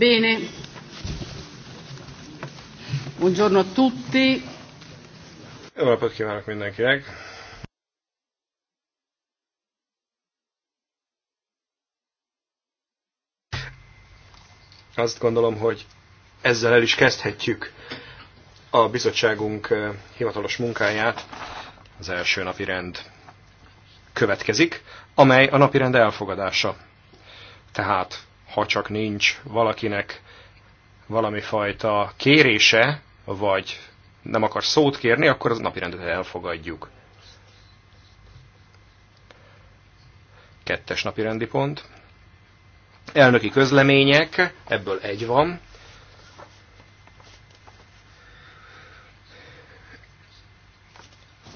Bene, buongiorno a tutti. Jó napot kívánok mindenkinek! Azt gondolom, hogy ezzel el is kezdhetjük a bizottságunk hivatalos munkáját. Az első napi rend következik, amely a napi rend elfogadása. Tehát ha csak nincs valakinek valami fajta kérése, vagy nem akar szót kérni, akkor az napirendet elfogadjuk. Kettes napirendi pont. Elnöki közlemények, ebből egy van.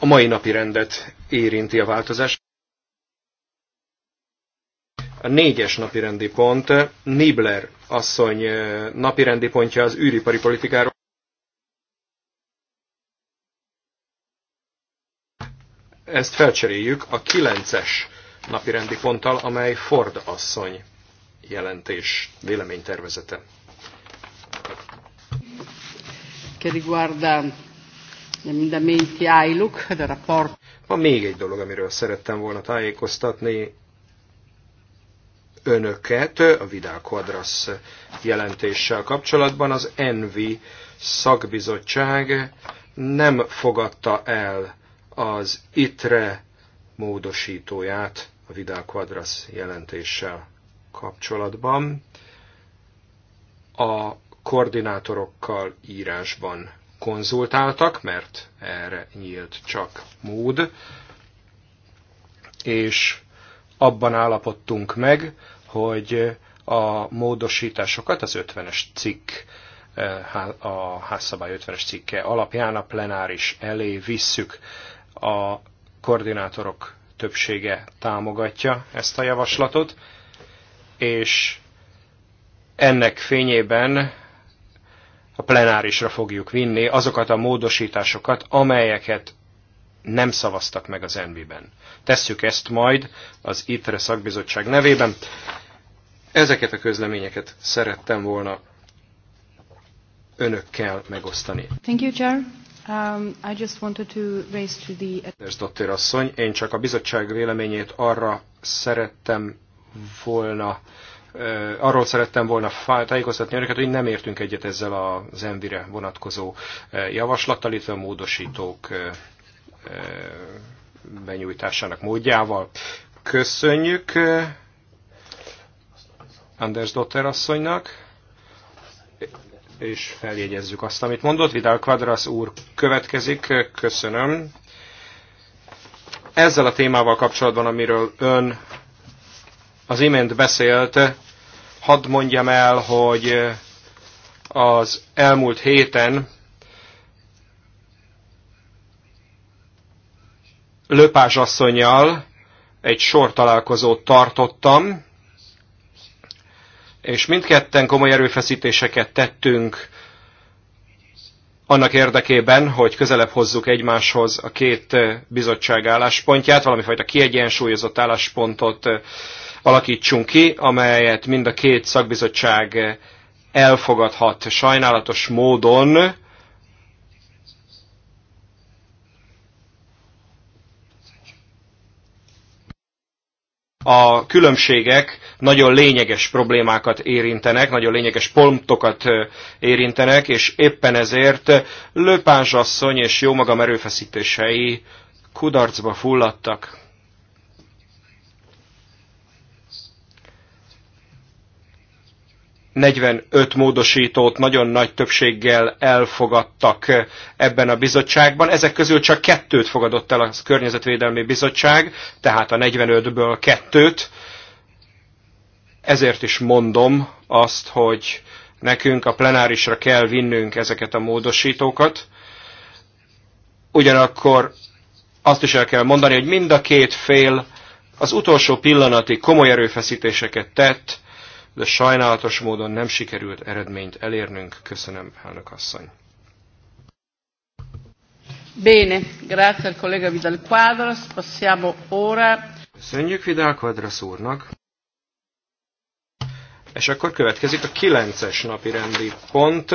A mai napi rendet érinti a változás. A négyes napirendi pont, Nibler asszony eh, napirendi pontja az űripari politikáról. Ezt felcseréljük a kilences napirendi ponttal, amely Ford asszony jelentés véleménytervezete. Che riguarda gli emendamenti del rapporto. Ma még egy dolog, amiről szerettem volna tájékoztatni önöket a Vidal Quadras jelentéssel kapcsolatban. Az ENVI szakbizottság nem fogadta el az ITRE módosítóját a Vidal Quadras jelentéssel kapcsolatban. A koordinátorokkal írásban konzultáltak, mert erre nyílt csak mód, és abban állapodtunk meg, hogy a módosításokat az 50-es cikk, eh, a házszabály 50-es cikke alapján a plenáris elé visszük. A koordinátorok többsége támogatja ezt a javaslatot, és ennek fényében a plenárisra fogjuk vinni azokat a módosításokat, amelyeket nem szavaztak meg az NB-ben. Tesszük ezt majd az ITRE szakbizottság nevében. Ezeket a közleményeket szerettem volna önökkel megosztani. Thank you, Chair. Um, I just wanted to raise to the... Doktor asszony, én csak a bizottság véleményét arra szerettem volna, uh, arról szerettem volna tájékoztatni önöket, hogy nem értünk egyet ezzel az envire vonatkozó uh, javaslattal, illetve a módosítók uh, benyújtásának módjával. Köszönjük! Anders Dotter asszonynak, és feljegyezzük azt, amit mondott. Vidal Quadras úr következik, köszönöm. Ezzel a témával kapcsolatban, amiről ön az imént beszélt, hadd mondjam el, hogy az elmúlt héten Löpás asszonyjal egy sor találkozót tartottam, és mindketten komoly erőfeszítéseket tettünk annak érdekében, hogy közelebb hozzuk egymáshoz a két eh, bizottság álláspontját, valamifajta kiegyensúlyozott álláspontot eh, alakítsunk ki, amelyet mind a két szakbizottság eh, elfogadhat. Sajnálatos módon a különbségek nagyon lényeges problémákat érintenek, nagyon lényeges pontokat érintenek, és éppen ezért Löpázs és jó magam erőfeszítései kudarcba fulladtak. 45 módosítót nagyon nagy többséggel elfogadtak ebben a bizottságban. Ezek közül csak kettőt fogadott el a Környezetvédelmi Bizottság, tehát a 45-ből kettőt. Ezért is mondom azt, hogy nekünk a plenárisra kell vinnünk ezeket a módosítókat. Ugyanakkor azt is el kell mondani, hogy mind a két fél az utolsó pillanati komoly erőfeszítéseket tett, de sajnálatos módon nem sikerült eredményt elérnünk. Köszönöm, elnök asszony. Bene, grazie al collega Vidal Quadras. Passiamo ora. Köszönjük Vidal Quadras úrnak. És akkor következik a kilences napi rendi pont,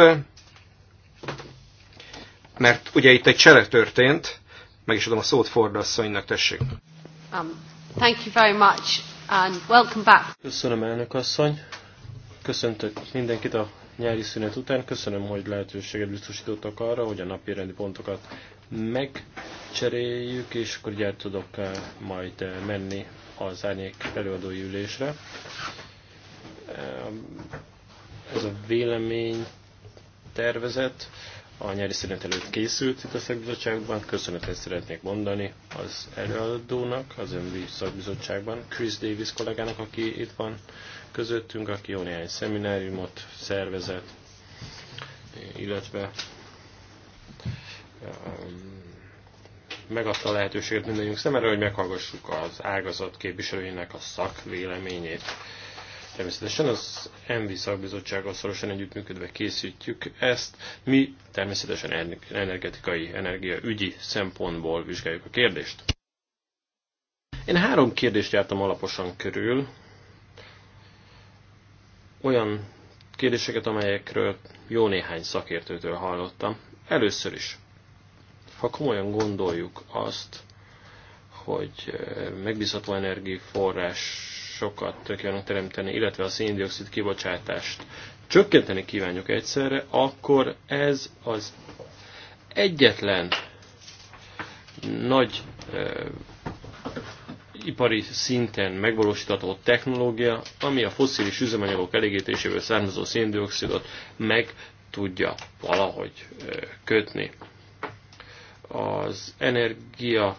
mert ugye itt egy csele történt, meg is adom a szót Ford asszonynak, tessék. Um, thank you very much and welcome back. Köszönöm elnök asszony. Köszöntök mindenkit a nyári szünet után. Köszönöm, hogy lehetőséget biztosítottak arra, hogy a napi rendi pontokat megcseréljük, és akkor ugye tudok eh, majd eh, menni az árnyék előadói ülésre. Eh, ez a vélemény tervezet a nyári szünet előtt készült itt a szakbizottságban. Köszönetet szeretnék mondani az előadónak, az önbí szakbizottságban, Chris Davis kollégának, aki itt van közöttünk, aki jó néhány szemináriumot szervezett, illetve um, megadta a lehetőséget mindenünk szemére, hogy meghallgassuk az ágazat képviselőinek a szakvéleményét. Természetesen az ENVI szakbizottsággal szorosan együttműködve készítjük ezt. Mi természetesen energetikai, energiaügyi szempontból vizsgáljuk a kérdést. Én három kérdést jártam alaposan körül. Olyan kérdéseket, amelyekről jó néhány szakértőtől hallottam. Először is, ha komolyan gondoljuk azt, hogy eh, megbízható energiaforrás sokat kívánunk teremteni, illetve a széndiokszid kibocsátást csökkenteni kívánjuk egyszerre, akkor ez az egyetlen nagy e, ipari szinten megvalósítható technológia, ami a fosszilis üzemanyagok elégítéséből származó széndiokszidot meg tudja valahogy kötni. Az energia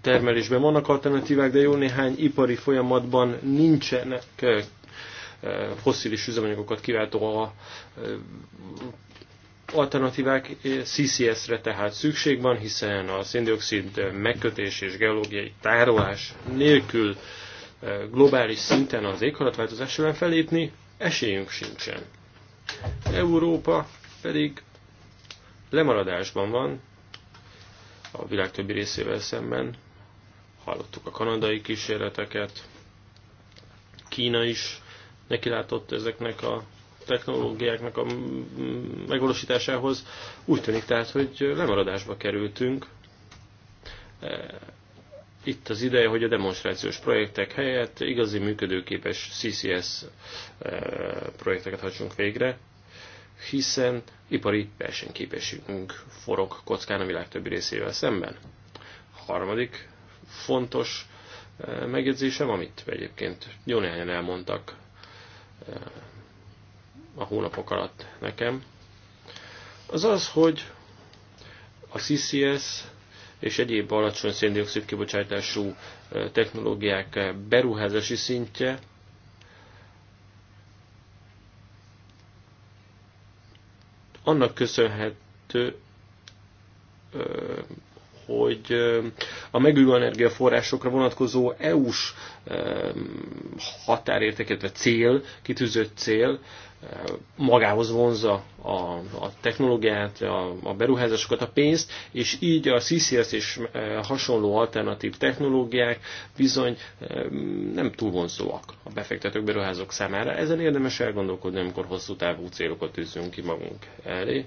termelésben vannak alternatívák, de jó néhány ipari folyamatban nincsenek eh, eh, fosszilis üzemanyagokat kiváltó a eh, alternatívák CCS-re tehát szükség van, hiszen a széndiokszid megkötés és geológiai tárolás nélkül globális szinten az éghajlatváltozás ellen felépni esélyünk sincsen. Európa pedig lemaradásban van, a világ többi részével szemben. Hallottuk a kanadai kísérleteket, Kína is nekilátott ezeknek a technológiáknak a megvalósításához. Úgy tűnik tehát, hogy lemaradásba kerültünk. E, itt az ideje, hogy a demonstrációs projektek helyett igazi működőképes CCS e, projekteket hagyjunk végre hiszen ipari versenyképességünk forog kockán a világ többi részével szemben. Harmadik fontos eh, megjegyzésem, amit egyébként jó néhányan elmondtak eh, a hónapok alatt nekem, az az, hogy a CCS és egyéb alacsony széndiokszid kibocsátású eh, technológiák beruházási szintje annak köszönhető hogy a megújuló energiaforrásokra vonatkozó EU-s határértéket, vagy cél, kitűzött cél, magához vonza a, a technológiát, a, a beruházásokat, a pénzt, és így a CCS és hasonló alternatív technológiák bizony nem túl vonzóak a befektetők beruházók számára. Ezen érdemes elgondolkodni, amikor hosszú távú célokat tűzünk ki magunk elé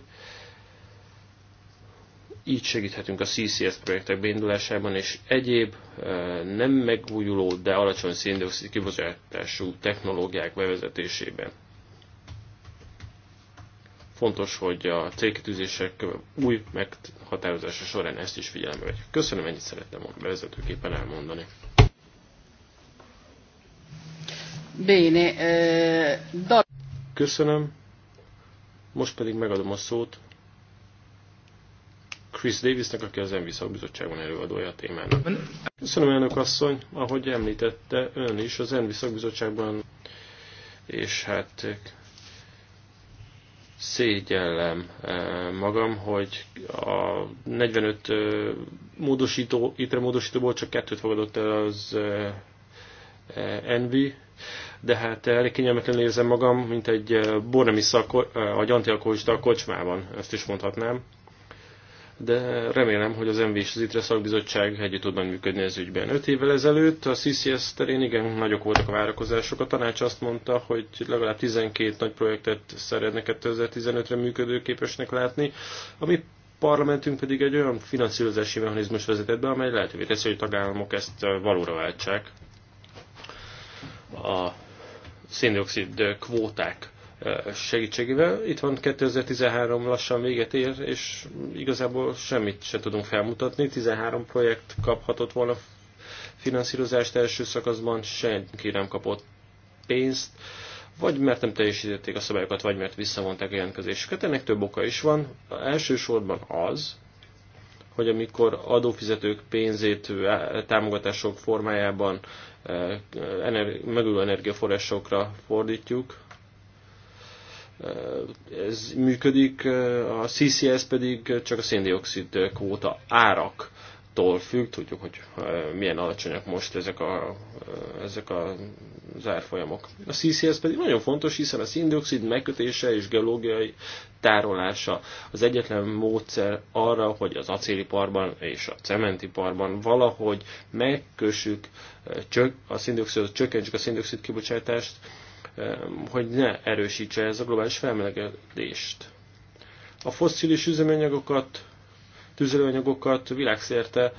így segíthetünk a CCS projektek beindulásában és egyéb eh, nem megújuló, de alacsony széndiokszid kibocsátású technológiák bevezetésében. Fontos, hogy a cégkitűzések új meghatározása során ezt is figyelembe vegyük. Köszönöm, ennyit szerettem volna bevezetőképpen elmondani. Bene, eh, Köszönöm. Most pedig megadom a szót Chris Davisnek, aki az MV szakbizottságban előadója a témának. Köszönöm, elnök asszony, ahogy említette ön is, az MV szakbizottságban, és hát szégyellem eh, magam, hogy a 45 eh, módosító, itre módosítóból csak kettőt fogadott el az eh, Envi, de hát elég kényelmetlenül érzem magam, mint egy bornemi szak, vagy antialkoholista a kocsmában, ezt is mondhatnám de remélem, hogy az MV és az ITRE szakbizottság együtt tud működni ez ügyben. Öt évvel ezelőtt a CCS terén igen nagyok voltak a várakozások. A tanács azt mondta, hogy legalább 12 nagy projektet szeretne 2015-re működőképesnek látni, ami parlamentünk pedig egy olyan finanszírozási mechanizmus vezetett be, amely lehetővé teszi, hogy a tagállamok ezt valóra váltsák. A széndiokszid kvóták segítségével. Itt van 2013 lassan véget ér, és igazából semmit se tudunk felmutatni. 13 projekt kaphatott volna finanszírozást első szakaszban, senki nem kapott pénzt, vagy mert nem teljesítették a szabályokat, vagy mert visszavonták a jelentkezésüket. Ennek több oka is van. Elsősorban az, hogy amikor adófizetők pénzét eh, támogatások formájában eh, megülő energiaforrásokra fordítjuk, ez működik, a CCS pedig csak a széndiokszid kvóta áraktól függ, tudjuk, hogy milyen alacsonyak most ezek, a, ezek a, az árfolyamok. A CCS pedig nagyon fontos, hiszen a széndiokszid megkötése és geológiai tárolása az egyetlen módszer arra, hogy az acéliparban és a cementiparban valahogy megkössük, a széndiokszidot, csökkentsük a széndiokszid kibocsátást, hogy ne erősítse ez a globális felmelegedést. A foszilis üzemanyagokat, tüzelőanyagokat világszerte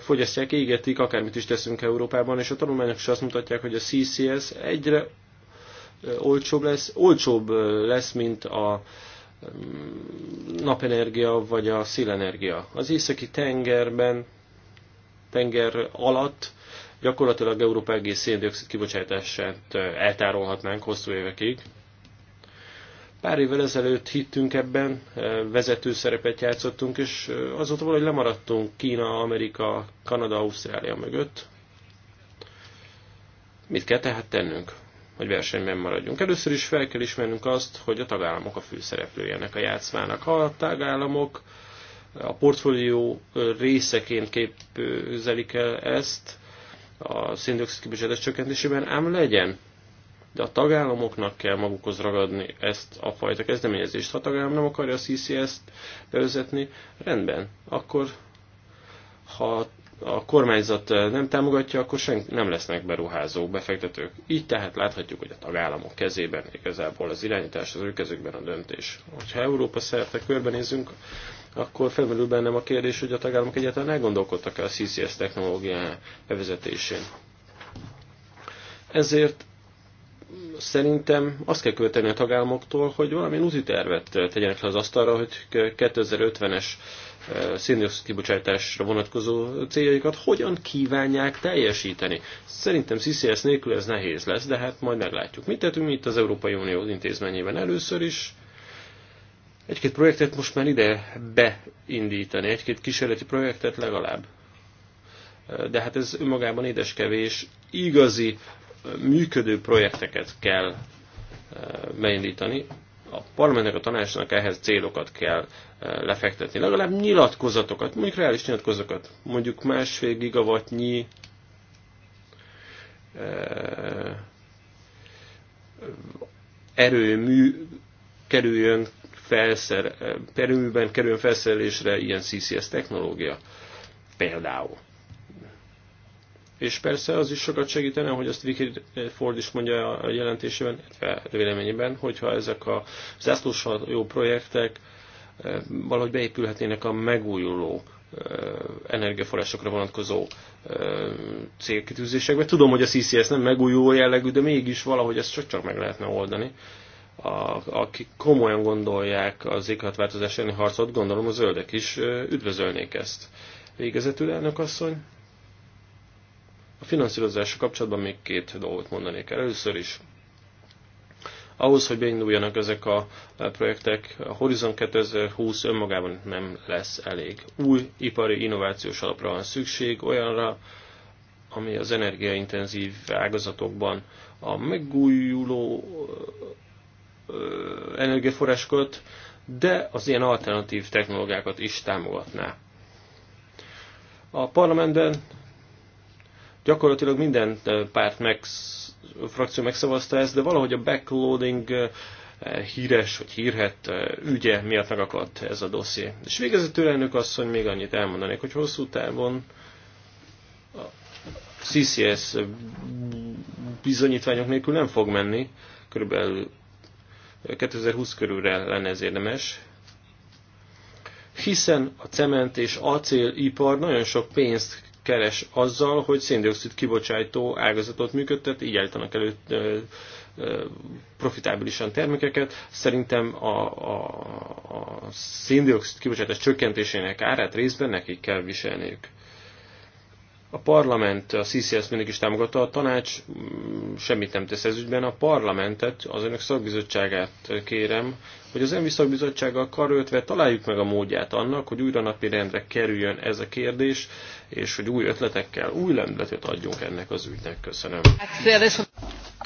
fogyasztják, égetik, akármit is teszünk Európában, és a tanulmányok is azt mutatják, hogy a CCS egyre olcsóbb lesz, olcsóbb lesz, mint a napenergia vagy a szélenergia. Az északi tengerben, tenger alatt Gyakorlatilag Európa egész széndiokszid kibocsátását eltárolhatnánk hosszú évekig. Pár évvel ezelőtt hittünk ebben, vezető szerepet játszottunk, és azóta valahogy lemaradtunk Kína, Amerika, Kanada, Ausztrália mögött. Mit kell tehát tennünk, hogy versenyben maradjunk? Először is fel kell ismernünk azt, hogy a tagállamok a főszereplőjének a játszmának. Ha a tagállamok a portfólió részeként képzelik el ezt, a széndiokszid kibocsátás csökkentésében, ám legyen. De a tagállamoknak kell magukhoz ragadni ezt a fajta kezdeményezést. Ha a tagállam nem akarja a CCS-t bevezetni, rendben. Akkor, ha a kormányzat nem támogatja, akkor sen nem lesznek beruházók, befektetők. Így tehát láthatjuk, hogy a tagállamok kezében igazából az irányítás, az ő kezükben a döntés. Ha Európa szerte körbenézünk, akkor felmerül bennem a kérdés, hogy a tagállamok egyáltalán elgondolkodtak-e a CCS technológia bevezetésén. Ezért szerintem azt kell követelni a tagállamoktól, hogy valami úzi tervet tegyenek le az asztalra, hogy 2050-es eh, széndiokszid kibocsátásra vonatkozó céljaikat hogyan kívánják teljesíteni. Szerintem CCS nélkül ez nehéz lesz, de hát majd meglátjuk. Mit tettünk mi itt az Európai Unió intézményében először is? Egy-két projektet most már ide beindítani, egy-két kísérleti projektet legalább. De hát ez önmagában édeskevés, igazi, működő projekteket kell beindítani. A parlamentnek, a tanácsnak ehhez célokat kell lefektetni. Legalább nyilatkozatokat, mondjuk reális nyilatkozatokat, mondjuk másfél gigavatnyi erőmű kerüljön felszer, Perőben kerül felszerelésre ilyen CCS technológia. Például. És persze az is sokat segítene, hogy azt Vicky Ford is mondja a jelentésében, illetve véleményében, hogyha ezek a jó projektek eh, valahogy beépülhetnének a megújuló eh, energiaforrásokra vonatkozó eh, célkitűzésekbe. Tudom, hogy a CCS nem megújuló jellegű, de mégis valahogy ezt csak-csak meg lehetne oldani a, akik komolyan gondolják az éghatváltozás elleni harcot, gondolom a zöldek is üdvözölnék ezt. Végezetül elnök asszony, a finanszírozással kapcsolatban még két dolgot mondanék el. Először is, ahhoz, hogy beinduljanak ezek a projektek, a Horizon 2020 önmagában nem lesz elég. Új ipari innovációs alapra van szükség, olyanra, ami az energiaintenzív ágazatokban a megújuló energiaforrásokat, de az ilyen alternatív technológiákat is támogatná. A parlamentben gyakorlatilag minden párt meg, frakció megszavazta ezt, de valahogy a backloading híres vagy hírhet ügye miatt megakadt ez a dosszié. És végezetül elnök asszony még annyit elmondanék, hogy hosszú távon a CCS bizonyítványok nélkül nem fog menni, körülbelül 2020 körülre lenne ez érdemes, hiszen a cement és acélipar nagyon sok pénzt keres azzal, hogy széndiokszid kibocsátó ágazatot működtet, így állítanak elő profitábilisan termékeket. Szerintem a, a, a széndiokszid kibocsátás csökkentésének árát részben nekik kell viselniük. A parlament a CCS mindig is támogatta, a tanács mm, semmit nem tesz ez ügyben. A parlamentet, az önök szakbizottságát kérem, hogy az ENVI szakbizottsággal karöltve találjuk meg a módját annak, hogy újra napi rendre kerüljön ez a kérdés, és hogy új ötletekkel, új lendületet adjunk ennek az ügynek. Köszönöm.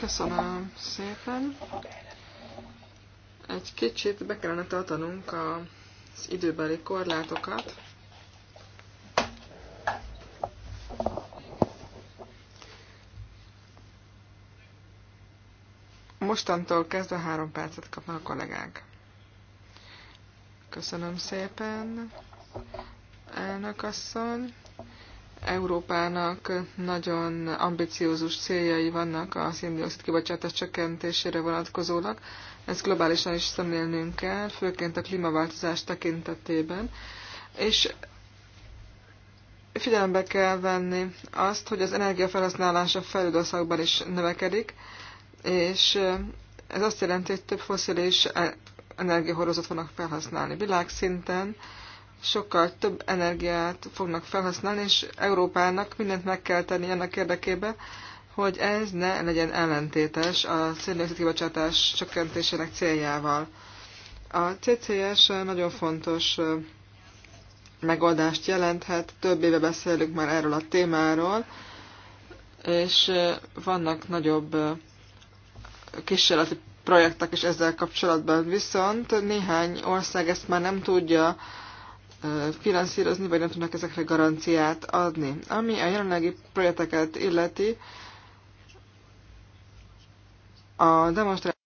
Köszönöm szépen. Egy kicsit be kellene tartanunk az időbeli korlátokat. mostantól kezdve három percet kapnak a kollégák. Köszönöm szépen, elnök asszony. Európának nagyon ambiciózus céljai vannak a széndiokszid kibocsátás csökkentésére vonatkozólag. Ezt globálisan is szemlélnünk kell, főként a klímaváltozás tekintetében. És figyelembe kell venni azt, hogy az energiafelhasználása felüldországban is növekedik, és ez azt jelenti, hogy több foszilis e- energiahorozat fognak felhasználni világszinten, sokkal több energiát fognak felhasználni, és Európának mindent meg kell tenni ennek érdekében, hogy ez ne legyen ellentétes a széndiokszid kibocsátás csökkentésének céljával. A CCS nagyon fontos megoldást jelenthet, több éve beszélünk már erről a témáról, és vannak nagyobb kísérleti projektek is ezzel kapcsolatban. Viszont néhány ország ezt már nem tudja finanszírozni, vagy nem tudnak ezekre garanciát adni. Ami a jelenlegi projekteket illeti, a demonstráció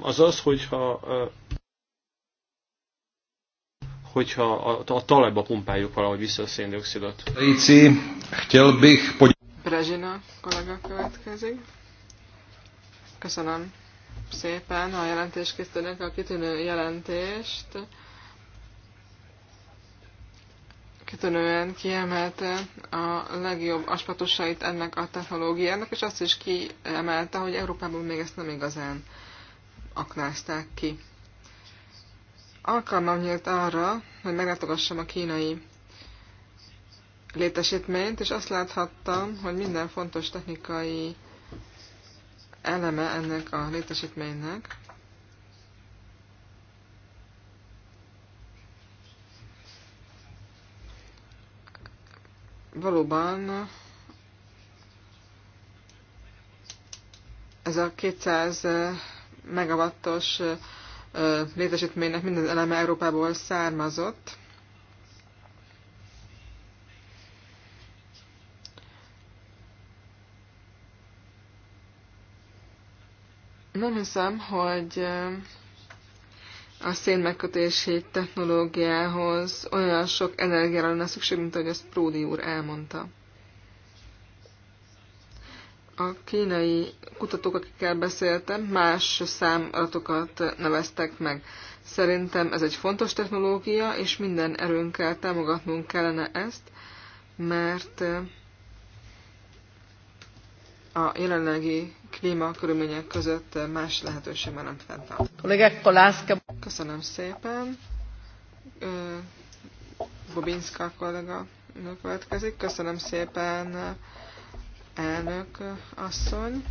az az, hogyha hogyha a, a talajba pumpáljuk valahogy vissza a széndiokszidot. Ríci, chtěl bych pogy... Brezsina kollega következik. Köszönöm szépen a jelentéskészítőnek a kitűnő jelentést. Kitűnően kiemelte a legjobb aspatusait ennek a technológiának, és azt is kiemelte, hogy Európában még ezt nem igazán aknázták ki. Alkalmam nyílt arra, hogy meglátogassam a kínai létesítményt, és azt láthattam, hogy minden fontos technikai eleme ennek a létesítménynek. Valóban ez a 200 megavattos létesítménynek minden eleme Európából származott. Nem hiszem, hogy a szénmegkötési technológiához olyan sok energiára lenne szükség, mint ahogy ezt Pródi úr elmondta a kínai kutatók, akikkel beszéltem, más számadatokat neveztek meg. Szerintem ez egy fontos technológia, és minden erőnkkel támogatnunk kellene ezt, mert a jelenlegi klímakörülmények között más lehetőség már nem fennáll. Köszönöm szépen. Bobinska kollega következik. Köszönöm szépen elnök asszony.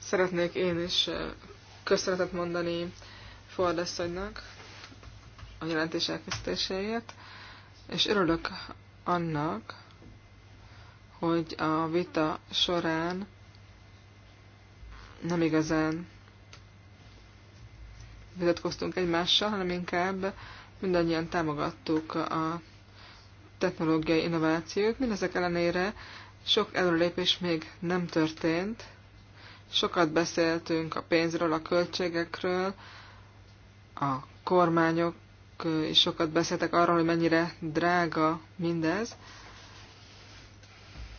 Szeretnék én is köszönetet mondani Ford asszonynak a jelentés elkészítéséért, és örülök annak, hogy a vita során nem igazán vitatkoztunk egymással, hanem inkább mindannyian támogattuk a technológiai innovációk. Mindezek ellenére sok előlépés még nem történt. Sokat beszéltünk a pénzről, a költségekről, a kormányok is sokat beszéltek arról, hogy mennyire drága mindez.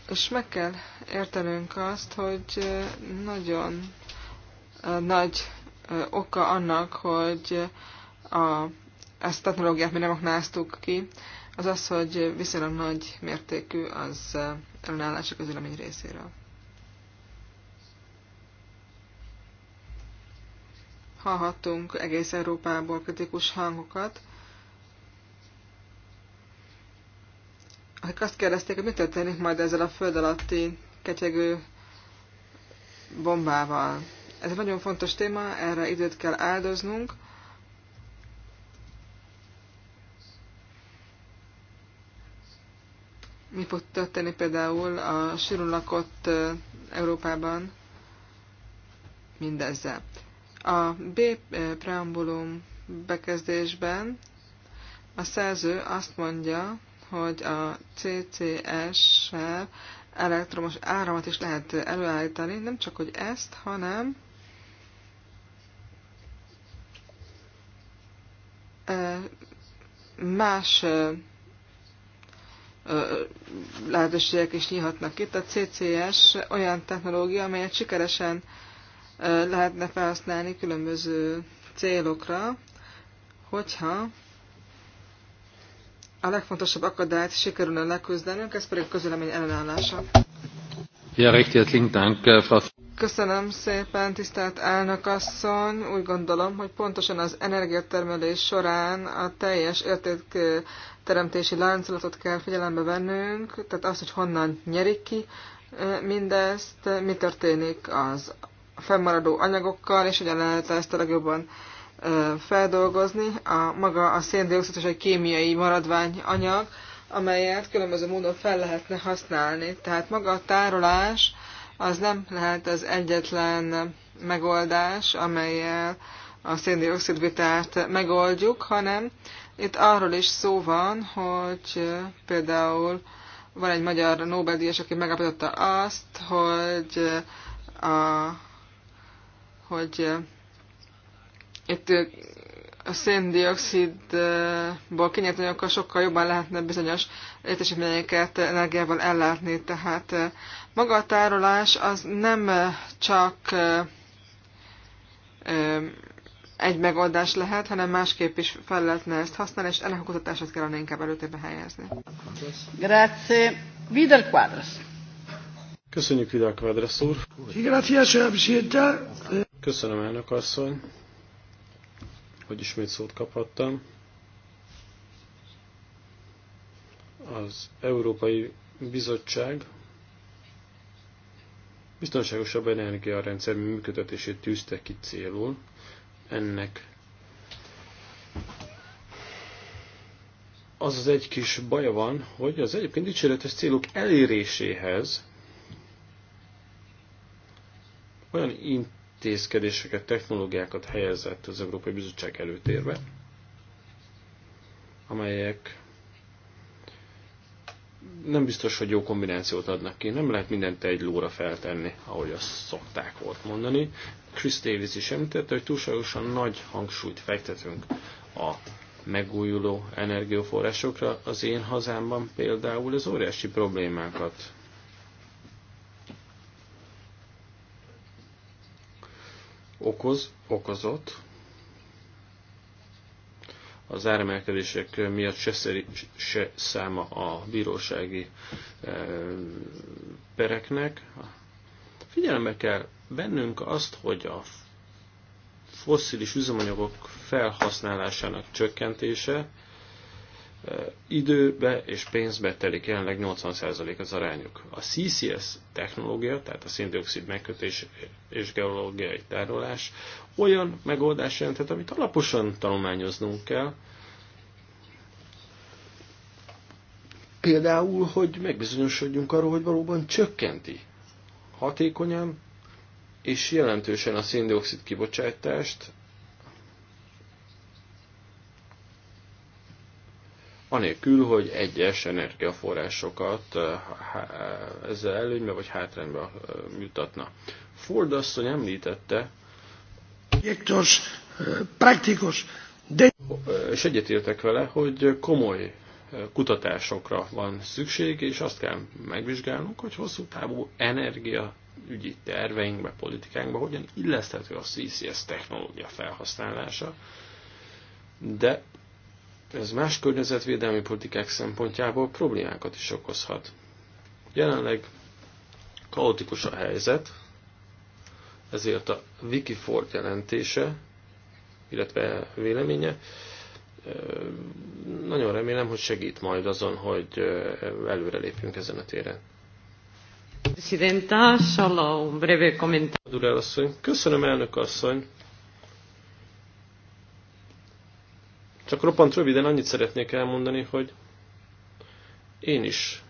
És meg kell értenünk azt, hogy nagyon nagy oka annak, hogy a, ezt a technológiát mi nem aknáztuk ki, az az, hogy viszonylag nagy mértékű az ellenállás a közülemény részéről. Hallhattunk egész Európából kritikus hangokat, akik azt kérdezték, hogy mi történik majd ezzel a föld alatti ketyegő bombával. Ez egy nagyon fontos téma, erre időt kell áldoznunk, mi fog történni például a sűrűn lakott Európában mindezzel. A B preambulum bekezdésben a szerző azt mondja, hogy a CCS-sel elektromos áramot is lehet előállítani, nem csak hogy ezt, hanem más lehetőségek is nyíhatnak itt. A CCS olyan technológia, amelyet sikeresen lehetne felhasználni különböző célokra, hogyha a legfontosabb akadályt sikerülne leküzdenünk, ez pedig a közülemény ellenállása. Ja, recht herzlichen Dank, Frau Köszönöm szépen, tisztelt elnök asszony. Úgy gondolom, hogy pontosan az energiatermelés során a teljes teremtési láncolatot kell figyelembe vennünk, tehát azt, hogy honnan nyerik ki mindezt, mi történik az fennmaradó anyagokkal, és hogyan lehet ezt a legjobban feldolgozni. A maga a széndiokszid és egy kémiai maradvány anyag, amelyet különböző módon fel lehetne használni. Tehát maga a tárolás, az nem lehet az egyetlen megoldás, amelyel a széndiokszid vitát megoldjuk, hanem itt arról is szó van, hogy például van egy magyar Nobel-díjas, aki megállapította azt, hogy, a, hogy itt a széndiokszidból kinyert anyagokkal sokkal jobban lehetne bizonyos létesítményeket energiával ellátni, tehát maga a tárolás az nem csak egy megoldás lehet, hanem másképp is fel lehetne ezt használni, és ennek a kutatását kellene inkább előtérbe helyezni. Grazie. Vidal Quadras. Köszönjük Vidal Quadras úr. Köszönöm elnök asszony, hogy ismét szót kaphattam. Az Európai Bizottság biztonságosabb energiarendszer működtetését tűzte ki célul. Ennek az az egy kis baja van, hogy az egyébként dicséretes célok eléréséhez olyan intézkedéseket, technológiákat helyezett az Európai Bizottság előtérbe, amelyek nem biztos, hogy jó kombinációt adnak ki. Nem lehet mindent egy lóra feltenni, ahogy azt szokták volt mondani. Chris Davis is említette, hogy túlságosan nagy hangsúlyt fektetünk a megújuló energiaforrásokra. Az én hazámban például ez óriási problémákat okoz, okozott, az áremelkedések miatt se, szeri, se száma a bírósági eh, pereknek. Figyelembe kell vennünk azt, hogy a fosszilis üzemanyagok felhasználásának csökkentése időbe és pénzbe telik jelenleg 80% az arányuk. A CCS technológia, tehát a széndiokszid megkötés és geológiai tárolás olyan megoldás jelentett, amit alaposan tanulmányoznunk kell. Például, hogy megbizonyosodjunk arról, hogy valóban csökkenti hatékonyan és jelentősen a széndiokszid kibocsátást, anélkül, hogy egyes energiaforrásokat eh, eh, ezzel előnybe vagy hátrányba eh, jutatna. Ford asszony említette, projektos, praktikus, de... És egyetértek vele, hogy komoly kutatásokra van szükség, és azt kell megvizsgálnunk, hogy hosszú távú energia ügyi terveinkbe, politikánkba hogyan illeszthető a CCS technológia felhasználása, de ez más környezetvédelmi politikák szempontjából problémákat is okozhat. Jelenleg kaotikus a helyzet, ezért a Wikiford jelentése, illetve véleménye, nagyon remélem, hogy segít majd azon, hogy előrelépjünk ezen a téren. Presidenta, solo un breve Köszönöm, elnök asszony. Csak roppant röviden annyit szeretnék elmondani, hogy én is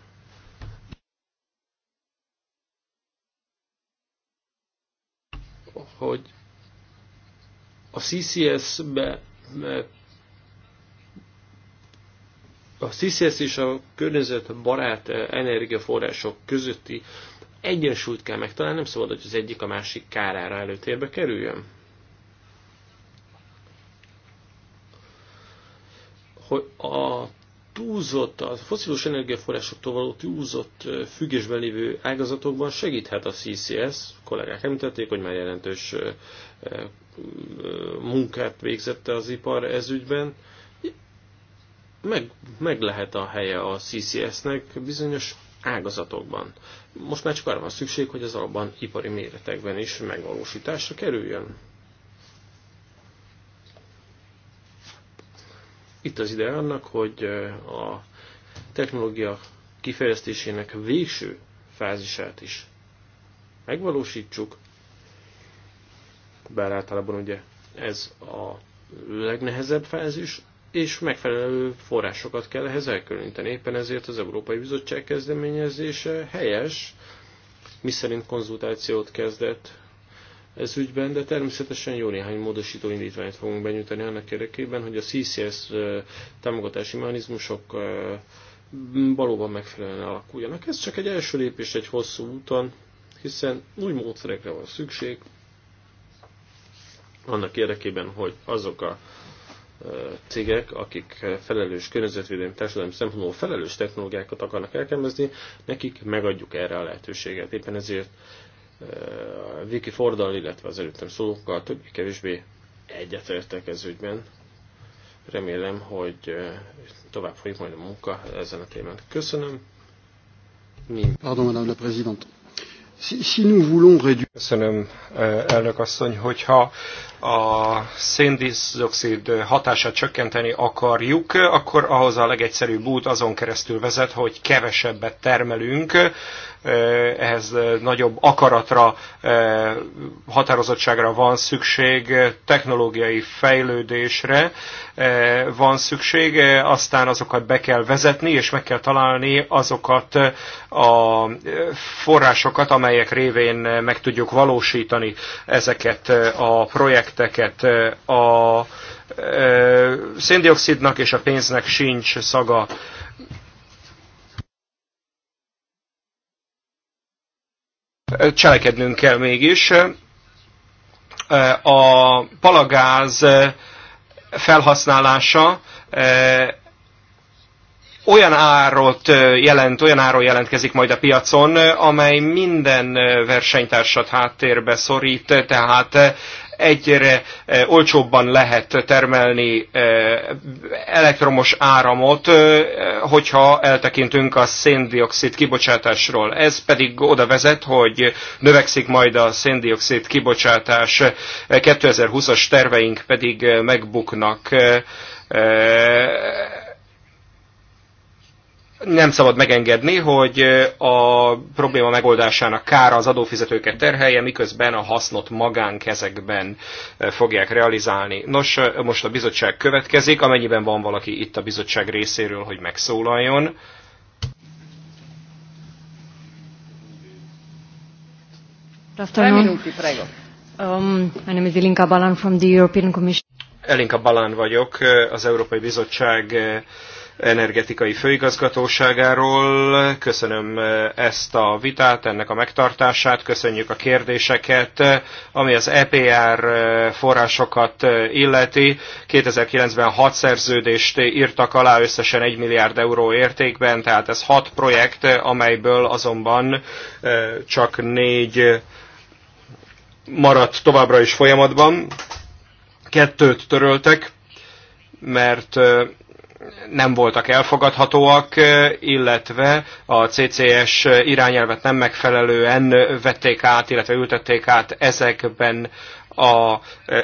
hogy a CCS-be a CCS és a környezet barát energiaforrások közötti egyensúlyt kell megtalálni, nem szabad, hogy az egyik a másik kárára előtérbe kerüljön. hogy a túlzott, a foszilos energiaforrásoktól való túlzott függésben lévő ágazatokban segíthet a CCS. Kollégák említették, hogy már jelentős munkát végzette az ipar ezügyben. Meg, meg lehet a helye a CCS-nek bizonyos ágazatokban. Most már csak arra van szükség, hogy az abban ipari méretekben is megvalósításra kerüljön. Itt az ide annak, hogy a technológia kifejlesztésének végső fázisát is megvalósítsuk, bár általában ugye ez a legnehezebb fázis, és megfelelő forrásokat kell ehhez elkülöníteni. Éppen ezért az Európai Bizottság kezdeményezése helyes, miszerint konzultációt kezdett ez ügyben, de természetesen jó néhány módosító indítványt fogunk benyújtani annak érdekében, hogy a CCS támogatási mechanizmusok valóban megfelelően alakuljanak. Ez csak egy első lépés egy hosszú úton, hiszen új módszerekre van szükség, annak érdekében, hogy azok a cégek, akik felelős környezetvédelmi társadalmi szempontból felelős technológiákat akarnak elkemezni, nekik megadjuk erre a lehetőséget. Éppen ezért Eh, Viki Fordal, illetve az előttem szólókkal többé-kevésbé egyetértek ez ügyben. Remélem, hogy eh, tovább folyik majd a munka ezen a témán. Köszönöm. Mi? Pardon, Madame la Présidente. Si nous voulons réduire... Köszönöm, eh, elnök asszony, hogyha a széndiokszid hatását csökkenteni akarjuk, akkor ahhoz a legegyszerűbb út azon keresztül vezet, hogy kevesebbet termelünk, ehhez nagyobb akaratra, határozottságra van szükség, technológiai fejlődésre van szükség, aztán azokat be kell vezetni, és meg kell találni azokat a forrásokat, amelyek révén meg tudjuk valósítani ezeket a projekteket. A széndiokszidnak és a pénznek sincs szaga cselekednünk kell mégis. A palagáz felhasználása olyan árot jelent, olyan áról jelentkezik majd a piacon, amely minden versenytársat háttérbe szorít, tehát egyre eh, olcsóbban lehet termelni eh, elektromos áramot, eh, hogyha eltekintünk a széndiokszid kibocsátásról. Ez pedig oda vezet, hogy növekszik majd a széndiokszid kibocsátás, 2020-as terveink pedig megbuknak nem szabad megengedni, hogy a probléma megoldásának kára az adófizetőket terhelje, miközben a hasznot magánkezekben fogják realizálni. Nos, most a bizottság következik, amennyiben van valaki itt a bizottság részéről, hogy megszólaljon. Elinka um, Balan Elinka Balan vagyok, az Európai Bizottság energetikai főigazgatóságáról. Köszönöm eh, ezt a vitát, ennek a megtartását, köszönjük a kérdéseket, ami az EPR eh, forrásokat eh, illeti. 2009-ben hat szerződést írtak alá összesen 1 milliárd euró értékben, tehát ez hat projekt, amelyből azonban csak négy maradt továbbra is folyamatban. Kettőt töröltek, mert nem voltak elfogadhatóak, illetve a CCS irányelvet nem megfelelően vették át, illetve ültették át ezekben a,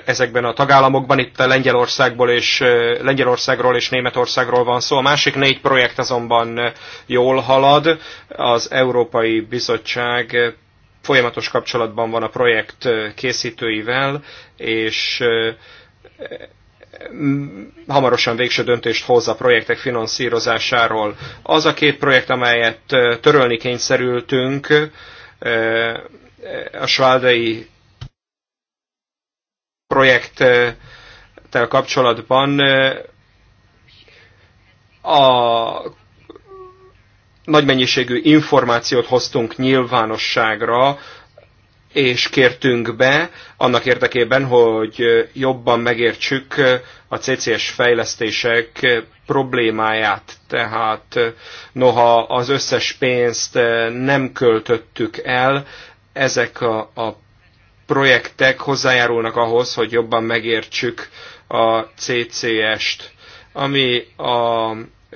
ezekben a tagállamokban. Itt a Lengyelországból és, Lengyelországról és Németországról van szó. A másik négy projekt azonban jól halad. Az Európai Bizottság folyamatos kapcsolatban van a projekt készítőivel, és hamarosan végső döntést hoz a projektek finanszírozásáról. Az a két projekt, amelyet törölni kényszerültünk, a svádai projekttel kapcsolatban a nagy mennyiségű információt hoztunk nyilvánosságra és kértünk be annak érdekében, hogy jobban megértsük a CCS fejlesztések problémáját. Tehát noha az összes pénzt nem költöttük el, ezek a, a projektek hozzájárulnak ahhoz, hogy jobban megértsük a CCS-t. Ami a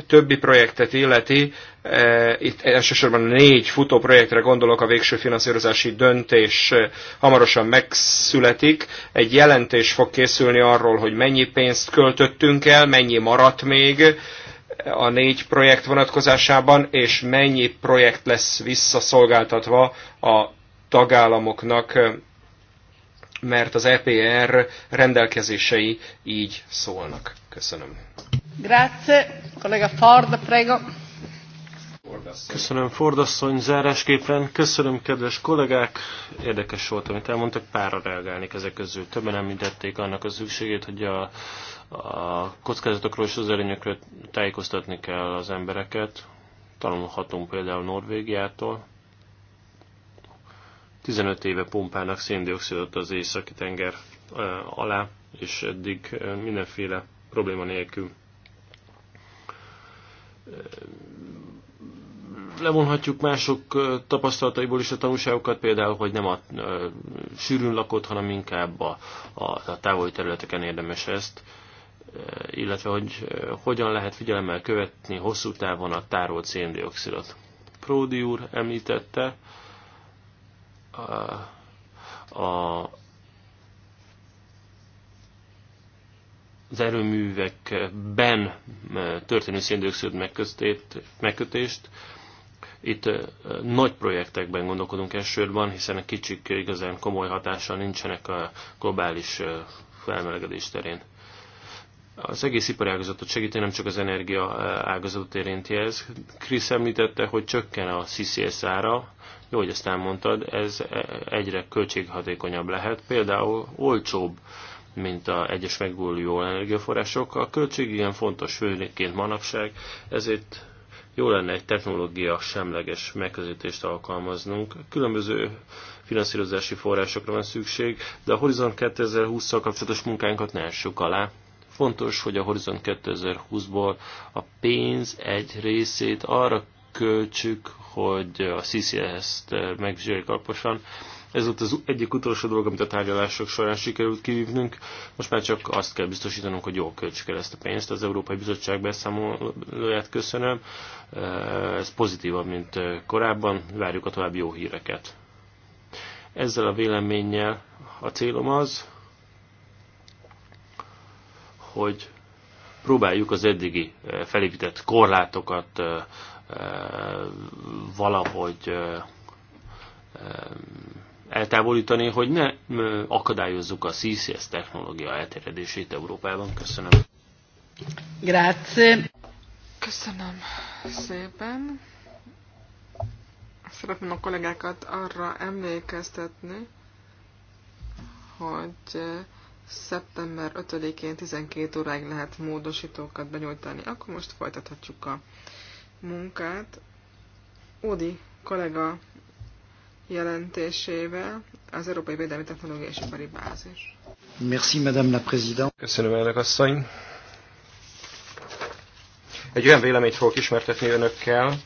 többi projektet illeti, e, itt elsősorban négy futó projektre gondolok, a végső finanszírozási döntés e, hamarosan megszületik. Egy jelentés fog készülni arról, hogy mennyi pénzt költöttünk el, mennyi maradt még a négy projekt vonatkozásában, és mennyi projekt lesz visszaszolgáltatva a tagállamoknak, e, mert az EPR rendelkezései így szólnak. Köszönöm. Ford, Köszönöm Ford asszony zárásképpen. Köszönöm kedves kollégák. Érdekes volt, amit elmondtak. Párra reagálnék ezek közül. Többen említették annak a szükségét, hogy a, a kockázatokról és az erényekről tájékoztatni kell az embereket. Tanulhatunk például Norvégiától. 15 éve pumpálnak széndiokszidot az északi tenger alá, és eddig mindenféle probléma nélkül levonhatjuk mások tapasztalataiból is a tanulságokat, például, hogy nem a sűrűn lakott, hanem inkább a, a, a távoli területeken érdemes ezt, illetve hogy hogyan lehet figyelemmel követni hosszú távon a tárolt széndiokszidot. Pródi úr említette a, a az erőművekben történő széndiokszid megkötést. Itt nagy projektekben gondolkodunk elsősorban, hiszen a kicsik igazán komoly hatással nincsenek a globális felmelegedés terén. Az egész iparágazatot segíti, nem csak az energia ágazatot érinti ez. Krisz említette, hogy csökken a CCS ára, jó, hogy ezt elmondtad, ez egyre költséghatékonyabb lehet. Például olcsóbb mint a egyes megújuló energiaforrások. A költség igen fontos, főnékként manapság, ezért jó lenne egy technológia semleges megközelítést alkalmaznunk. Különböző finanszírozási forrásokra van szükség, de a Horizon 2020-szal kapcsolatos munkánkat ne essük alá. Fontos, hogy a Horizon 2020-ból a pénz egy részét arra költsük, hogy a CCS-t megvizsgáljuk alaposan, ez volt az egyik utolsó dolog, amit a tárgyalások során sikerült kivívnünk. Most már csak azt kell biztosítanunk, hogy jól költsük el ezt a pénzt. Az Európai Bizottság beszámolóját köszönöm. Ez pozitívabb, mint korábban. Várjuk a további jó híreket. Ezzel a véleménnyel a célom az, hogy próbáljuk az eddigi eh, felépített korlátokat eh, eh, valahogy eltávolítani, hogy ne akadályozzuk a CCS technológia elterjedését Európában. Köszönöm. Grazie. Köszönöm szépen. Szeretném a kollégákat arra emlékeztetni, hogy szeptember 5-én 12 óráig lehet módosítókat benyújtani. Akkor most folytathatjuk a munkát. Ódi kollega jelentésével az Európai Védelmi Technológiai és Ipari Bázis. Merci, Madame la Présidente. Köszönöm, elnök asszony. Egy olyan véleményt fogok ismertetni önökkel,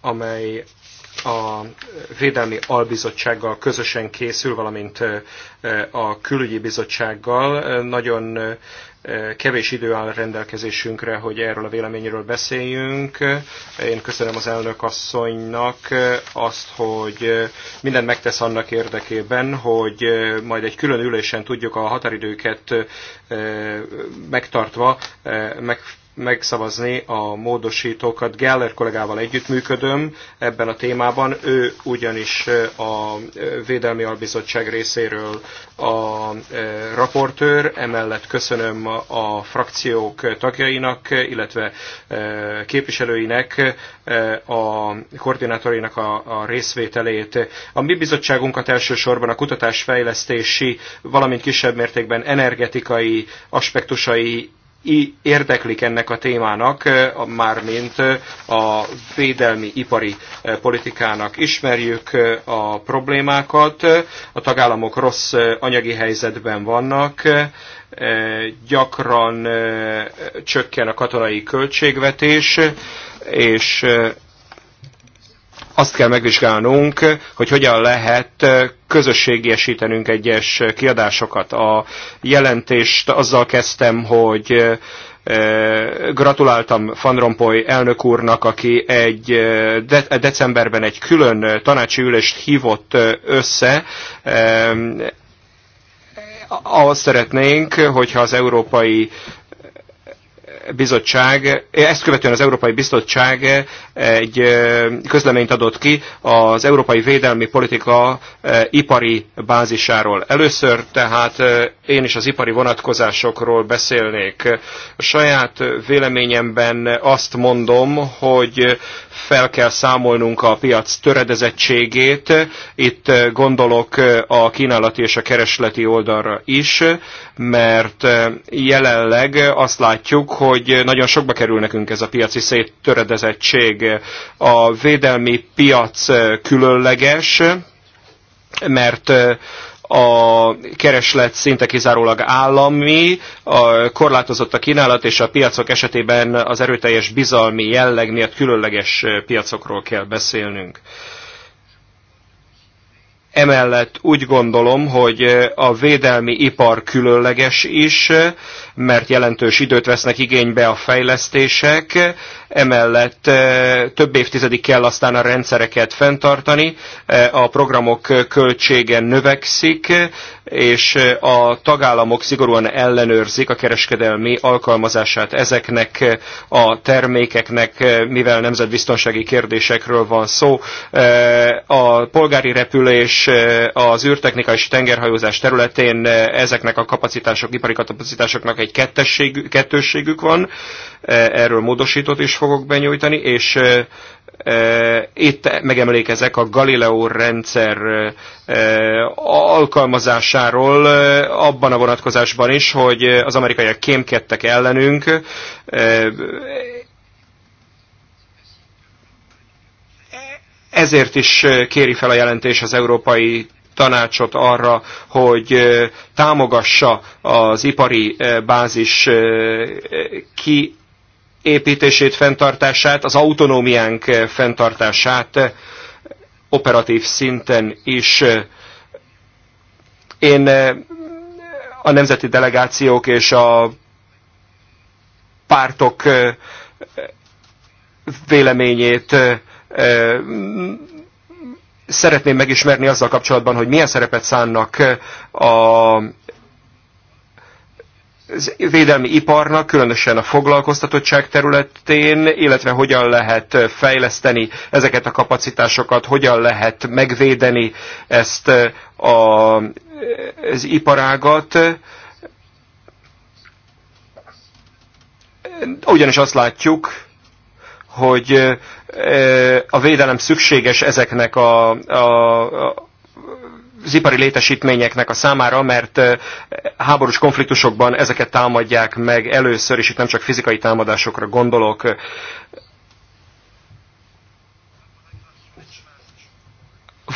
amely a Védelmi Albizottsággal közösen készül, valamint a Külügyi Bizottsággal. Nagyon kevés idő áll rendelkezésünkre, hogy erről a véleményről beszéljünk. Én köszönöm az elnök asszonynak azt, hogy mindent megtesz annak érdekében, hogy majd egy külön ülésen tudjuk a határidőket eh, megtartva eh, meg megszavazni a módosítókat. Geller kollégával együttműködöm ebben a témában, ő ugyanis a Védelmi Albizottság részéről a raportőr, emellett köszönöm a frakciók tagjainak, illetve képviselőinek, a koordinátorinak a részvételét. A mi bizottságunkat elsősorban a kutatásfejlesztési, valamint kisebb mértékben energetikai aspektusai érdeklik ennek a témának, mármint a védelmi ipari politikának. Ismerjük a problémákat, a tagállamok rossz anyagi helyzetben vannak, gyakran csökken a katonai költségvetés, és azt kell megvizsgálnunk, hogy hogyan lehet közösségiesítenünk egyes kiadásokat. A jelentést azzal kezdtem, hogy gratuláltam Van Rompuy elnök úrnak, aki egy de decemberben egy külön tanácsi ülést hívott össze, azt szeretnénk, hogyha az európai bizottság, ezt követően az Európai Bizottság egy közleményt adott ki az európai védelmi politika ipari bázisáról. Először tehát én is az ipari vonatkozásokról beszélnék. A saját véleményemben azt mondom, hogy fel kell számolnunk a piac töredezettségét. Itt gondolok a kínálati és a keresleti oldalra is, mert jelenleg azt látjuk, hogy hogy nagyon sokba kerül nekünk ez a piaci széttöredezettség. A védelmi piac különleges, mert a kereslet szinte kizárólag állami, a korlátozott a kínálat, és a piacok esetében az erőteljes bizalmi jelleg miatt különleges piacokról kell beszélnünk. Emellett úgy gondolom, hogy a védelmi ipar különleges is, mert jelentős időt vesznek igénybe a fejlesztések, emellett eh, több évtizedig kell aztán a rendszereket fenntartani, eh, a programok költsége növekszik, és eh, a tagállamok szigorúan ellenőrzik a kereskedelmi alkalmazását ezeknek a termékeknek, mivel nemzetbiztonsági kérdésekről van szó. A polgári repülés, az űrtechnika és tengerhajózás területén ezeknek a kapacitások, ipari kapacitásoknak egy kettősségük van, E, erről módosítót is fogok benyújtani, és e, e, itt megemlékezek a Galileo rendszer alkalmazásáról abban a vonatkozásban is, hogy az amerikaiak kémkedtek ellenünk, ezért is kéri fel a jelentés az Európai tanácsot arra, hogy támogassa az ipari bázis ki építését, fenntartását, az autonómiánk eh, fenntartását eh, operatív szinten is. Eh, én a nemzeti delegációk és a pártok véleményét mm, szeretném megismerni azzal kapcsolatban, hogy milyen szerepet szánnak a védelmi iparnak, különösen a foglalkoztatottság területén, illetve hogyan lehet fejleszteni ezeket a kapacitásokat, hogyan lehet megvédeni ezt a, az iparágat. Ugyanis azt látjuk, hogy a védelem szükséges ezeknek a, a, a az ipari létesítményeknek a számára, mert háborús konfliktusokban ezeket támadják meg először, és itt nem csak fizikai támadásokra gondolok.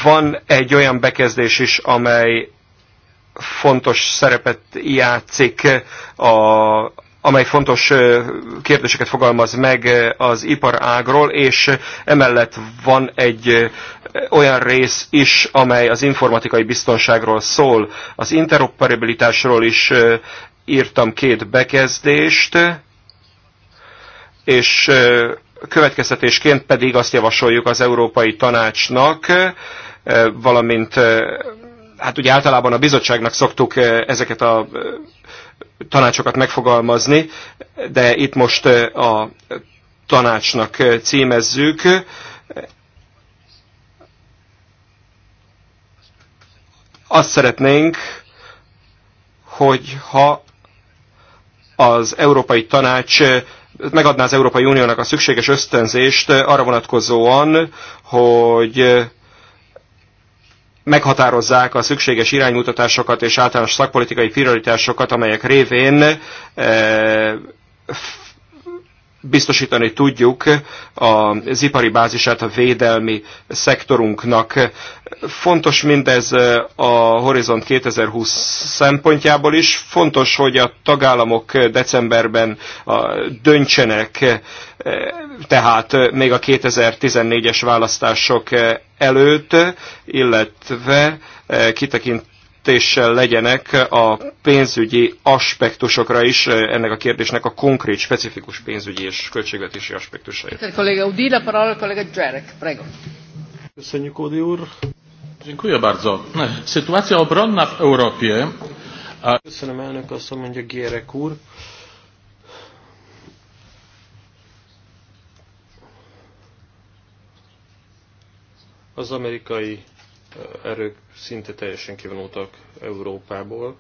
Van egy olyan bekezdés is, amely fontos szerepet játszik a, amely fontos kérdéseket fogalmaz meg az iparágról, és emellett van egy olyan rész is, amely az informatikai biztonságról szól. Az interoperabilitásról is írtam két bekezdést, és következtetésként pedig azt javasoljuk az Európai Tanácsnak, valamint hát ugye általában a bizottságnak szoktuk ezeket a tanácsokat megfogalmazni, de itt most a tanácsnak címezzük. Azt szeretnénk, hogyha az Európai Tanács megadná az Európai Uniónak a szükséges ösztönzést arra vonatkozóan, hogy meghatározzák a szükséges iránymutatásokat és általános szakpolitikai prioritásokat, amelyek révén eh, biztosítani tudjuk az ipari bázisát a védelmi szektorunknak. Fontos mindez a Horizont 2020 szempontjából is. Fontos, hogy a tagállamok decemberben döntsenek, tehát még a 2014-es választások előtt, illetve kitekint tekintéssel legyenek a pénzügyi aspektusokra is eh, ennek a kérdésnek a konkrét, specifikus pénzügyi és költségvetési aspektusai. Köszönjük, Ódi úr. Dziękuję bardzo. Sytuacja obronna w Europie. A... Köszönöm elnök, azt mondja Gierek úr. Az amerikai erők szinte teljesen kivonultak Európából.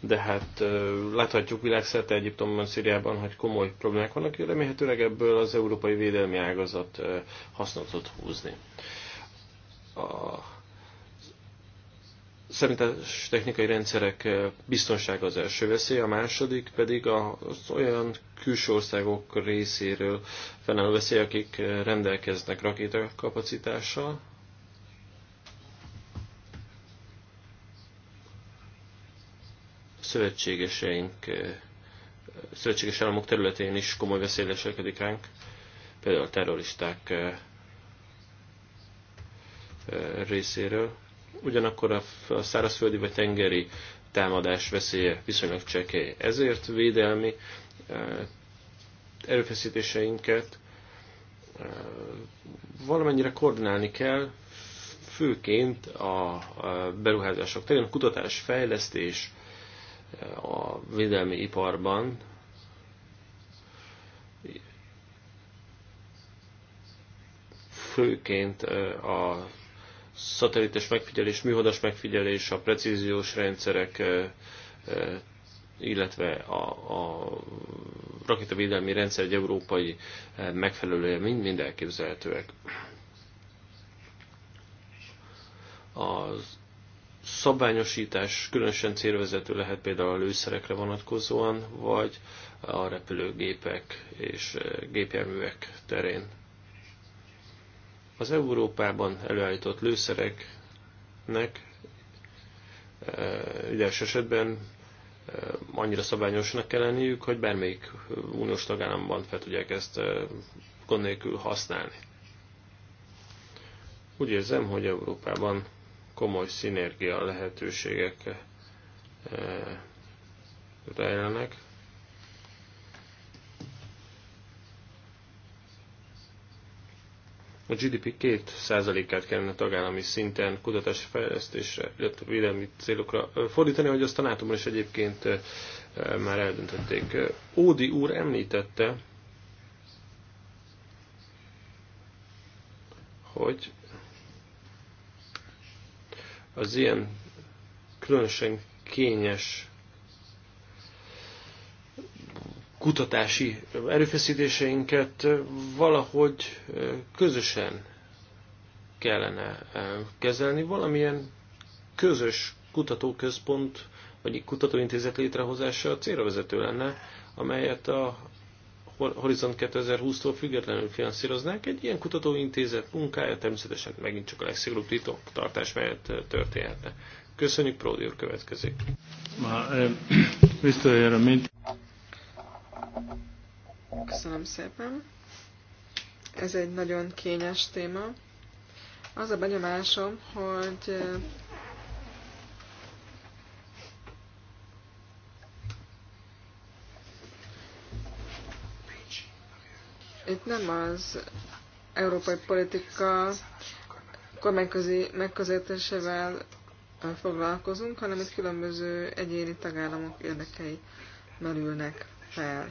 De hát láthatjuk világszerte Egyiptomban, Szíriában, hogy komoly problémák vannak, és remélhetőleg ebből az európai védelmi ágazat hasznot tud húzni. A szemítás technikai rendszerek eh, biztonsága az első veszély, a második pedig az olyan külső országok részéről fennálló veszély, akik eh, rendelkeznek rakétakapacitással. Szövetségeseink, eh, szövetséges államok területén is komoly veszély leselkedik ránk, például a terroristák részéről ugyanakkor a szárazföldi vagy tengeri támadás veszélye viszonylag csekély. Ezért védelmi e, erőfeszítéseinket e, valamennyire koordinálni kell, főként a beruházások terén, a kutatás, fejlesztés e, a védelmi iparban, főként a szatelites megfigyelés, műholdas megfigyelés, a precíziós rendszerek, illetve a, a rakétavédelmi rendszer egy európai megfelelője mind, mind elképzelhetőek. A szabványosítás különösen célvezető lehet például a lőszerekre vonatkozóan, vagy a repülőgépek és gépjárművek terén az Európában előállított lőszereknek ideges esetben e, annyira szabályosnak kell lenniük, hogy bármelyik uniós tagállamban fel tudják ezt e, gond nélkül használni. Úgy érzem, hogy Európában komoly szinergia lehetőségek e, rejlenek. A GDP 2%-át kellene tagállami szinten kutatási fejlesztésre, illetve védelmi célokra fordítani, hogy azt a nato is egyébként már eldöntötték. Ódi úr említette, hogy az ilyen különösen kényes kutatási erőfeszítéseinket valahogy közösen kellene kezelni, valamilyen közös kutatóközpont vagy kutatóintézet létrehozása célra vezető lenne, amelyet a Horizont 2020-tól függetlenül finanszíroznánk. Egy ilyen kutatóintézet munkája természetesen megint csak a legszigorúbb titoktartás mellett történhetne. Köszönjük, Pródi úr, következik. Ma, eh, Köszönöm szépen. Ez egy nagyon kényes téma. Az a benyomásom, hogy itt nem az európai politika kormányközi megközelítésével foglalkozunk, hanem itt különböző egyéni tagállamok érdekei merülnek fel.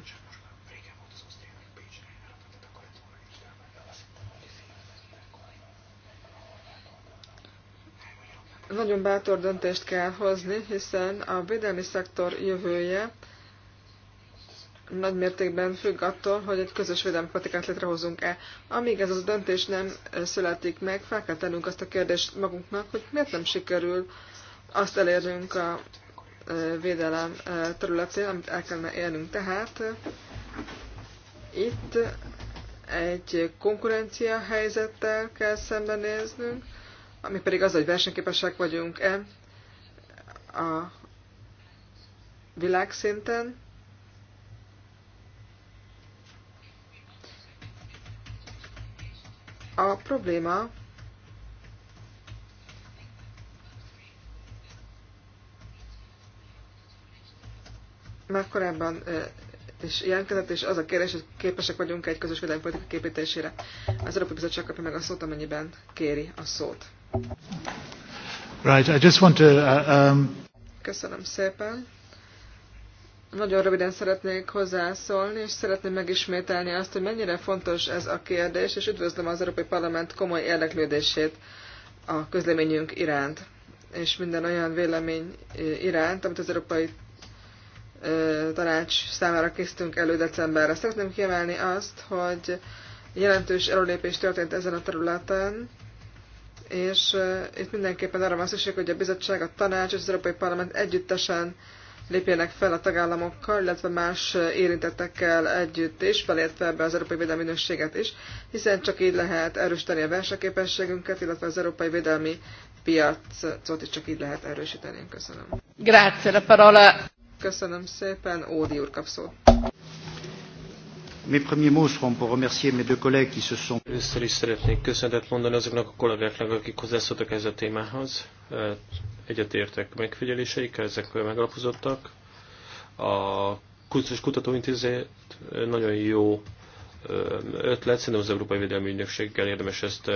Nagyon bátor döntést kell hozni, hiszen a védelmi szektor jövője nagy mértékben függ attól, hogy egy közös védelmi politikát létrehozunk-e. Amíg ez a döntés nem születik meg, fel kell tennünk azt a kérdést magunknak, hogy miért nem sikerül azt elérnünk a védelem területén, amit el kellene élnünk. Tehát itt egy konkurencia helyzettel kell szembenéznünk, ami pedig az, hogy versenyképesek vagyunk-e a világszinten. A probléma már korábban és jelentkezett, és az a kérdés, hogy képesek vagyunk egy közös politika képítésére. Az Európai Bizottság kapja meg a szót, amennyiben kéri a szót. Right, I just want to, uh, um... Köszönöm szépen. Nagyon röviden szeretnék hozzászólni, és szeretném megismételni azt, hogy mennyire fontos ez a kérdés, és üdvözlöm az Európai Parlament komoly érdeklődését a közleményünk iránt, és minden olyan vélemény iránt, amit az Európai tanács számára készítünk elő decemberre. Szeretném kiemelni azt, hogy jelentős erőlépés történt ezen a területen, és itt mindenképpen arra van szükség, hogy a bizottság, a tanács és az Európai Parlament együttesen lépjenek fel a tagállamokkal, illetve más érintettekkel együtt és felértve ebbe az európai védelmi minőséget is, hiszen csak így lehet erősíteni a versenyképességünket, illetve az európai védelmi piacot is csak így lehet erősíteni. Köszönöm. Grazie, la parola. Köszönöm szépen, Ódi úr kap szót. Mes premiers mots seront pour remercier mes deux collègues qui se sont... Először is szeretnék köszönetet mondani azoknak a kollégáknak, akik hozzászóltak ez a témához. Egyetértek megfigyeléseikkel, ezek megalapozottak. A Kultus Kutatóintézet nagyon jó ötlet, szerintem az Európai Védelmi Ügynökséggel érdemes ezt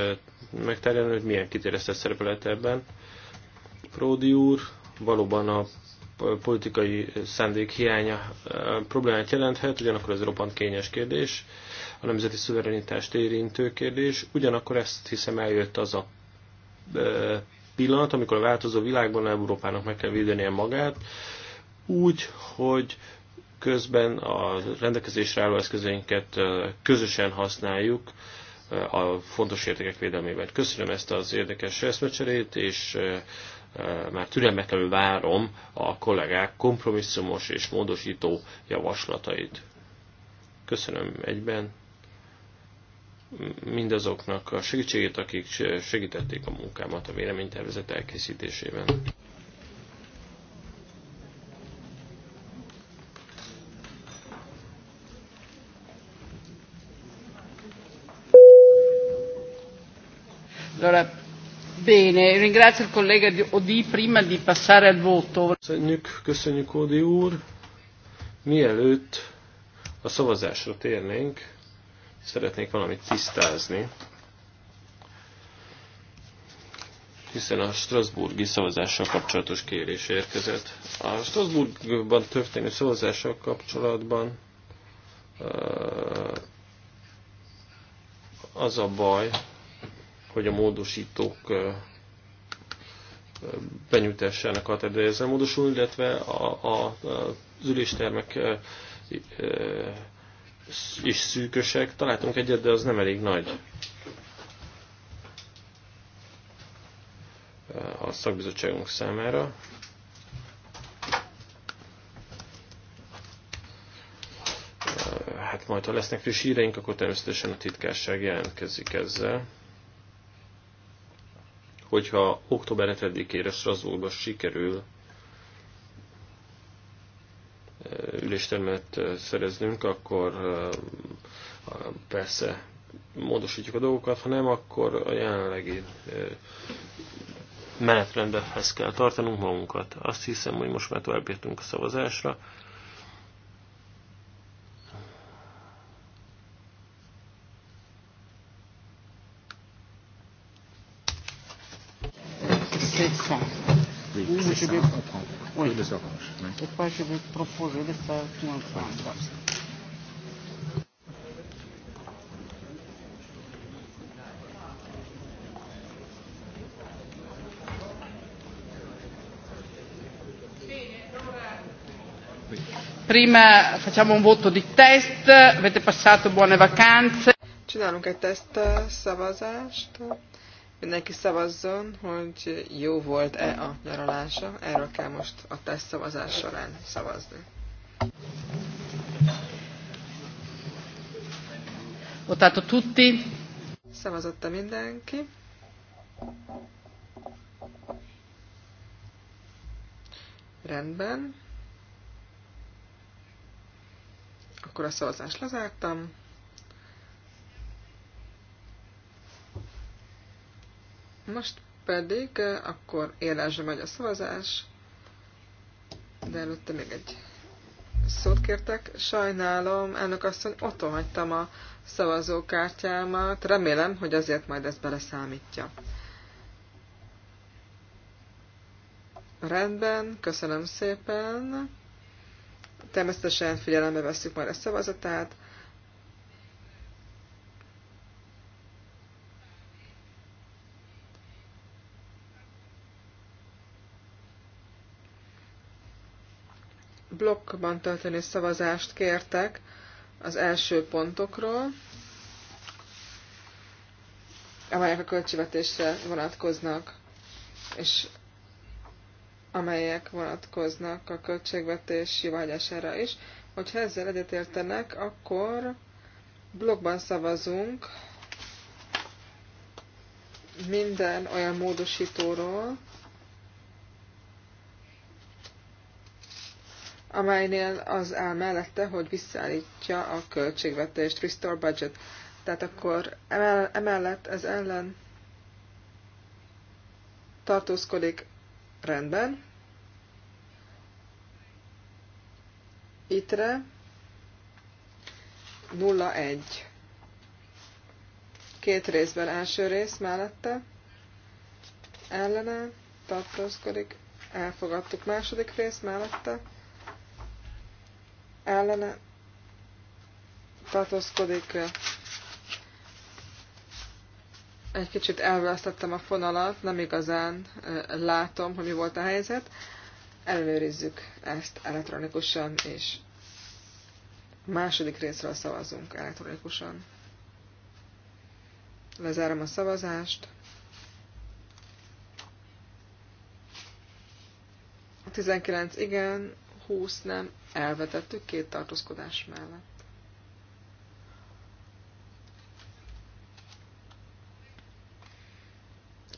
megtárgyalni, hogy milyen kitérezte szerepe lehet ebben. Pródi úr valóban a politikai szándék hiánya problémát jelenthet, ugyanakkor ez roppant kényes kérdés, a nemzeti szuverenitást érintő kérdés, ugyanakkor ezt hiszem eljött az a pillanat, amikor a változó világban Európának meg kell védenie magát, úgy, hogy közben a rendelkezésre álló eszközeinket közösen használjuk a fontos értékek védelmében. Köszönöm ezt az érdekes eszmecserét, és már türelmetlenül várom a kollégák kompromisszumos és módosító javaslatait. Köszönöm egyben mindazoknak a segítségét, akik segítették a munkámat a véleménytervezet elkészítésében. Lola Bene, ringrazio il collega Odi prima di passare al voto. Köszönjük, köszönjük Odi úr. Mielőtt a szavazásra térnénk, szeretnék valamit tisztázni. hiszen a Strasburgi szavazással kapcsolatos kérés érkezett. A Strasburgban történő szavazással kapcsolatban az a baj, hogy a módosítók benyújtassának a ezzel módosul, illetve a, a, az üléstermek is szűkösek. Találtunk egyet, de az nem elég nagy. a szakbizottságunk számára. Hát majd, ha lesznek friss híreink, akkor természetesen a titkárság jelentkezik ezzel hogyha október 7-ére Strasbourgba sikerül eh, üléstermet eh, szereznünk, akkor eh, persze módosítjuk a dolgokat, ha nem, akkor a jelenlegi menetrendhez kell tartanunk magunkat. Azt hiszem, hogy most már tovább a szavazásra. je vais, oui. Et je vais proposer de faire tout ensemble. Prima facciamo un voto di test, avete passato buone vacanze. danno che test szavazást mindenki szavazzon, hogy jó volt-e a nyaralása. Erről kell most a teszt szavazás során szavazni. Votato tutti. Szavazotta mindenki. Rendben. Akkor a szavazást lezártam. Most pedig eh, akkor élesre megy a szavazás, de előtte még egy szót kértek. Sajnálom, elnök asszony, otthon hagytam a szavazókártyámat. Remélem, hogy azért majd ezt beleszámítja. Rendben, köszönöm szépen. Természetesen figyelembe veszük majd a szavazatát. blokkban történő szavazást kértek az első pontokról, amelyek a költségvetésre vonatkoznak, és amelyek vonatkoznak a költségvetés jóvágyására is. Hogyha ezzel egyetértenek, akkor blokkban szavazunk minden olyan módosítóról, amelynél az áll mellette, hogy visszaállítja a költségvetést, restore budget. Tehát akkor emellett ez ellen tartózkodik rendben. Itre 1 Két részben első rész mellette ellene tartózkodik, elfogadtuk második rész mellette ellene tartózkodik. Egy kicsit elvesztettem a fonalat, nem igazán látom, hogy mi volt a helyzet. Ellenőrizzük ezt elektronikusan, és második részről szavazunk elektronikusan. Lezárom a szavazást. 19 igen, 20 nem, elvetettük két tartózkodás mellett.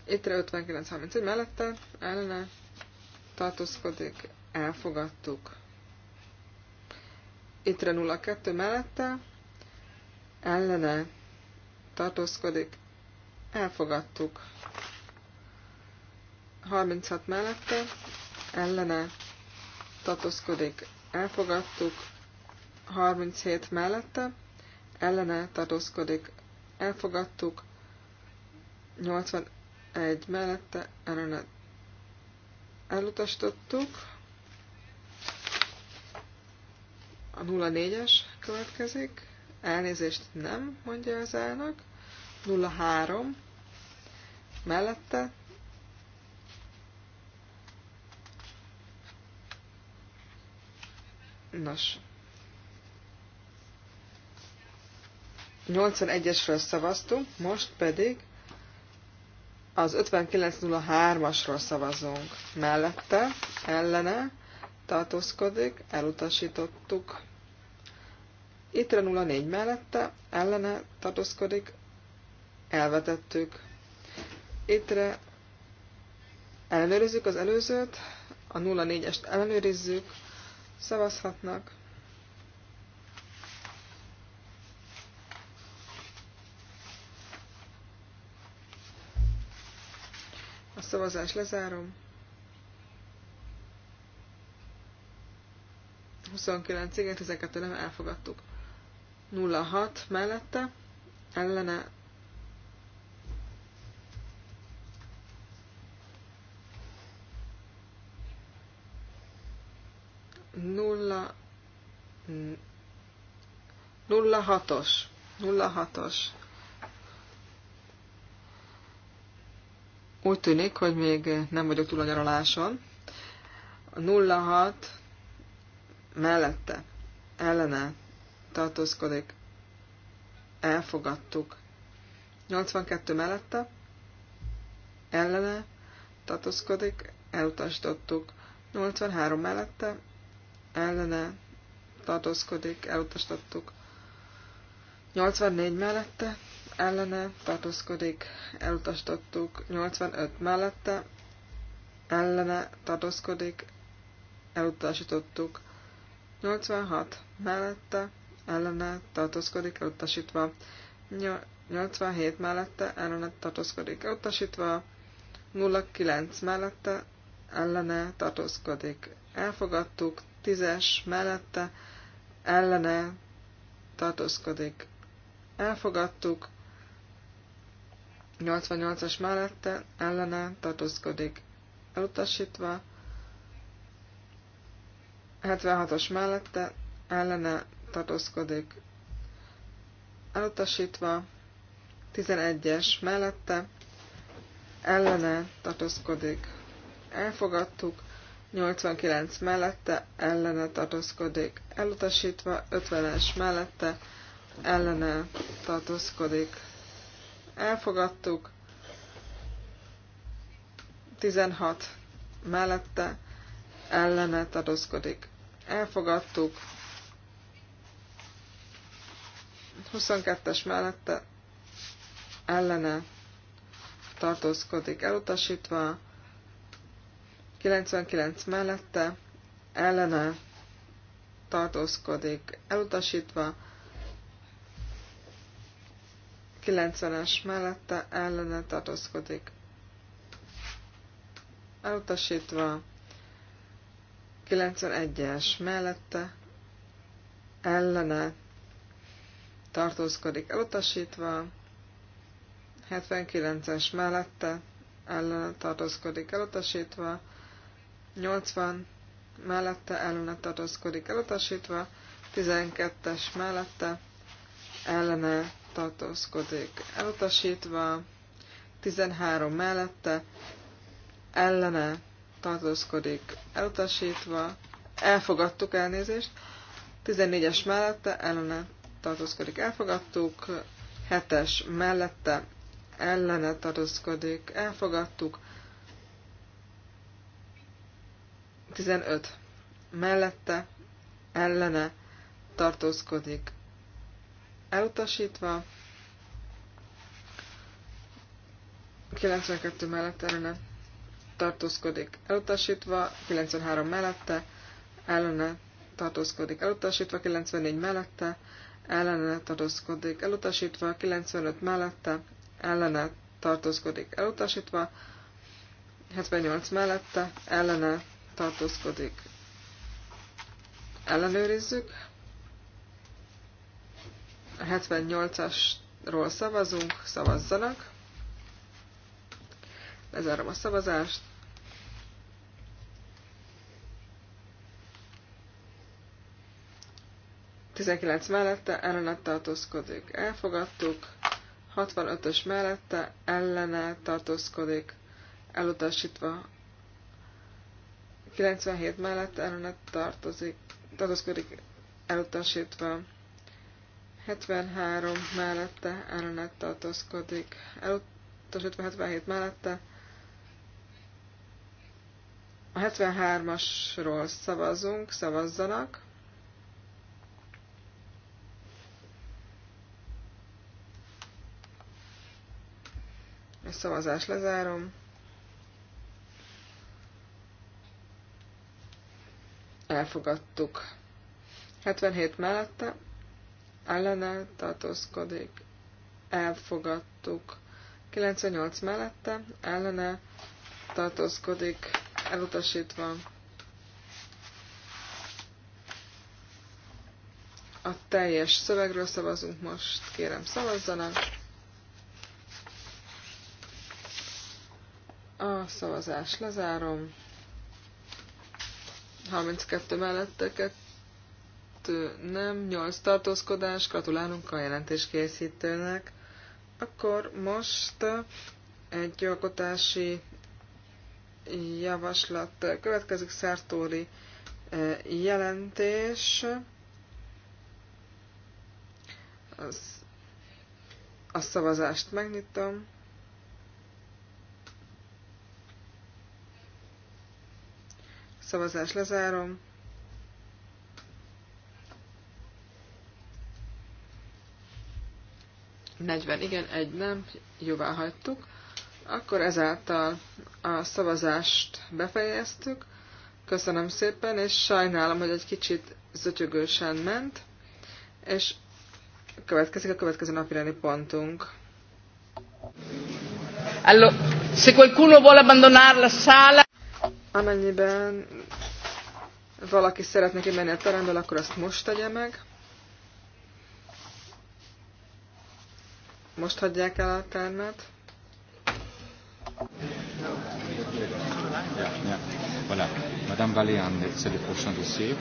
Ittre 59-31 mellette, ellene tartózkodik, elfogadtuk. Ittre 02 mellette, ellene tartózkodik, elfogadtuk. 36 mellette, ellene tartózkodik, elfogadtuk, 37 mellette, ellene tartózkodik, elfogadtuk, 81 mellette, ellene elutasítottuk, a 04-es következik, elnézést nem, mondja az elnök, 03 mellette, Nos. 81-esről szavaztunk, most pedig az 5903-asról szavazunk. Mellette, ellene, tartózkodik, elutasítottuk. Itt a 04 mellette, ellene, tartózkodik, elvetettük. Ittre ellenőrizzük az előzőt, a 04-est ellenőrizzük, Szavazhatnak. A szavazás lezárom. 29, igen, 12 nem elfogadtuk. 06 mellette, ellene 0 06-os. 06-os. Úgy tűnik, hogy még nem vagyok túl a nyaraláson. A 06 mellette, ellene tartózkodik. Elfogadtuk. 82 mellette, ellene tartózkodik, elutasítottuk. 83 mellette, ellene tartózkodik, elutasítottuk. 84 mellette ellene tartózkodik, elutasítottuk. 85 mellette ellene tartózkodik, elutasítottuk. 86 mellette ellene tartózkodik, elutasítva. 87 mellette ellene tartózkodik, elutasítva. 09 mellette ellene tartózkodik. Elfogadtuk Tízes mellette ellene tartózkodik. Elfogadtuk. 88-as mellette ellene tartózkodik. Elutasítva. 76-os mellette ellene tartózkodik. Elutasítva. 11-es mellette ellene tartózkodik. Elfogadtuk. 89 mellette ellene tartózkodik elutasítva, 50-es mellette ellene tartózkodik. Elfogadtuk. 16 mellette ellene tartózkodik. Elfogadtuk. 22-es mellette ellene tartózkodik elutasítva. 99 mellette ellene tartózkodik elutasítva, 90-es mellette ellene tartózkodik elutasítva, 91-es mellette ellene tartózkodik elutasítva, 79-es mellette ellene tartózkodik elutasítva, 80 mellette ellene tartózkodik elutasítva, 12-es mellette ellene tartózkodik elutasítva, 13 mellette ellene tartózkodik elutasítva, elfogadtuk elnézést, 14-es mellette ellene tartózkodik elfogadtuk, 7-es mellette ellene tartózkodik elfogadtuk, 15 mellette, ellene tartózkodik. Elutasítva 92 mellette ellene tartózkodik. Elutasítva 93 mellette, ellene tartózkodik. Elutasítva 94 mellette, ellene tartózkodik. Elutasítva 95 mellette, ellene tartózkodik. Elutasítva 78 mellette, ellene tartózkodik. Ellenőrizzük. A 78-asról szavazunk, szavazzanak. Lezárom a szavazást. Tizenkilenc mellette ellenet tartózkodik. Elfogadtuk. 65-ös mellette ellenet tartózkodik. Elutasítva 97 mellett ellene tartozik, tartozkodik elutasítva. 73 mellette ellene tartozkodik elutasítva 77 mellette. A 73-asról szavazunk, szavazzanak. A szavazást lezárom. elfogadtuk. 77 mellette ellene tartózkodik, elfogadtuk. 98 mellette ellene tartózkodik, elutasítva. A teljes szövegről szavazunk most, kérem szavazzanak. A szavazást lezárom. 32 melletteket nem, 8 tartózkodás, gratulálunk a jelentés készítőnek. Akkor most egy alkotási javaslat következik, Szertóri e, jelentés. Az, a szavazást megnyitom. Szavazás lezárom. Negyven igen, egy nem, jóvá hagytuk. Akkor ezáltal a szavazást befejeztük. Köszönöm szépen, és sajnálom, hogy egy kicsit zötyögősen ment, és következik a következő napirendi pontunk. Allora, se qualcuno vuole abbandonare la sala... Amennyiben valaki szeretne kimenni a teremből, akkor azt most tegye meg. Most hagyják el a termet. Voilà. Madame Valéan, c'est le prochain dossier.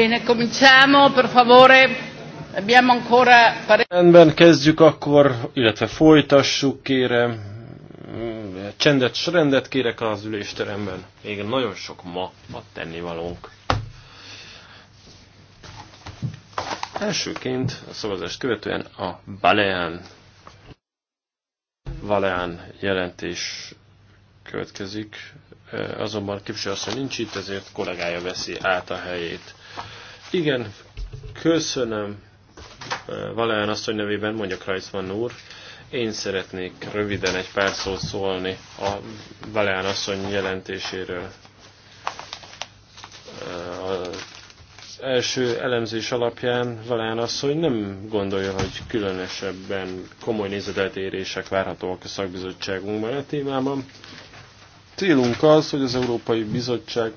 Bene, cominciamo, per favore. Abbiamo ancora Rendben kezdjük akkor, illetve folytassuk, kérem. Csendet rendet kérek az ülésteremben. Még nagyon sok ma a tennivalónk. Elsőként a szavazást követően a Baleán Valeán jelentés következik, azonban képviselő nincs itt, ezért kollégája veszi át a helyét. Igen, köszönöm eh, Valáján asszony nevében, mondja Kreisman úr. Én szeretnék röviden egy pár szót szólni a Valáján asszony jelentéséről. Eh, az első elemzés alapján Valáján asszony nem gondolja, hogy különösebben komoly nézeteltérések várhatóak a szakbizottságunkban a e témában. Célunk az, hogy az Európai Bizottság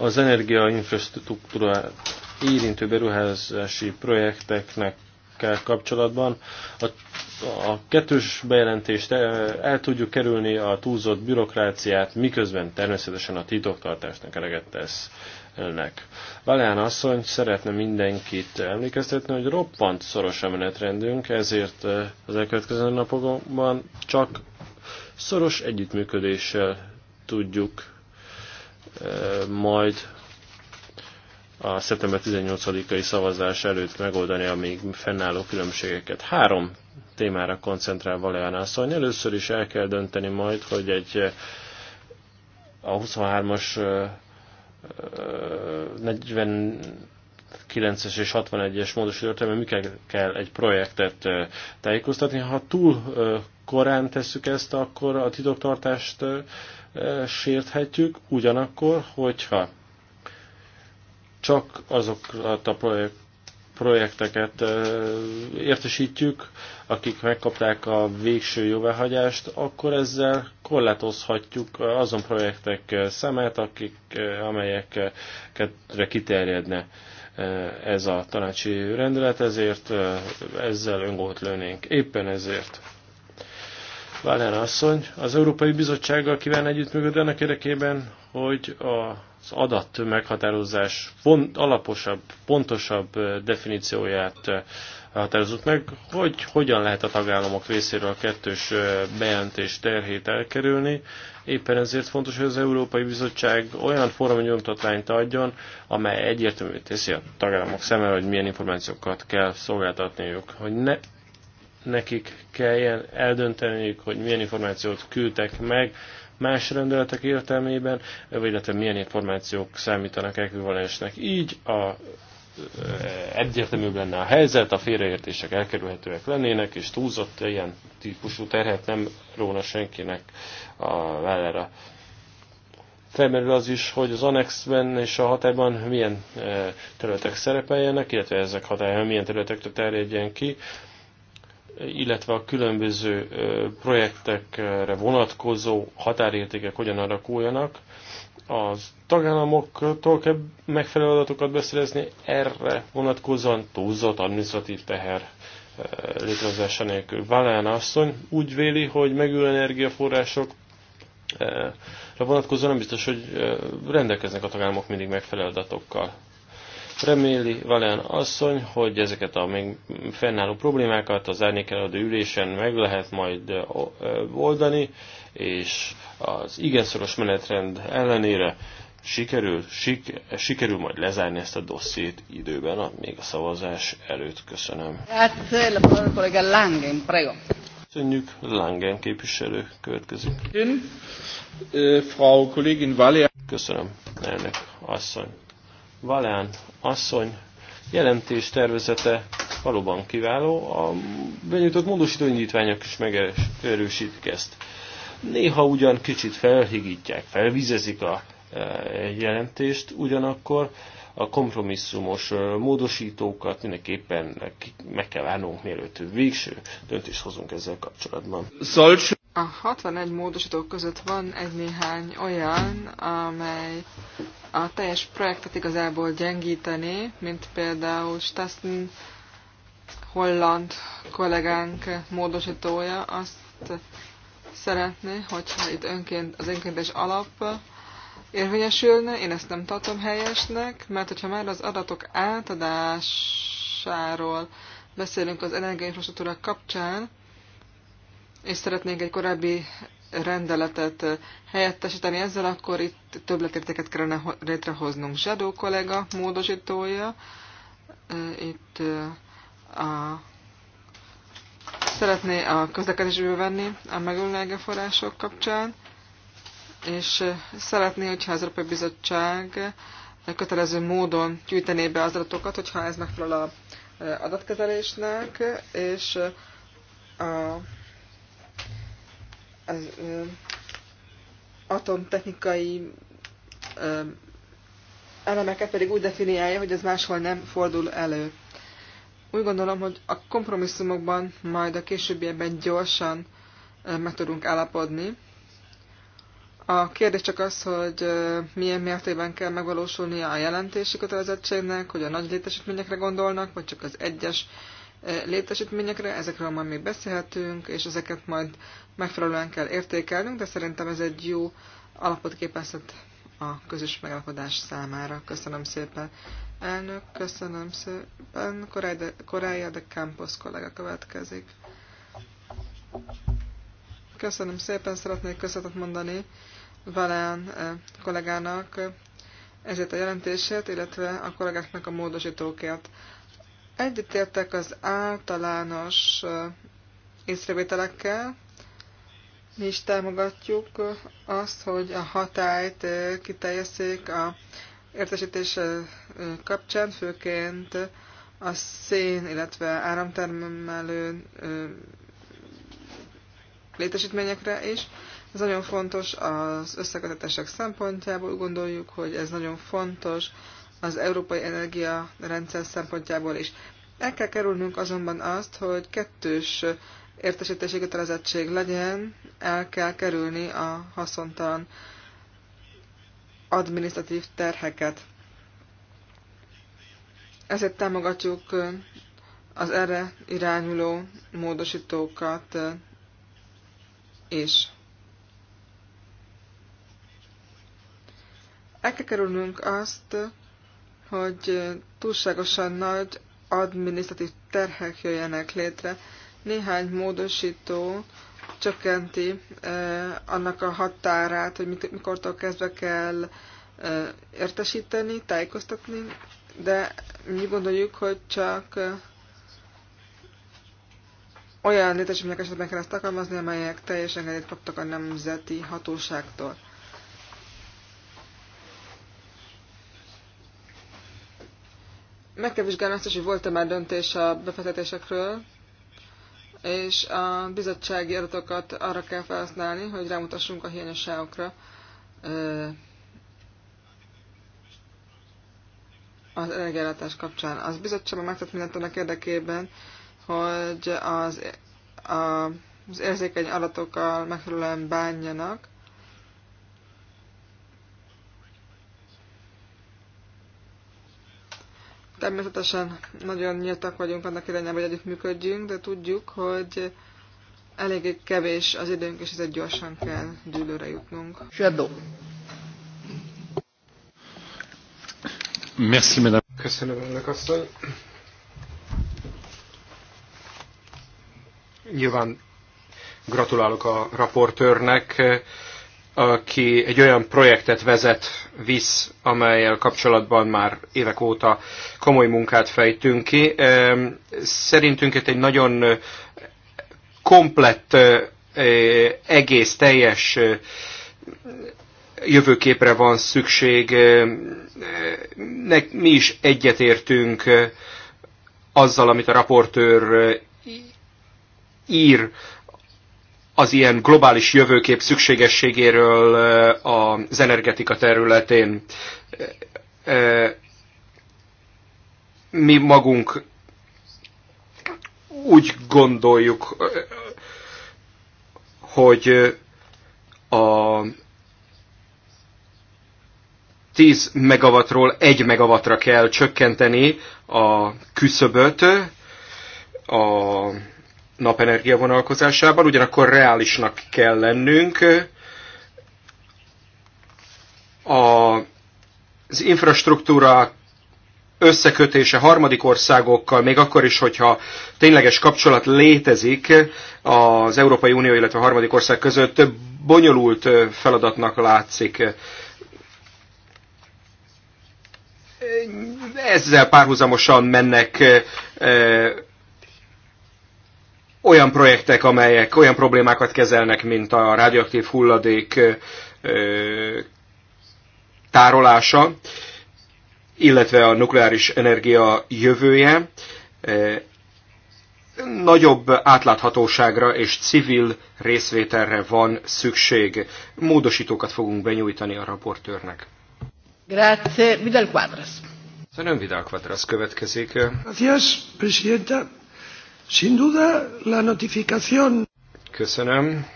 az energiainfrastruktúra érintő beruházási projekteknek kell kapcsolatban. A, a kettős bejelentést el, el tudjuk kerülni a túlzott bürokráciát, miközben természetesen a titoktartásnak eleget tesz önnek. Valán asszony szeretne mindenkit emlékeztetni, hogy roppant szoros a menetrendünk, ezért eh, az elkövetkező napokban csak szoros együttműködéssel tudjuk majd a szeptember 18-ai szavazás előtt megoldani a még fennálló különbségeket. Három témára koncentrál Valéán asszony. Először is el kell dönteni majd, hogy egy a 23-as 49-es és 61-es módosító értelme mikkel kell egy projektet tájékoztatni. Ha túl korán tesszük ezt, akkor a titoktartást sérthetjük, ugyanakkor, hogyha csak azokat a projekt, projekteket értesítjük, akik megkapták a végső jóváhagyást, akkor ezzel korlátozhatjuk azon projektek szemet, akik, amelyekre kiterjedne ez a tanácsi rendelet, ezért ezzel öngót lőnénk. Éppen ezért Valen asszony, az Európai Bizottsággal kíván együttműködni annak érdekében, hogy az adat meghatározás font, alaposabb, pontosabb eh, definícióját eh, határozott meg, hogy hogyan lehet a tagállamok részéről a kettős eh, bejelentés terhét elkerülni. Éppen ezért fontos, hogy az Európai Bizottság olyan forma nyomtatványt adjon, amely egyértelművé teszi a tagállamok szemmel, hogy milyen információkat kell szolgáltatniuk, hogy ne nekik kelljen eldönteniük, hogy milyen információt küldtek meg más rendeletek értelmében, vagy illetve milyen információk számítanak ekvivalensnek. Így a egyértelműbb lenne a helyzet, a félreértések elkerülhetőek lennének, és túlzott ilyen típusú terhet nem róna senkinek a vállára. Felmerül az is, hogy az annexben és a hatályban milyen területek szerepeljenek, illetve ezek hatályban milyen területekre terjedjen ki illetve a különböző projektekre vonatkozó határértékek hogyan alakuljanak. A tagállamoktól kell megfelelő adatokat beszerezni, erre vonatkozóan túlzott administratív teher létrehozása nélkül. Valán asszony úgy véli, hogy megül energiaforrások vonatkozóan nem biztos, hogy rendelkeznek a tagállamok mindig megfelelő adatokkal. Reméli Valen asszony, hogy ezeket a még fennálló problémákat az árnyékeladó ülésen meg lehet majd oldani, és az igen szoros menetrend ellenére sikerül, sik, sikerül majd lezárni ezt a dossziét időben, a, még a szavazás előtt. Köszönöm. Köszönjük, Langen képviselő következik. Frau Kollegin Köszönöm, elnök asszony. Valán asszony jelentés tervezete valóban kiváló, a benyújtott módosító indítványok is megerősítik ezt. Néha ugyan kicsit felhigítják, felvizezik a e, jelentést, ugyanakkor a kompromisszumos e, módosítókat mindenképpen meg kell várnunk, mielőtt végső döntést hozunk ezzel kapcsolatban. Szolcs a 61 módosító között van egy-néhány olyan, amely a teljes projektet igazából gyengíteni, mint például Stassen holland kollégánk módosítója azt szeretné, hogyha itt önként, az önkéntes alap érvényesülne, én ezt nem tartom helyesnek, mert hogyha már az adatok átadásáról beszélünk az energiainfrastruktúra kapcsán, és szeretnénk egy korábbi rendeletet helyettesíteni ezzel, akkor itt többletértéket kellene létrehoznunk. Zsadó kollega módosítója, itt a, szeretné a közlekedésből venni a megújuló források kapcsán, és szeretné, hogyha az Európai Bizottság kötelező módon gyűjtené be az adatokat, hogyha ez megfelel a adatkezelésnek, és a az, ö, atomtechnikai ö, elemeket pedig úgy definiálja, hogy ez máshol nem fordul elő. Úgy gondolom, hogy a kompromisszumokban majd a későbbiekben gyorsan ö, meg tudunk állapodni. A kérdés csak az, hogy milyen mértékben kell megvalósulnia a jelentési kötelezettségnek, hogy a nagy létesítményekre gondolnak, vagy csak az egyes létesítményekre, ezekről majd még beszélhetünk, és ezeket majd megfelelően kell értékelnünk, de szerintem ez egy jó alapot képezhet a közös megállapodás számára. Köszönöm szépen. Elnök, köszönöm szépen. Korája de Campos kollega következik. Köszönöm szépen, szeretnék köszönetet mondani Valán kollégának ezért a jelentését, illetve a kollégáknak a módosítókért. Egyetértek az általános észrevételekkel. Mi is támogatjuk azt, hogy a hatályt kiteljeszék a értesítés kapcsán, főként a szén, illetve áramtermelő létesítményekre is. Ez nagyon fontos az összekötetések szempontjából. Gondoljuk, hogy ez nagyon fontos az európai energiarendszer szempontjából is. El kell kerülnünk azonban azt, hogy kettős értesítési kötelezettség legyen, el kell kerülni a haszontalan adminisztratív terheket. Ezért támogatjuk az erre irányuló módosítókat is. El kell kerülnünk azt, hogy túlságosan nagy adminisztratív terhek jöjjenek létre. Néhány módosító csökkenti e, annak a határát, hogy mikortól kezdve kell e, értesíteni, tájékoztatni, de mi gondoljuk, hogy csak e, olyan létesítmények esetben kell ezt alkalmazni, amelyek teljes engedélyt kaptak a nemzeti hatóságtól. meg kell vizsgálni azt is, hogy volt-e már döntés a befektetésekről, és a bizottsági adatokat arra kell felhasználni, hogy rámutassunk a hiányosságokra az energiállátás kapcsán. Az bizottságban megtett mindent annak érdekében, hogy az, a, az érzékeny adatokkal megfelelően bánjanak, Természetesen nagyon nyíltak vagyunk annak irányában, hogy együttműködjünk, de tudjuk, hogy eléggé kevés az időnk, és ezért gyorsan kell dűlőre jutnunk. Shadow. Merci, madame. Köszönöm, elnök asszony. Nyilván gratulálok a raportőrnek aki egy olyan projektet vezet, visz, amelyel kapcsolatban már évek óta komoly munkát fejtünk ki. Szerintünk itt egy nagyon komplett, egész, teljes jövőképre van szükség. Mi is egyetértünk azzal, amit a raportőr ír az ilyen globális jövőkép szükségességéről az energetika területén. Mi magunk úgy gondoljuk, hogy a 10 megawattról 1 megawattra kell csökkenteni a küszöböt, a napenergia vonalkozásában, ugyanakkor reálisnak kell lennünk. A, az infrastruktúra összekötése harmadik országokkal, még akkor is, hogyha tényleges kapcsolat létezik az Európai Unió, illetve a harmadik ország között, több bonyolult feladatnak látszik. Ezzel párhuzamosan mennek eh, olyan projektek, amelyek olyan problémákat kezelnek, mint a radioaktív hulladék tárolása, illetve a nukleáris energia jövője, nagyobb átláthatóságra és civil részvételre van szükség. Módosítókat fogunk benyújtani a raportőrnek. Grazie, Vidal Quadras. Szerintem Vidal Quadras következik. Gracias, presidenta. Sin duda, la notificación. Köszönöm.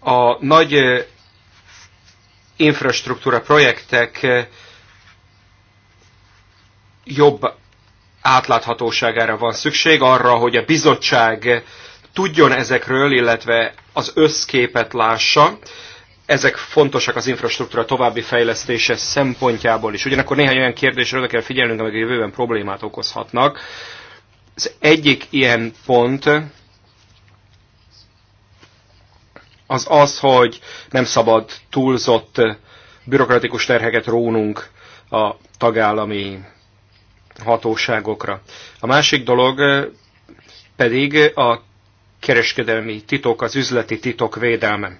A nagy infrastruktúra projektek jobb átláthatóságára van szükség, arra, hogy a bizottság tudjon ezekről, illetve az összképet lássa ezek fontosak az infrastruktúra további fejlesztése szempontjából is. Ugyanakkor néhány olyan kérdésre oda kell figyelnünk, amelyek jövőben problémát okozhatnak. Az egyik ilyen pont az az, hogy nem szabad túlzott bürokratikus terheket rónunk a tagállami hatóságokra. A másik dolog pedig a kereskedelmi titok, az üzleti titok védelme.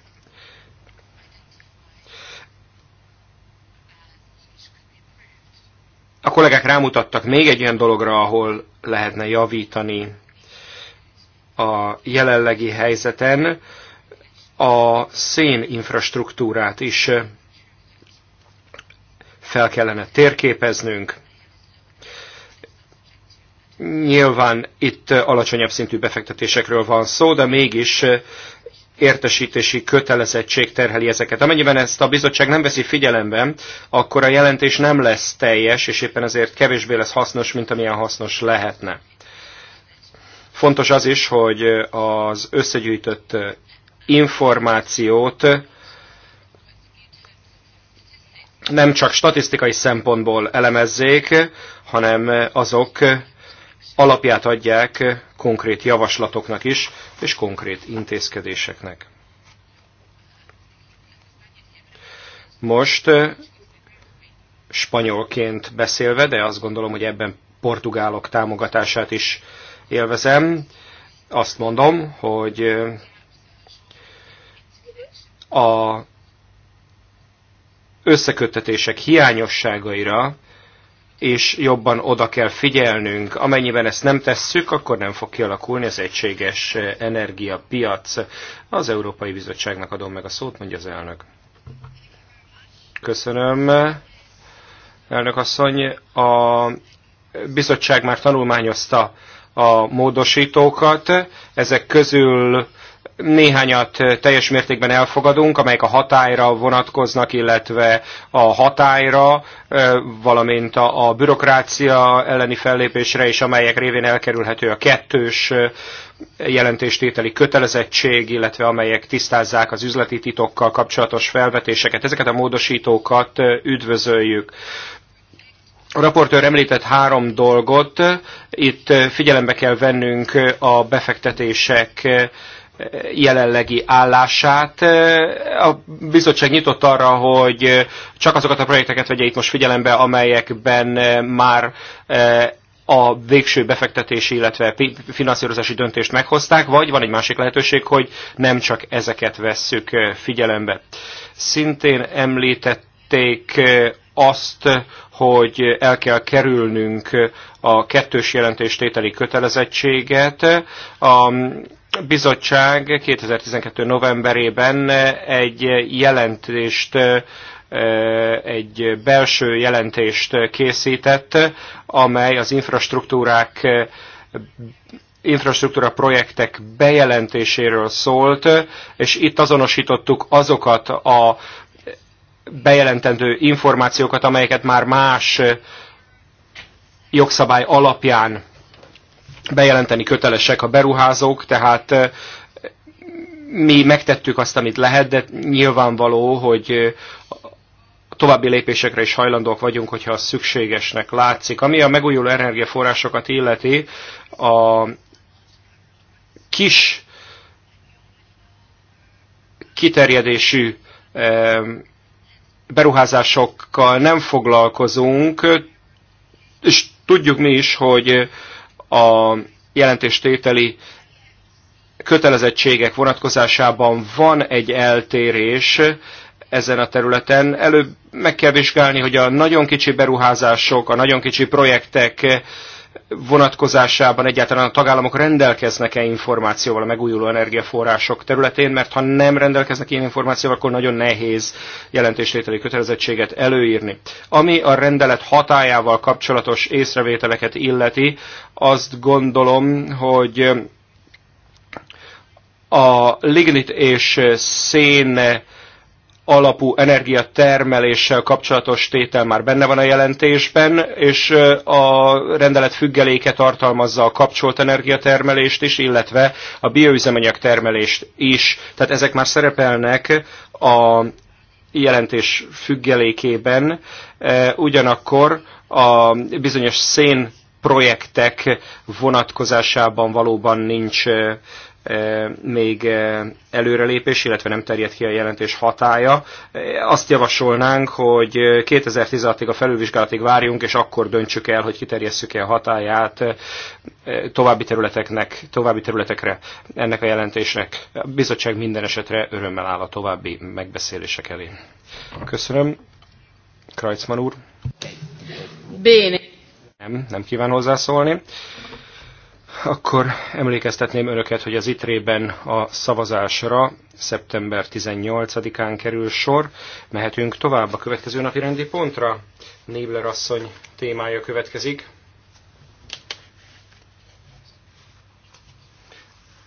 kollégák rámutattak még egy olyan dologra, ahol lehetne javítani a jelenlegi helyzeten, a szén infrastruktúrát is fel kellene térképeznünk. Nyilván itt alacsonyabb szintű befektetésekről van szó, de mégis értesítési kötelezettség terheli ezeket. Amennyiben ezt a bizottság nem veszi figyelembe, akkor a jelentés nem lesz teljes, és éppen ezért kevésbé lesz hasznos, mint amilyen hasznos lehetne. Fontos az is, hogy az összegyűjtött információt nem csak statisztikai szempontból elemezzék, hanem azok alapját adják konkrét javaslatoknak is, és konkrét intézkedéseknek. Most eh, spanyolként beszélve, de azt gondolom, hogy ebben portugálok támogatását is élvezem, azt mondom, hogy eh, a összeköttetések hiányosságaira és jobban oda kell figyelnünk. Amennyiben ezt nem tesszük, akkor nem fog kialakulni az egységes energiapiac. Az Európai Bizottságnak adom meg a szót, mondja az elnök. Köszönöm. Elnök asszony, a bizottság már tanulmányozta a módosítókat. Ezek közül Néhányat teljes mértékben elfogadunk, amelyek a hatályra vonatkoznak, illetve a hatályra, valamint a, a bürokrácia elleni fellépésre, és amelyek révén elkerülhető a kettős jelentéstételi kötelezettség, illetve amelyek tisztázzák az üzleti titokkal kapcsolatos felvetéseket. Ezeket a módosítókat üdvözöljük. A raportőr említett három dolgot, itt figyelembe kell vennünk a befektetések jelenlegi állását. A bizottság nyitott arra, hogy csak azokat a projekteket vegye itt most figyelembe, amelyekben már a végső befektetési, illetve finanszírozási döntést meghozták, vagy van egy másik lehetőség, hogy nem csak ezeket vesszük figyelembe. Szintén említették azt, hogy el kell kerülnünk a kettős jelentéstételi kötelezettséget. A bizottság 2012. novemberében egy jelentést egy belső jelentést készített, amely az infrastruktúrák infrastruktúra projektek bejelentéséről szólt, és itt azonosítottuk azokat a bejelentendő információkat, amelyeket már más jogszabály alapján bejelenteni kötelesek a beruházók, tehát eh, mi megtettük azt, amit lehet, de nyilvánvaló, hogy eh, további lépésekre is hajlandók vagyunk, hogyha az szükségesnek látszik. Ami a megújuló energiaforrásokat illeti, a kis kiterjedésű eh, beruházásokkal nem foglalkozunk, és tudjuk mi is, hogy a jelentéstételi kötelezettségek vonatkozásában van egy eltérés ezen a területen. Előbb meg kell vizsgálni, hogy a nagyon kicsi beruházások, a nagyon kicsi projektek vonatkozásában egyáltalán a tagállamok rendelkeznek-e információval a megújuló energiaforrások területén, mert ha nem rendelkeznek ilyen információval, akkor nagyon nehéz jelentéstételi kötelezettséget előírni. Ami a rendelet hatájával kapcsolatos észrevételeket illeti, azt gondolom, hogy a lignit és szén alapú energiatermeléssel kapcsolatos tétel már benne van a jelentésben, és a rendelet függeléke tartalmazza a kapcsolt energiatermelést is, illetve a bioüzemanyag termelést is. Tehát ezek már szerepelnek a jelentés függelékében, ugyanakkor a bizonyos szén projektek vonatkozásában valóban nincs E, még e, előrelépés, illetve nem terjed ki a jelentés hatája. E, azt javasolnánk, hogy 2016-ig a felülvizsgálatig várjunk, és akkor döntsük el, hogy kiterjesszük-e a hatáját további, területeknek, további területekre ennek a jelentésnek. A bizottság minden esetre örömmel áll a további megbeszélések elé. Köszönöm. Krajcman úr. Béni. Nem, nem kíván hozzászólni akkor emlékeztetném önöket, hogy az ITRE-ben a szavazásra szeptember 18-án kerül sor. Mehetünk tovább a következő napi rendi pontra. Nébler asszony témája következik.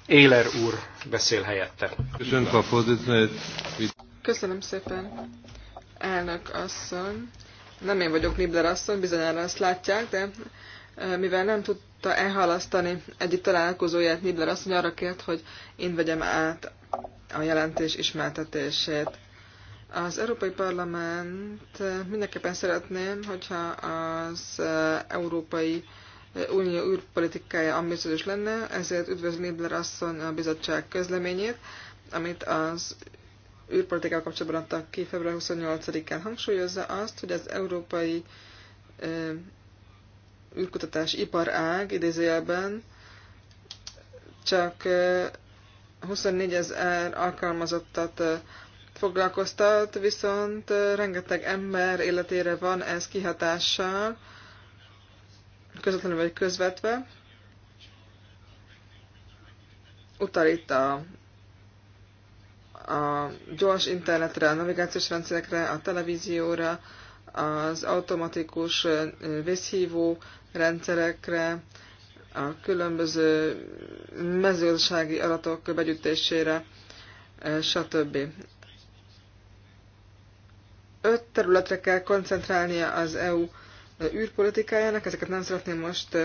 Éler úr beszél helyette. Köszönöm szépen, elnök asszony. Nem én vagyok Nibler asszony, bizonyára azt látják, de eh, mivel nem tud, tudta elhalasztani egyik találkozóját Nibler asszony arra kért, hogy én vegyem át a jelentés ismertetését. Az Európai Parlament mindenképpen szeretném, hogyha az eh, Európai Unió űrpolitikája ambiciózus lenne, ezért üdvözli Nibler asszony a bizottság közleményét, amit az űrpolitikával kapcsolatban adtak ki február 28-án hangsúlyozza azt, hogy az Európai eh, űrkutatás iparág idézőjelben csak 24 ezer alkalmazottat foglalkoztat, viszont rengeteg ember életére van ez kihatással, közvetlenül vagy közvetve. Utal itt a, a gyors internetre, a navigációs rendszerekre, a televízióra, az automatikus vészhívó rendszerekre, a különböző mezőgazdasági adatok begyűjtésére, stb. Öt területre kell koncentrálnia az EU űrpolitikájának, ezeket nem szeretném most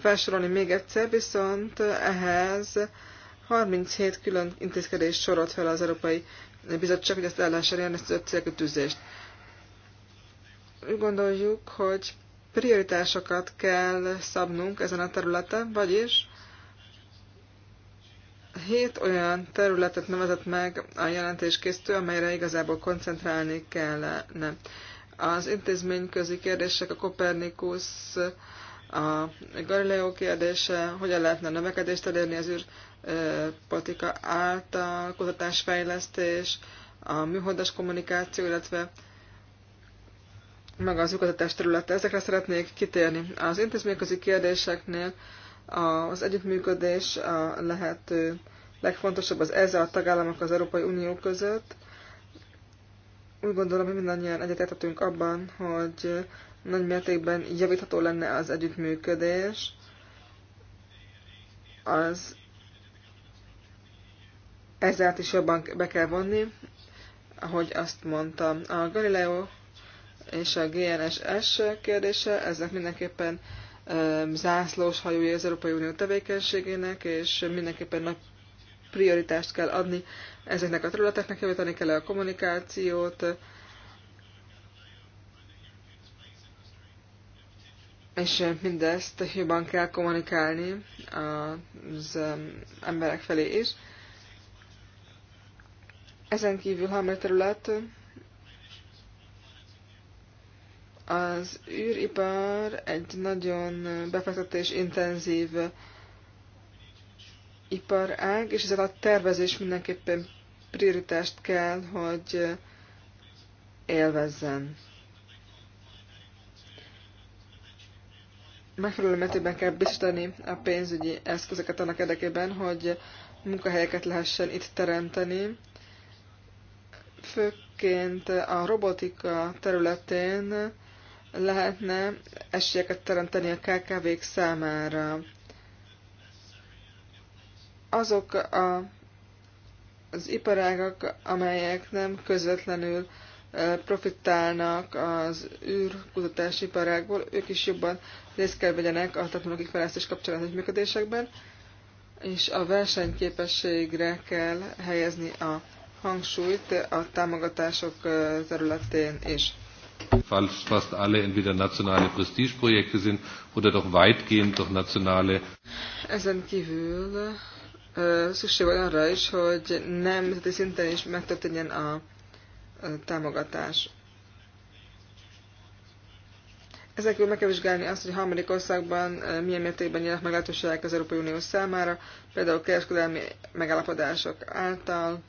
felsorolni még egyszer, viszont ehhez 37 külön intézkedés sorolt fel az Európai Bizottság, hogy ezt el lehessen érni ezt a célkötűzést úgy gondoljuk, hogy prioritásokat kell szabnunk ezen a területen, vagyis hét olyan területet nevezett meg a jelentéskészítő, amelyre igazából koncentrálni kellene. Az intézményközi kérdések, a Kopernikus, a Galileo kérdése, hogyan lehetne a növekedést elérni az űrpolitika által, kutatásfejlesztés, a műholdas kommunikáció, illetve meg az oktatás területe. Ezekre szeretnék kitérni. Az intézményközi kérdéseknél az együttműködés a lehető legfontosabb az ezzel a tagállamok az Európai Unió között. Úgy gondolom, hogy mindannyian egyetértetünk abban, hogy nagy mértékben javítható lenne az együttműködés. Az ezért is jobban be kell vonni, ahogy azt mondtam. A Galileo és a GNSS kérdése, ezek mindenképpen zászlós hajója az Európai Unió tevékenységének, és mindenképpen nagy prioritást kell adni ezeknek a területeknek, javítani kell a kommunikációt, és mindezt jobban kell kommunikálni az emberek felé is. Ezen kívül, ha terület, Az űripar egy nagyon befektetés intenzív iparág, és ezzel a tervezés mindenképpen prioritást kell, hogy élvezzen. Megfelelő mértékben kell biztosítani a pénzügyi eszközöket annak érdekében, hogy munkahelyeket lehessen itt teremteni. Főként a robotika területén lehetne esélyeket teremteni a KKV-k számára. Azok a, az iparágak, amelyek nem közvetlenül profitálnak az űrkutatási iparágból, ők is jobban részt kell vegyenek a technológiai fejlesztés kapcsolatos működésekben, és a versenyképességre kell helyezni a hangsúlyt a támogatások területén is falls fast alle entweder nationale Prestigeprojekte sind oder doch weitgehend doch nationale. Ezen kívül szükség van arra is, hogy nemzeti szinten is megtörténjen a támogatás. Ezekből meg kell vizsgálni azt, hogy harmadik országban milyen mértékben nyílnak meg lehetőségek az Európai Unió számára, például kereskedelmi megállapodások által,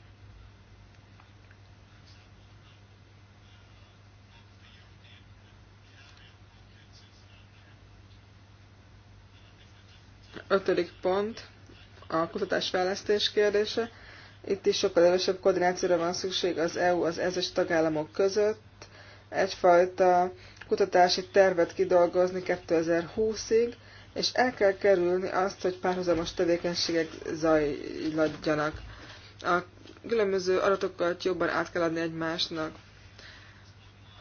Ötödik pont a kutatásfejlesztés kérdése. Itt is sokkal erősebb koordinációra van szükség az EU, az ezes tagállamok között. Egyfajta kutatási tervet kidolgozni 2020-ig, és el kell kerülni azt, hogy párhuzamos tevékenységek zajladjanak. A különböző adatokat jobban át kell adni egymásnak.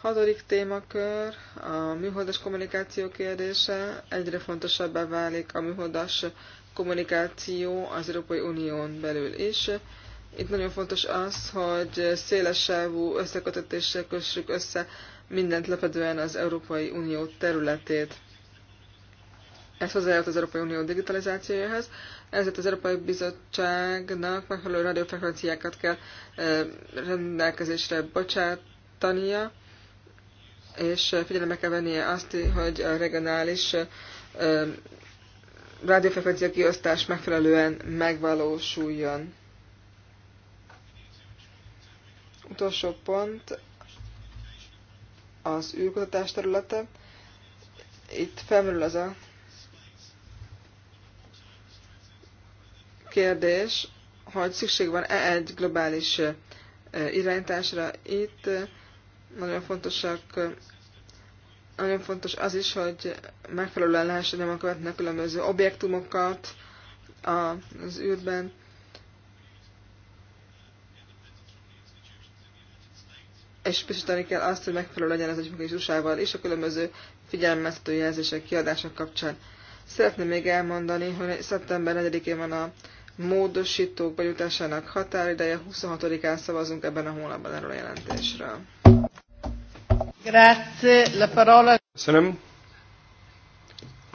Hatodik témakör a műholdas kommunikáció kérdése. Egyre fontosabbá válik a műholdas kommunikáció az Európai Unión belül is. Itt nagyon fontos az, hogy sávú összekötetéssel kössük össze mindent lepedően az Európai Unió területét. Ez hozzájárult az Európai Unió digitalizációjához, ezért az Európai Bizottságnak megfelelő rádiófrekvenciákat kell rendelkezésre bocsátania, és figyelembe kell vennie azt, hogy a regionális rádiófrekvencia kiosztás megfelelően megvalósuljon. Utolsó pont az űrkutatás területe. Itt felmerül az a kérdés, hogy szükség van-e egy globális irányításra. Itt nagyon fontosak nagyon fontos az is, hogy megfelelően lehessen nyomon követni a különböző objektumokat az űrben. És biztosítani kell azt, hogy megfelelő legyen az együttműködés usa és a különböző figyelmeztető jelzések kiadások kapcsán. Szeretném még elmondani, hogy szeptember 4-én van a módosítók bejutásának határideje, 26-án szavazunk ebben a hónapban erről a jelentésről. Grazie, la parola. Köszönöm.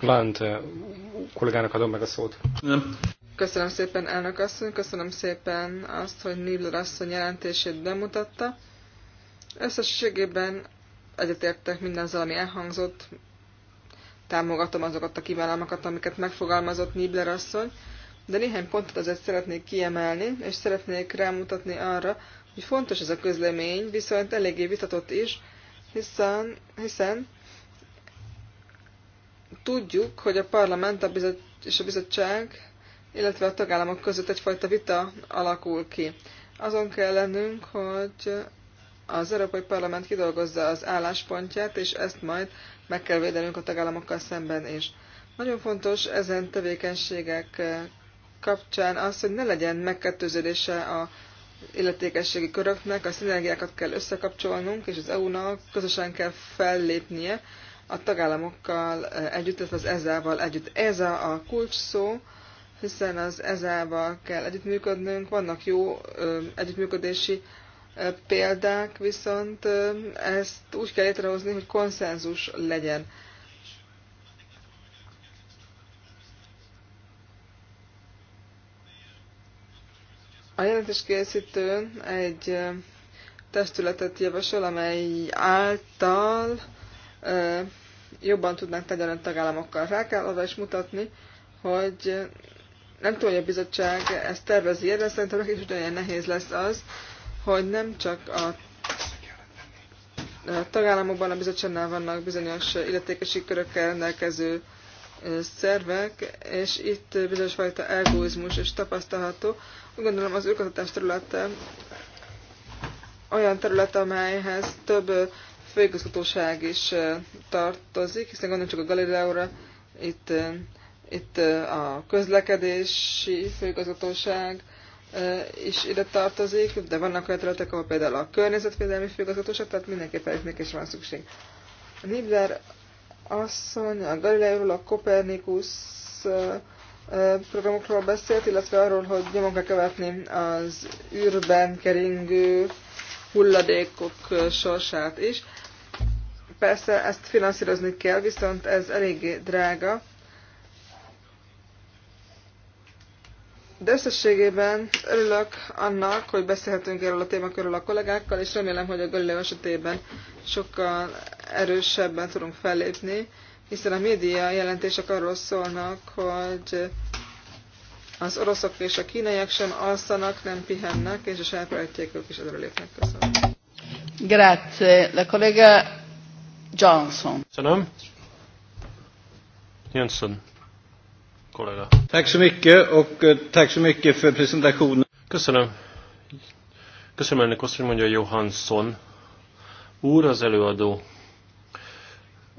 Lant, eh, kollégának adom meg a szót. Nem. Köszönöm szépen, elnök asszony, köszönöm szépen azt, hogy Nibler asszony jelentését bemutatta. Összességében egyetértek mindazzal, ami elhangzott, támogatom azokat a kívánalmakat, amiket megfogalmazott Nibler asszony, de néhány pontot azért szeretnék kiemelni, és szeretnék rámutatni arra, hogy fontos ez a közlemény, viszont eléggé vitatott is, hiszen, hiszen tudjuk, hogy a parlament a bizot, és a bizottság, illetve a tagállamok között egyfajta vita alakul ki. Azon kell lennünk, hogy az Európai Parlament kidolgozza az álláspontját, és ezt majd meg kell védenünk a tagállamokkal szemben is. Nagyon fontos ezen tevékenységek kapcsán az, hogy ne legyen megkettőződése a illetékességi köröknek a szinergiákat kell összekapcsolnunk, és az EU-nak közösen kell fellépnie a tagállamokkal együtt, illetve az ezával együtt. Ez a kulcs szó, hiszen az ezával kell együttműködnünk, vannak jó együttműködési példák, viszont ezt úgy kell létrehozni, hogy konszenzus legyen. A jelentés készítő egy testületet javasol, amely által jobban tudnánk tegyen a tagállamokkal. Rá kell oda is mutatni, hogy nem tudom, hogy a bizottság ezt tervezi, de szerintem is ugyanilyen nehéz lesz az, hogy nem csak a tagállamokban a bizottságnál vannak bizonyos illetékesi körökkel rendelkező szervek, és itt bizonyos fajta egoizmus is tapasztalható. Úgy gondolom az őkatatás területe olyan terület, amelyhez több főigazgatóság is tartozik, hiszen gondolom csak a Galileóra, itt, itt a közlekedési főigazgatóság is ide tartozik, de vannak olyan területek, ahol például a környezetvédelmi főigazgatóság, tehát mindenképpen itt is van szükség. A Nibler asszony a Galileiról, a Kopernikus programokról beszélt, illetve arról, hogy nyomon kell követni az űrben keringő hulladékok sorsát is. Persze ezt finanszírozni kell, viszont ez eléggé drága, De összességében örülök annak, hogy beszélhetünk erről a témakörről a kollégákkal, és remélem, hogy a Galileo esetében sokkal erősebben tudunk fellépni, hiszen a média jelentések arról szólnak, hogy az oroszok és a kínaiak sem alszanak, nem pihennek, és a saját projektjékük is előre lépnek. Köszönöm. Grazie. La collega Johnson. Köszönöm. Johnson kollega. Tack så mycket och eh, tack så mycket för presentationen. Köszönöm. Köszönöm ennek azt, hogy mondja Johansson. Úr az előadó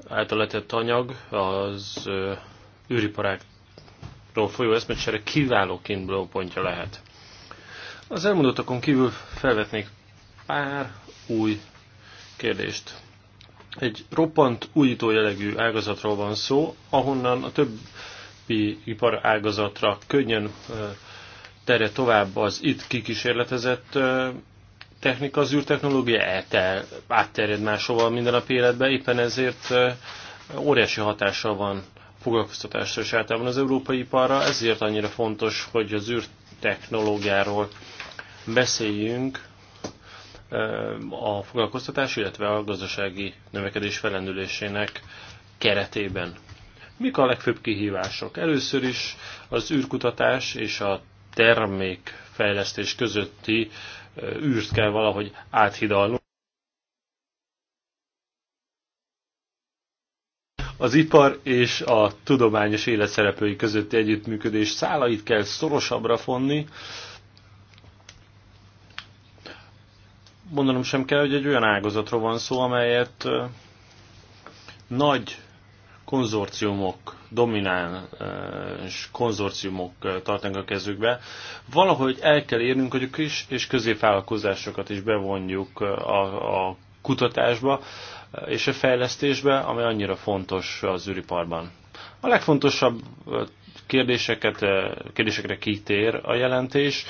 által letett anyag az eh, űriparákról folyó eszmecsere kiváló kiinduló pontja lehet. Az elmondottakon kívül felvetnék pár új kérdést. Egy roppant újító jellegű ágazatról van szó, ahonnan a több iparágazatra könnyen terje tovább az itt kikísérletezett technika, az űrtechnológia átterjed máshova minden a életbe, éppen ezért óriási hatással van foglalkoztatásra és általában az európai iparra, ezért annyira fontos, hogy az űrtechnológiáról beszéljünk a foglalkoztatás, illetve a gazdasági növekedés felendülésének keretében. Mik a legfőbb kihívások? Először is az űrkutatás és a termékfejlesztés közötti űrt kell valahogy áthidalnunk. Az ipar és a tudományos élet szereplői közötti együttműködés szálait kell szorosabbra fonni. Mondanom sem kell, hogy egy olyan ágazatról van szó, amelyet nagy konzorciumok, domináns eh, konzorciumok eh, tartanak a kezükbe. Valahogy el kell érnünk, hogy a kis és középvállalkozásokat is bevonjuk eh, a, a kutatásba és a fejlesztésbe, ami annyira fontos az űriparban. A legfontosabb kérdéseket, kérdésekre kitér a jelentés,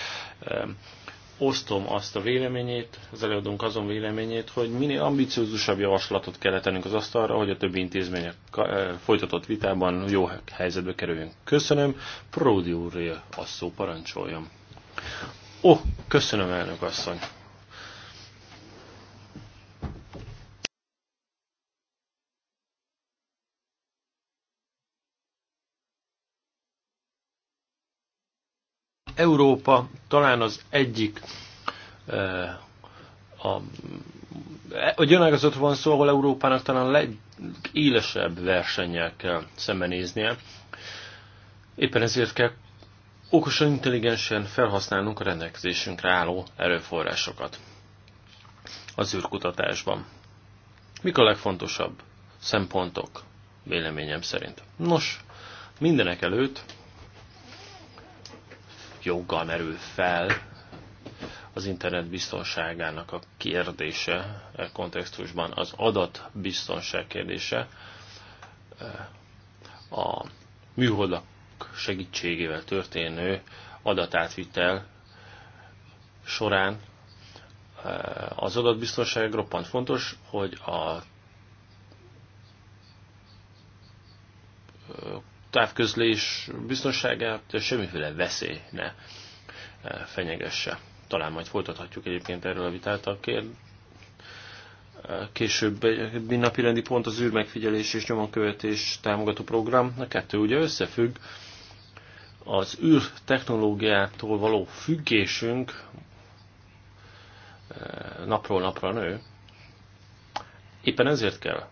osztom azt a véleményét, az előadónk azon véleményét, hogy minél ambiciózusabb javaslatot kell tennünk az asztalra, hogy a többi intézmények eh, folytatott vitában jó helyzetbe kerüljünk. Köszönöm, Pródi úré a szó parancsoljam. Ó, oh, köszönöm elnök asszony! Európa talán az egyik eh, a, egy olyan van szó, ahol Európának talán legélesebb versennyel kell szembenéznie. Éppen ezért kell okosan, intelligensen felhasználnunk a rendelkezésünkre álló erőforrásokat az űrkutatásban. Mik a legfontosabb szempontok véleményem szerint? Nos, mindenek előtt joggal merül fel az internet biztonságának a kérdése e kontextusban, az adatbiztonság kérdése e, a műholdak segítségével történő adatátvitel során e, az adatbiztonság roppant fontos, hogy a távközlés biztonságát semmiféle veszély ne eh, fenyegesse. Talán majd folytathatjuk egyébként erről a vitát a eh, Később későbbi napi rendi pont az űrmegfigyelés és nyomonkövetés támogató program. A kettő ugye összefügg. Az űr technológiától való függésünk eh, napról napra nő. Éppen ezért kell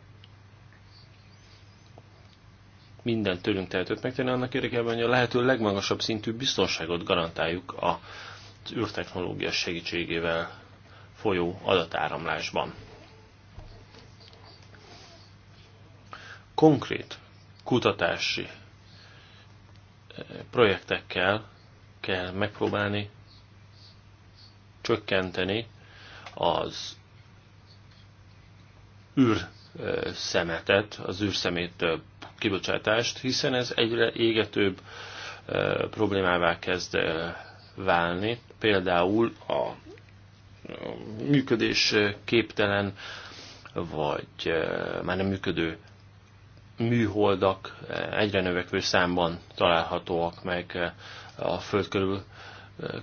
minden tőlünk tehetőt megtenni annak érdekében, hogy a lehető legmagasabb szintű biztonságot garantáljuk az űrtechnológia segítségével folyó adatáramlásban. Konkrét kutatási eh, projektekkel kell megpróbálni csökkenteni az űr eh, szemetet, az űrszemét kibocsátást, hiszen ez egyre égetőbb problémává kezd válni. Például a működés képtelen vagy már nem működő műholdak egyre növekvő számban találhatóak meg a föld körül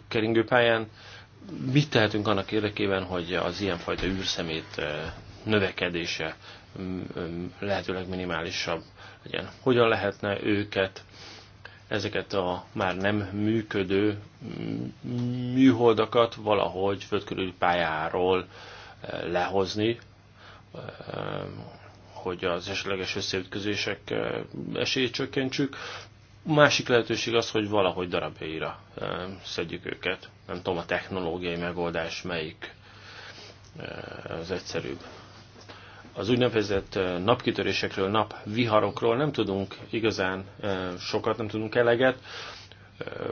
keringőpályán. Mit tehetünk annak érdekében, hogy az ilyenfajta űrszemét növekedése lehetőleg minimálisabb legyen. Hogyan lehetne őket, ezeket a már nem működő mm, műholdakat valahogy földkörüli pályáról eh, lehozni, eh, hogy az esetleges összeütközések eh, esélyt csökkentsük. Másik lehetőség az, hogy valahogy darabjaira szedjük őket. Nem tudom, a technológiai megoldás melyik az egyszerűbb az úgynevezett napkitörésekről, napviharokról nem tudunk igazán sokat, nem tudunk eleget.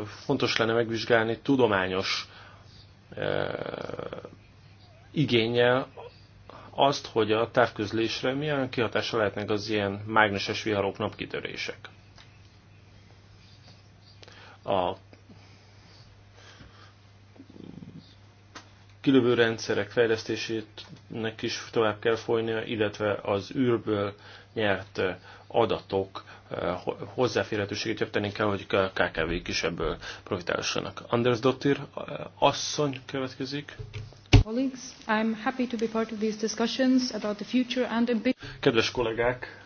Fontos lenne megvizsgálni tudományos igényel azt, hogy a távközlésre milyen kihatása lehetnek az ilyen mágneses viharok napkitörések. A különböző rendszerek fejlesztésének is tovább kell folynia, illetve az űrből nyert eh, adatok eh, hozzáférhetőségét javítani kell, hogy a KKV-k is ebből profitálhassanak. Anders Dottir eh, asszony következik. Kedves kollégák,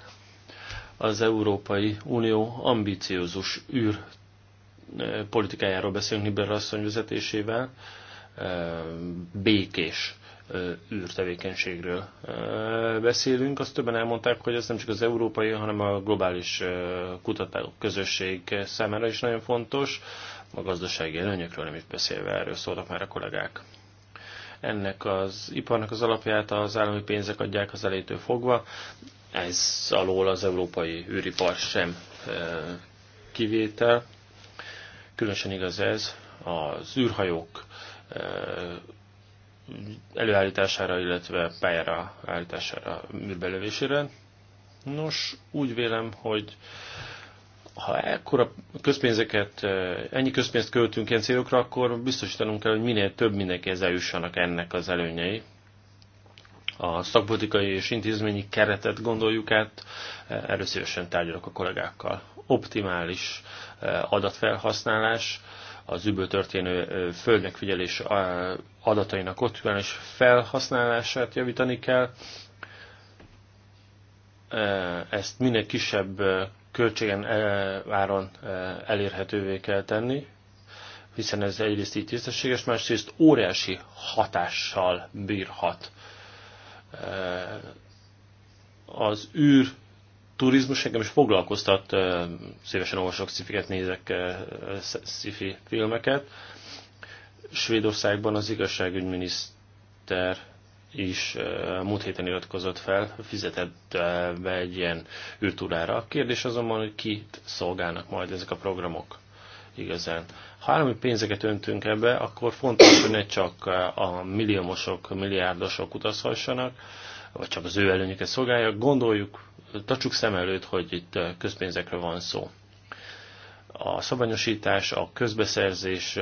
az Európai Unió ambíciózus űr politikájáról beszélünk Nibler asszony vezetésével békés űrtevékenységről beszélünk. Azt többen elmondták, hogy ez nem csak az európai, hanem a globális kutatók közösség számára is nagyon fontos. A gazdasági előnyökről nem is beszélve erről szóltak már a kollégák. Ennek az iparnak az alapját az állami pénzek adják az elétől fogva. Ez alól az európai űripar sem kivétel. Különösen igaz ez az űrhajók előállítására, illetve pályára állítására, műbelövésére. Nos, úgy vélem, hogy ha ekkora közpénzeket, ennyi közpénzt költünk ilyen célokra, akkor biztosítanunk kell, hogy minél több mindenkihez eljussanak ennek az előnyei. A szakpolitikai és intézményi keretet gondoljuk át, erről szívesen tárgyalok a kollégákkal. Optimális adatfelhasználás, az üből történő földmegfigyelés adatainak és felhasználását javítani kell. Ezt minél kisebb költségen áron elérhetővé kell tenni, hiszen ez egyrészt így tisztességes, másrészt óriási hatással bírhat az űr turizmus engem is foglalkoztat, szívesen olvasok szifiket, nézek szifi filmeket. Svédországban az igazságügyminiszter is múlt héten iratkozott fel, fizetett be egy ilyen űrtúrára. A kérdés azonban, hogy kit szolgálnak majd ezek a programok igazán. Ha állami pénzeket öntünk ebbe, akkor fontos, hogy ne csak a milliómosok, milliárdosok utazhassanak, vagy csak az ő előnyüket szolgálja. Gondoljuk tartsuk szem előtt, hogy itt közpénzekről van szó. A szabanyosítás, a közbeszerzés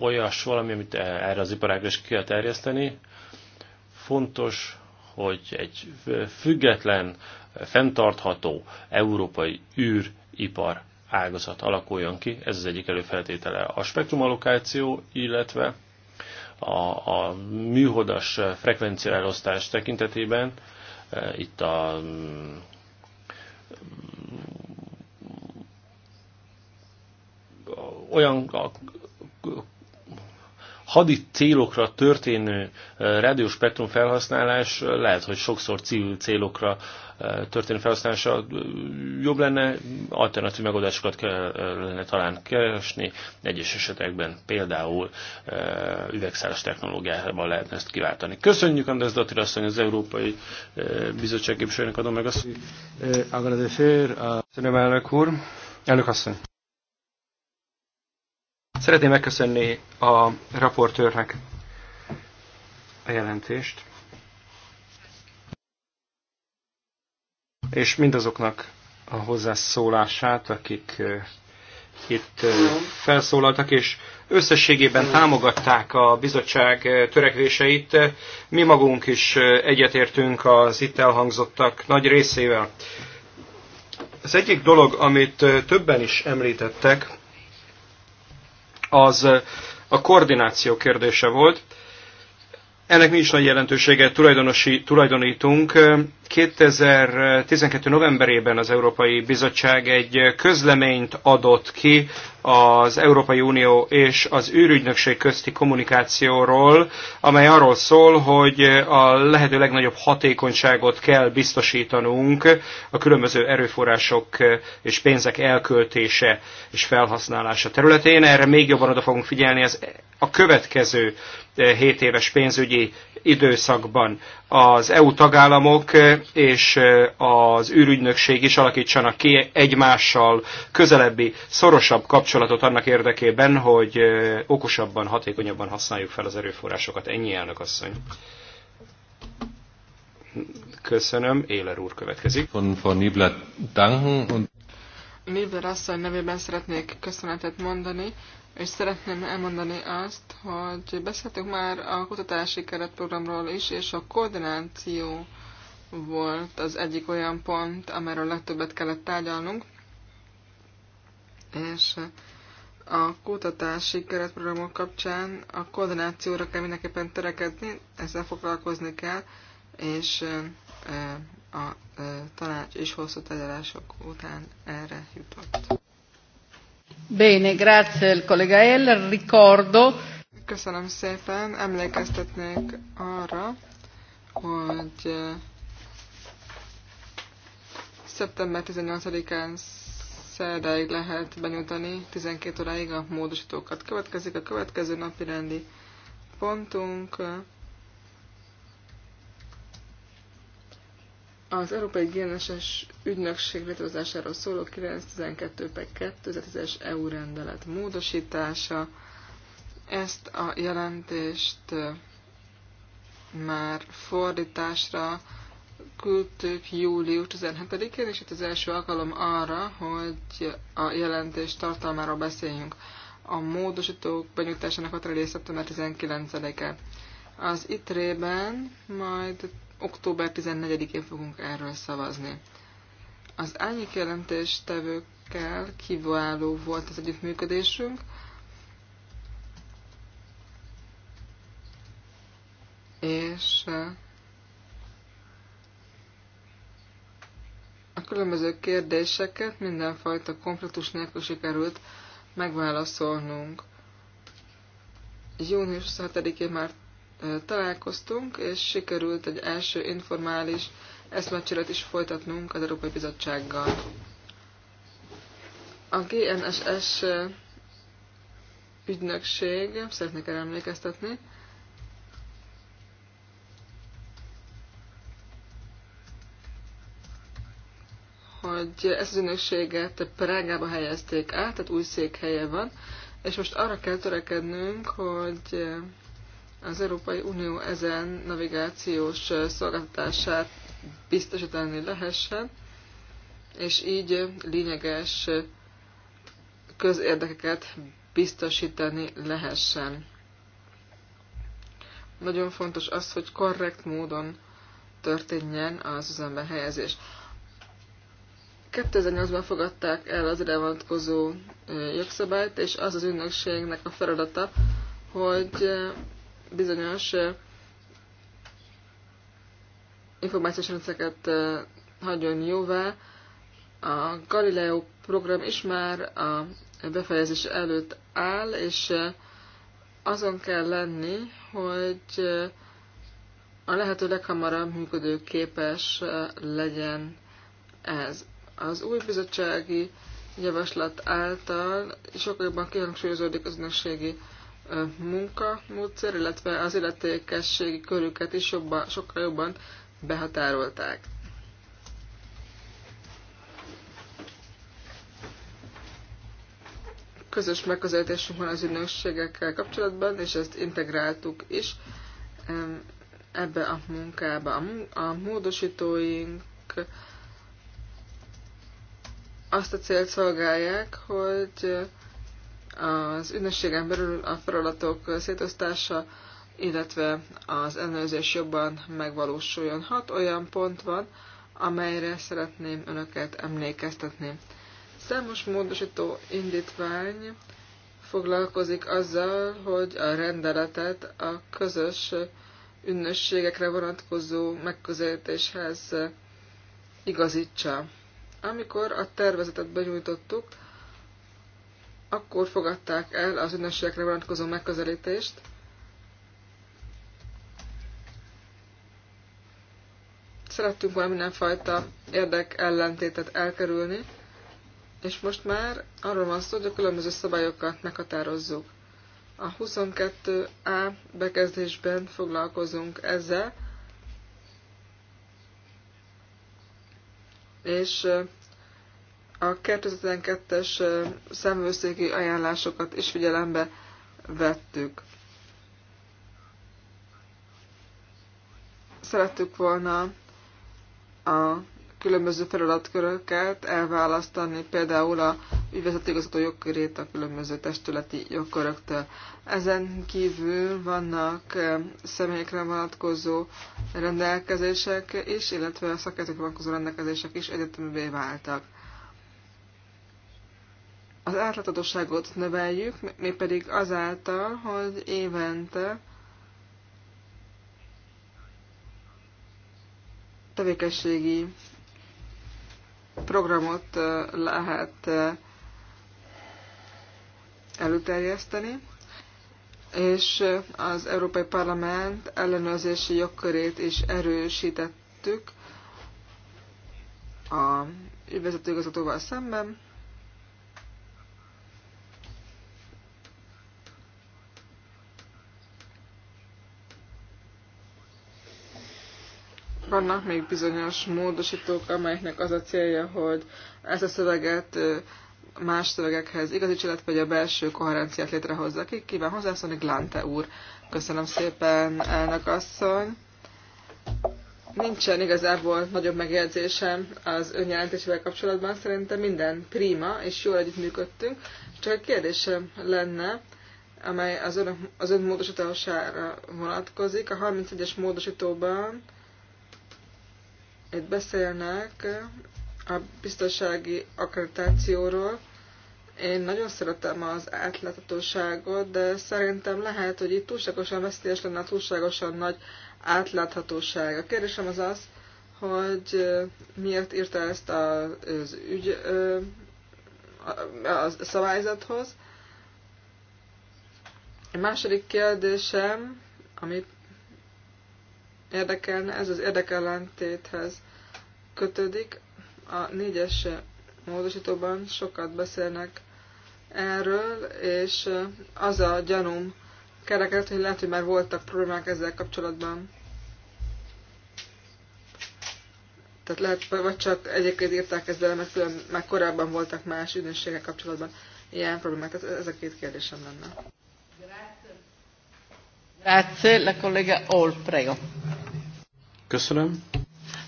olyas valami, amit erre az iparágra is ki kell terjeszteni. Fontos, hogy egy független, fenntartható európai űripar ágazat alakuljon ki. Ez az egyik előfeltétele. A spektrumallokáció, illetve a, a műholdas frekvenciaelosztás tekintetében Eh, itt mm, a olyan a hadi célokra történő rádióspektrum felhasználás lehet, hogy sokszor civil célokra történő felhasználása jobb lenne, alternatív megoldásokat kellene talán keresni, egyes esetekben például üvegszálas technológiában lehetne ezt kiváltani. Köszönjük András Datir asszony, az Európai Bizottság képviselőnek adom meg a Köszönöm, elnök úr. Elnök asszony. Szeretném megköszönni a raportőrnek a jelentést, és mindazoknak a hozzászólását, akik itt felszólaltak, és összességében támogatták a bizottság törekvéseit. Mi magunk is egyetértünk az itt elhangzottak nagy részével. Az egyik dolog, amit többen is említettek, az a koordináció kérdése volt. Ennek mi is nagy jelentőséget tulajdonosi, tulajdonítunk. 2012. novemberében az Európai Bizottság egy közleményt adott ki az Európai Unió és az űrügynökség közti kommunikációról, amely arról szól, hogy a lehető legnagyobb hatékonyságot kell biztosítanunk a különböző erőforrások és pénzek elköltése és felhasználása területén. Erre még jobban oda fogunk figyelni az, a következő 7 éves pénzügyi időszakban az EU tagállamok és az űrügynökség is alakítsanak ki egymással közelebbi, szorosabb kapcsolatot annak érdekében, hogy okosabban, hatékonyabban használjuk fel az erőforrásokat. Ennyi elnök asszony. Köszönöm, Éler úr következik. Von, von Nibler danken und Nébler asszony nevében szeretnék köszönetet mondani, és szeretném elmondani azt, hogy beszéltünk már a kutatási keretprogramról is, és a koordináció volt az egyik olyan pont, amelyről legtöbbet kellett tárgyalnunk, és a kutatási keretprogramok kapcsán a koordinációra kell mindenképpen törekedni, ezzel foglalkozni kell, és a tanács és hosszú tárgyalások után erre jutott. Bene, grazie il collega El, ricordo. Köszönöm szépen, emlékeztetnék arra, hogy szeptember 18-án szerdáig lehet benyújtani 12 óráig a módosítókat. Következik a következő napi rendi pontunk. Az Európai GNSS ügynökség létrehozásáról szóló 912 per 2010-es EU rendelet módosítása. Ezt a jelentést már fordításra küldtük július 17-én, és itt az első alkalom arra, hogy a jelentés tartalmáról beszéljünk. A módosítók benyújtásának része szeptember 19-e. Az itrében majd október 14-én fogunk erről szavazni. Az ányik jelentéstevőkkel kiváló volt az együttműködésünk, és eh, a különböző kérdéseket mindenfajta konfliktus nélkül sikerült megválaszolnunk. Június 7-én már találkoztunk, és sikerült egy első informális eszmecseret is folytatnunk az Európai Bizottsággal. A GNSS ügynökség, szeretnék erre emlékeztetni, hogy ezt az ügynökséget Prágába helyezték át, tehát új székhelye van, és most arra kell törekednünk, hogy az Európai Unió ezen navigációs szolgáltatását biztosítani lehessen, és így lényeges közérdekeket biztosítani lehessen. Nagyon fontos az, hogy korrekt módon történjen az üzembe helyezés. 2008-ban fogadták el az ide vonatkozó jogszabályt, és az az ünnökségnek a feladata, hogy bizonyos információs rendszereket hagyjon jóvá. A Galileo program is már a befejezés előtt áll, és azon kell lenni, hogy a lehető leghamarabb működőképes legyen ez. Az új bizottsági javaslat által sokkal jobban kihangsúlyozódik az ügynökségi munkamódszer, illetve az illetékességi körüket is jobban, sokkal jobban behatárolták. Közös megközelítésünk van az ügynökségekkel kapcsolatban, és ezt integráltuk is ebbe a munkába. A módosítóink azt a célt szolgálják, hogy az ügynökségen belül a feladatok szétosztása, illetve az ellenőrzés jobban megvalósuljon. Hat olyan pont van, amelyre szeretném önöket emlékeztetni. Számos módosító indítvány foglalkozik azzal, hogy a rendeletet a közös ünnösségekre vonatkozó megközelítéshez igazítsa. Amikor a tervezetet benyújtottuk, akkor fogadták el az ünnepségekre vonatkozó megközelítést, szerettünk volna mindenfajta érdek ellentétet elkerülni, és most már arról van szó, hogy a különböző szabályokat meghatározzuk. A 22a bekezdésben foglalkozunk ezzel, és a 2012-es szemőszéki ajánlásokat is figyelembe vettük. Szerettük volna a különböző feladatköröket elválasztani, például a ügyvezetőigazgató jogkörét a különböző testületi jogköröktől. Ezen kívül vannak személyekre vonatkozó rendelkezések is, illetve a szakértőkre vonatkozó rendelkezések is egyeteművé váltak az átláthatóságot növeljük, mégpedig azáltal, hogy évente tevékenységi programot lehet előterjeszteni, és az Európai Parlament ellenőrzési jogkörét is erősítettük a ügyvezetőigazgatóval szemben. Vannak még bizonyos módosítók, amelyeknek az a célja, hogy ezt a szöveget más szövegekhez igazíts, illetve hogy a belső koherenciát létrehozza. Ki kíván hozzászólni? Glante úr. Köszönöm szépen, elnök asszony. Nincsen igazából nagyobb megjegyzésem az önjelentésével kapcsolatban. Szerintem minden prima, és jól együttműködtünk. Csak egy kérdésem lenne, amely az ön, az ön módosítására vonatkozik. A 31-es módosítóban itt beszélnek a biztonsági akkreditációról. Én nagyon szeretem az átláthatóságot, de szerintem lehet, hogy itt túlságosan veszélyes lenne a túlságosan nagy átláthatóság. A kérdésem az az, hogy miért írta ezt az ügy a szabályzathoz. A második kérdésem, amit érdekelne, ez az érdekellentéthez kötődik. A négyes módosítóban sokat beszélnek erről, és az a gyanúm kerekedett, hogy lehet, hogy már voltak problémák ezzel kapcsolatban. Tehát lehet, vagy csak egyébként írták ezt bele, mert külön már korábban voltak más ügynökségek kapcsolatban ilyen problémák. Tehát ez a két kérdésem lenne. Grazie, la collega Hall, prego. Köszönöm.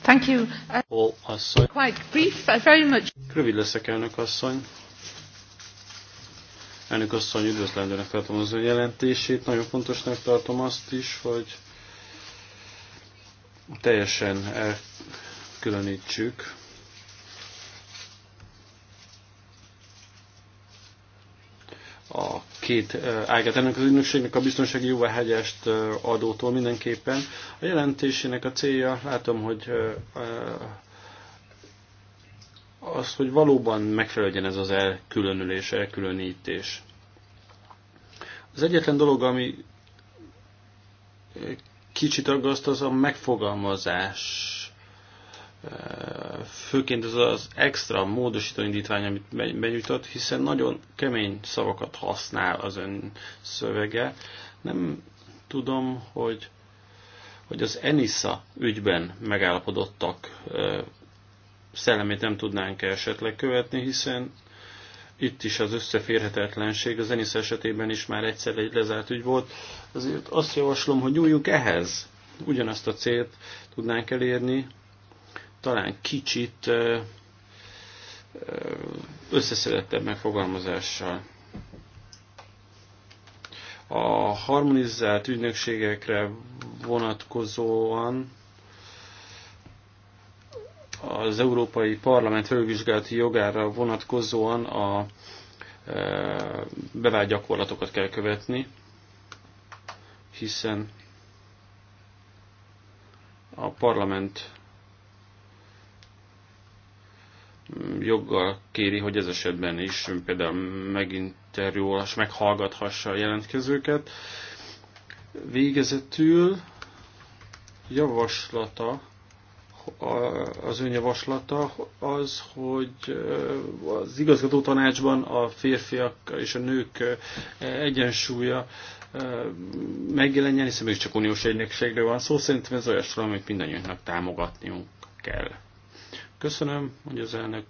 Thank you. Hol asszony. Quite brief, very much. Rövid leszek, elnök asszony. Elnök asszony, üdvözlendőnek tartom az ön jelentését. Nagyon fontosnak tartom azt is, hogy teljesen elkülönítsük a két ágát ennek az ügynökségnek, a biztonsági jóváhagyást adótól mindenképpen. A jelentésének a célja, látom, hogy az, hogy valóban megfelelődjen ez az elkülönülés, elkülönítés. Az egyetlen dolog, ami kicsit aggaszt, az a megfogalmazás főként ez az extra módosító indítvány, amit benyújtott, hiszen nagyon kemény szavakat használ az ön szövege. Nem tudom, hogy, hogy az Enisa ügyben megállapodottak szellemét nem tudnánk -e esetleg követni, hiszen itt is az összeférhetetlenség az Enisa esetében is már egyszer egy lezárt ügy volt. Azért azt javaslom, hogy nyúljunk ehhez. Ugyanazt a célt tudnánk elérni, talán kicsit összeszedettebb megfogalmazással. A harmonizált ügynökségekre vonatkozóan az Európai Parlament felülvizsgálati jogára vonatkozóan a bevált gyakorlatokat kell követni, hiszen a parlament joggal kéri, hogy ez esetben is például meginterjúolás, meghallgathassa a jelentkezőket. Végezetül javaslata, az ön javaslata az, hogy az igazgató tanácsban a férfiak és a nők egyensúlya megjelenjen, hiszen még csak uniós egynökségről van szó, szóval szerintem ez olyasról, amit mindannyiunknak támogatniunk kell. Köszönöm, hogy az elnök.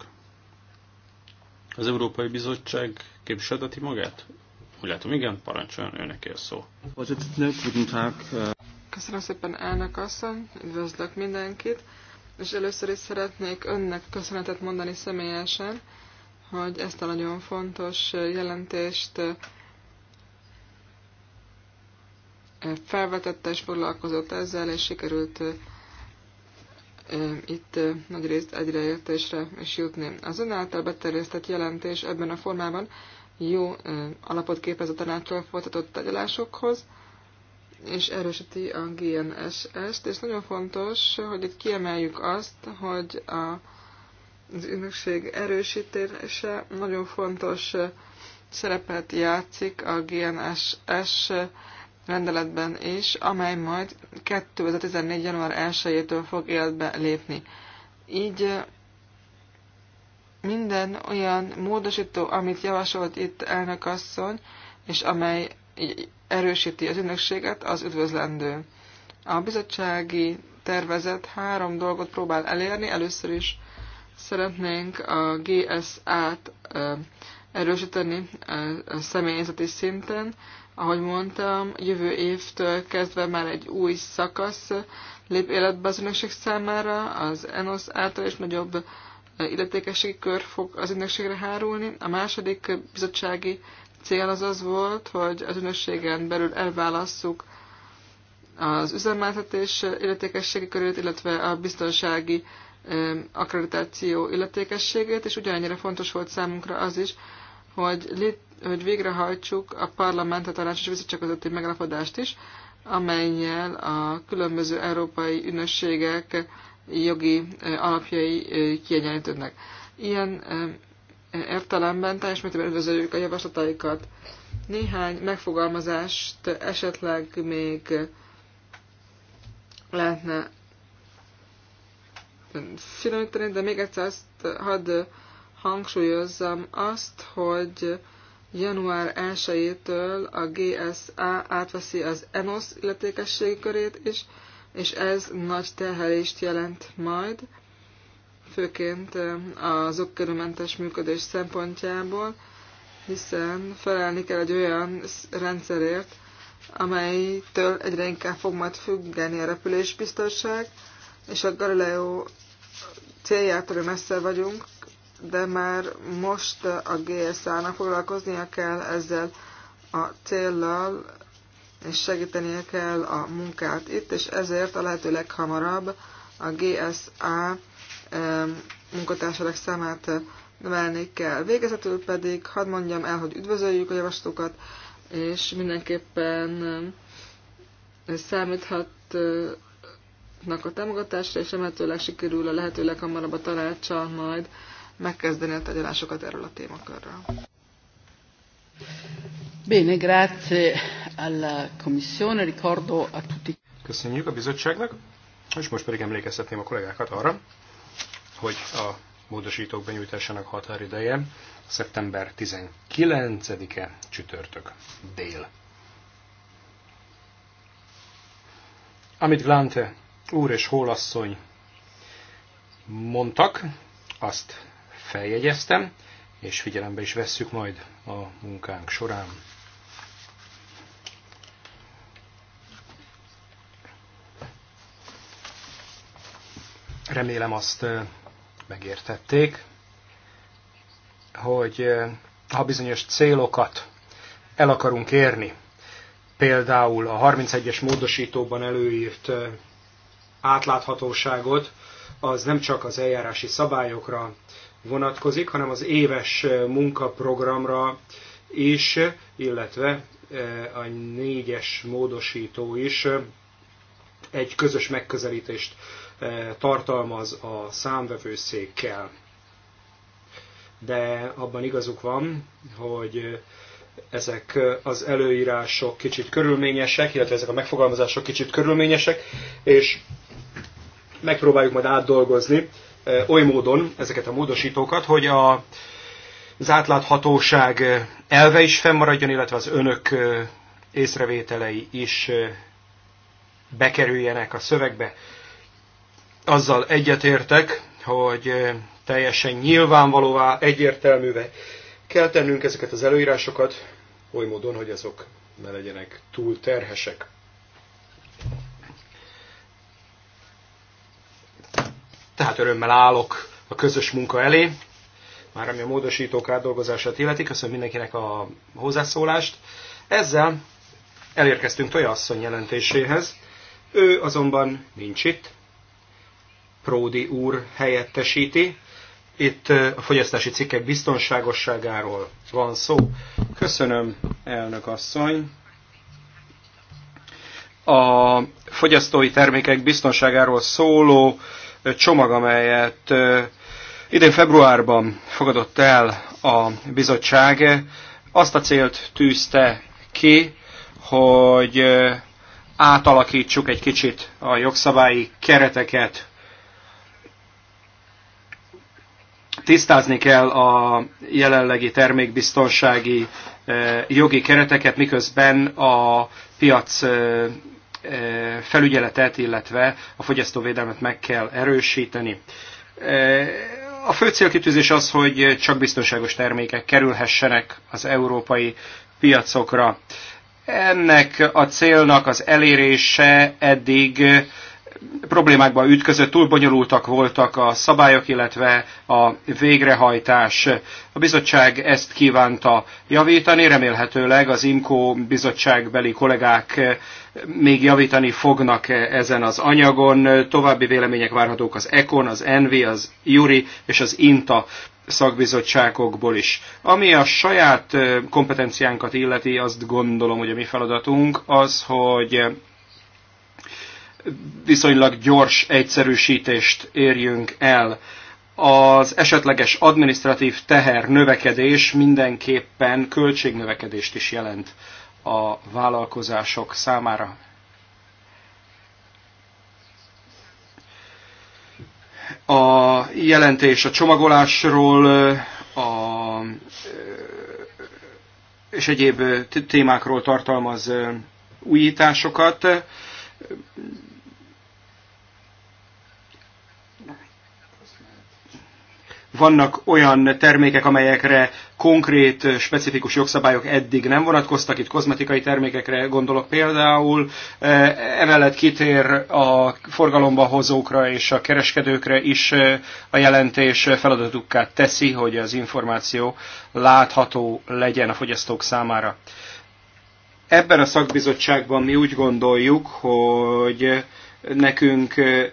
Az Európai Bizottság képviselteti magát? Úgy látom, igen, parancsoljon önnek a szó. Köszönöm szépen, elnök asszony, üdvözlök mindenkit, és először is szeretnék önnek köszönetet mondani személyesen, hogy ezt a nagyon fontos jelentést felvetette és foglalkozott ezzel, és sikerült itt nagy részt egyre értésre is jutni. Az önáltal beterjesztett jelentés ebben a formában jó alapot képez a tanácsról folytatott tagyalásokhoz, és erősíti a GNSS-t, és nagyon fontos, hogy itt kiemeljük azt, hogy a, az ügynökség erősítése nagyon fontos szerepet játszik a GNSS rendeletben is, amely majd 2014. január 1-től fog életbe lépni. Így minden olyan módosító, amit javasolt itt elnök asszony, és amely erősíti az ügynökséget, az üdvözlendő. A bizottsági tervezet három dolgot próbál elérni. Először is szeretnénk a GSA-t erősíteni a személyzeti szinten, ahogy mondtam, jövő évtől kezdve már egy új szakasz lép életbe az ügynökség számára, az ENOS által is nagyobb illetékességi kör fog az ügynökségre hárulni. A második bizottsági cél az az volt, hogy az ügynökségen belül elválasszuk az üzemeltetés illetékességi körét, illetve a biztonsági akkreditáció illetékességét, és ugyanennyire fontos volt számunkra az is, hogy, hogy végrehajtsuk a parlament, a tanács és bizottság közötti megállapodást is, amelyel a különböző európai ünösségek jogi alapjai kiegyenlítődnek. Ilyen értelemben teljes mértékben üdvözöljük a javaslataikat. Néhány megfogalmazást esetleg még lehetne finomítani, de még egyszer azt hadd hangsúlyozzam azt, hogy január 1-től a GSA átveszi az ENOS illetékességi körét is, és ez nagy terhelést jelent majd, főként az okkerőmentes működés szempontjából, hiszen felelni kell egy olyan rendszerért, amelytől egyre inkább fog majd függeni a repülésbiztonság, és a Galileo céljától messze vagyunk, de már most a GSA-nak foglalkoznia kell ezzel a céllal, és segítenie kell a munkát itt, és ezért a lehető leghamarabb a GSA munkatársaság számát növelni kell. Végezetül pedig hadd mondjam el, hogy üdvözöljük a javaslatokat, és mindenképpen számíthatnak a támogatásra, és emetőleg sikerül a lehető leghamarabb a tanácsal majd megkezdeni a tagyalásokat erről a témakörről. Bene, grazie alla Commissione, ricordo a tutti. Köszönjük a bizottságnak, és most pedig emlékeztetném a kollégákat arra, hogy a módosítók benyújtásának határideje szeptember 19-e csütörtök dél. Amit Glante úr és Hólasszony mondtak, azt feljegyeztem, és figyelembe is vesszük majd a munkánk során. Remélem azt megértették, hogy ha bizonyos célokat el akarunk érni, például a 31-es módosítóban előírt átláthatóságot, az nem csak az eljárási szabályokra, vonatkozik, hanem az éves eh, munkaprogramra is, illetve eh, a négyes módosító is eh, egy közös megközelítést tartalmaz a számvevőszékkel. De abban igazuk van, hogy ezek az előírások kicsit körülményesek, illetve ezek a megfogalmazások kicsit körülményesek, és megpróbáljuk majd átdolgozni oly módon ezeket a módosítókat, hogy a, az átláthatóság elve is fennmaradjon, illetve az önök észrevételei is bekerüljenek a szövegbe. Azzal egyetértek, hogy teljesen nyilvánvalóvá, egyértelművé kell tennünk ezeket az előírásokat, oly módon, hogy azok ne legyenek túl terhesek. tehát örömmel állok a közös munka elé, már ami a módosítók átdolgozását illeti. Köszönöm mindenkinek a hozzászólást. Ezzel elérkeztünk asszony jelentéséhez. Ő azonban nincs itt. Pródi úr helyettesíti. Itt a fogyasztási cikkek biztonságosságáról van szó. Köszönöm, elnök asszony. A fogyasztói termékek biztonságáról szóló csomag, amelyet idén februárban fogadott el a bizottság, azt a célt tűzte ki, hogy átalakítsuk egy kicsit a jogszabályi kereteket, tisztázni kell a jelenlegi termékbiztonsági jogi kereteket, miközben a piac felügyeletet, illetve a fogyasztóvédelmet meg kell erősíteni. A fő célkitűzés az, hogy csak biztonságos termékek kerülhessenek az európai piacokra. Ennek a célnak az elérése eddig problémákba ütközött, túl bonyolultak voltak a szabályok, illetve a végrehajtás. A bizottság ezt kívánta javítani, remélhetőleg az IMCO bizottságbeli kollégák még javítani fognak e ezen az anyagon. További vélemények várhatók az ECON, az ENVI, az JURI és az INTA szakbizottságokból is. Ami a saját e, kompetenciánkat illeti, azt gondolom, hogy a mi feladatunk az, hogy viszonylag gyors egyszerűsítést érjünk el. Az esetleges administratív teher növekedés mindenképpen költségnövekedést is jelent a vállalkozások számára. A jelentés a csomagolásról a, és egyéb témákról tartalmaz újításokat Vannak olyan termékek, amelyekre konkrét, specifikus jogszabályok eddig nem vonatkoztak, itt kozmetikai termékekre gondolok például, eh, emellett kitér a forgalomba hozókra és a kereskedőkre is eh, a jelentés feladatukká teszi, hogy az információ látható legyen a fogyasztók számára. Ebben a szakbizottságban mi úgy gondoljuk, hogy nekünk eh,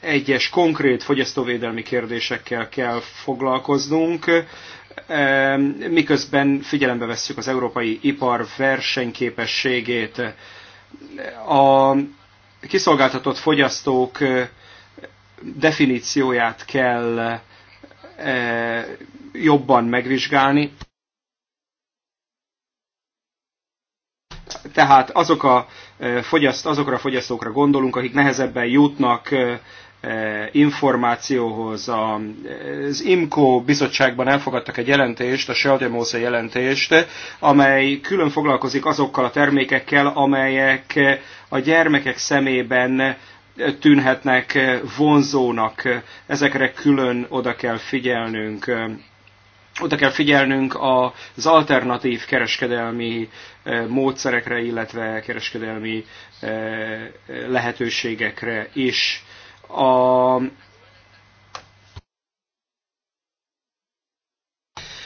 egyes konkrét fogyasztóvédelmi kérdésekkel kell foglalkoznunk, e, miközben figyelembe vesszük az európai ipar versenyképességét. A kiszolgáltatott fogyasztók e, definícióját kell e, jobban megvizsgálni. Tehát azok a fogyaszt, azokra a fogyasztókra gondolunk, akik nehezebben jutnak Eh, információhoz. Az IMCO bizottságban elfogadtak egy jelentést, a Sheldemose jelentést, amely külön foglalkozik azokkal a termékekkel, amelyek a gyermekek szemében tűnhetnek vonzónak. Ezekre külön oda kell figyelnünk. Oda kell figyelnünk az alternatív kereskedelmi eh, módszerekre, illetve kereskedelmi eh, lehetőségekre is a,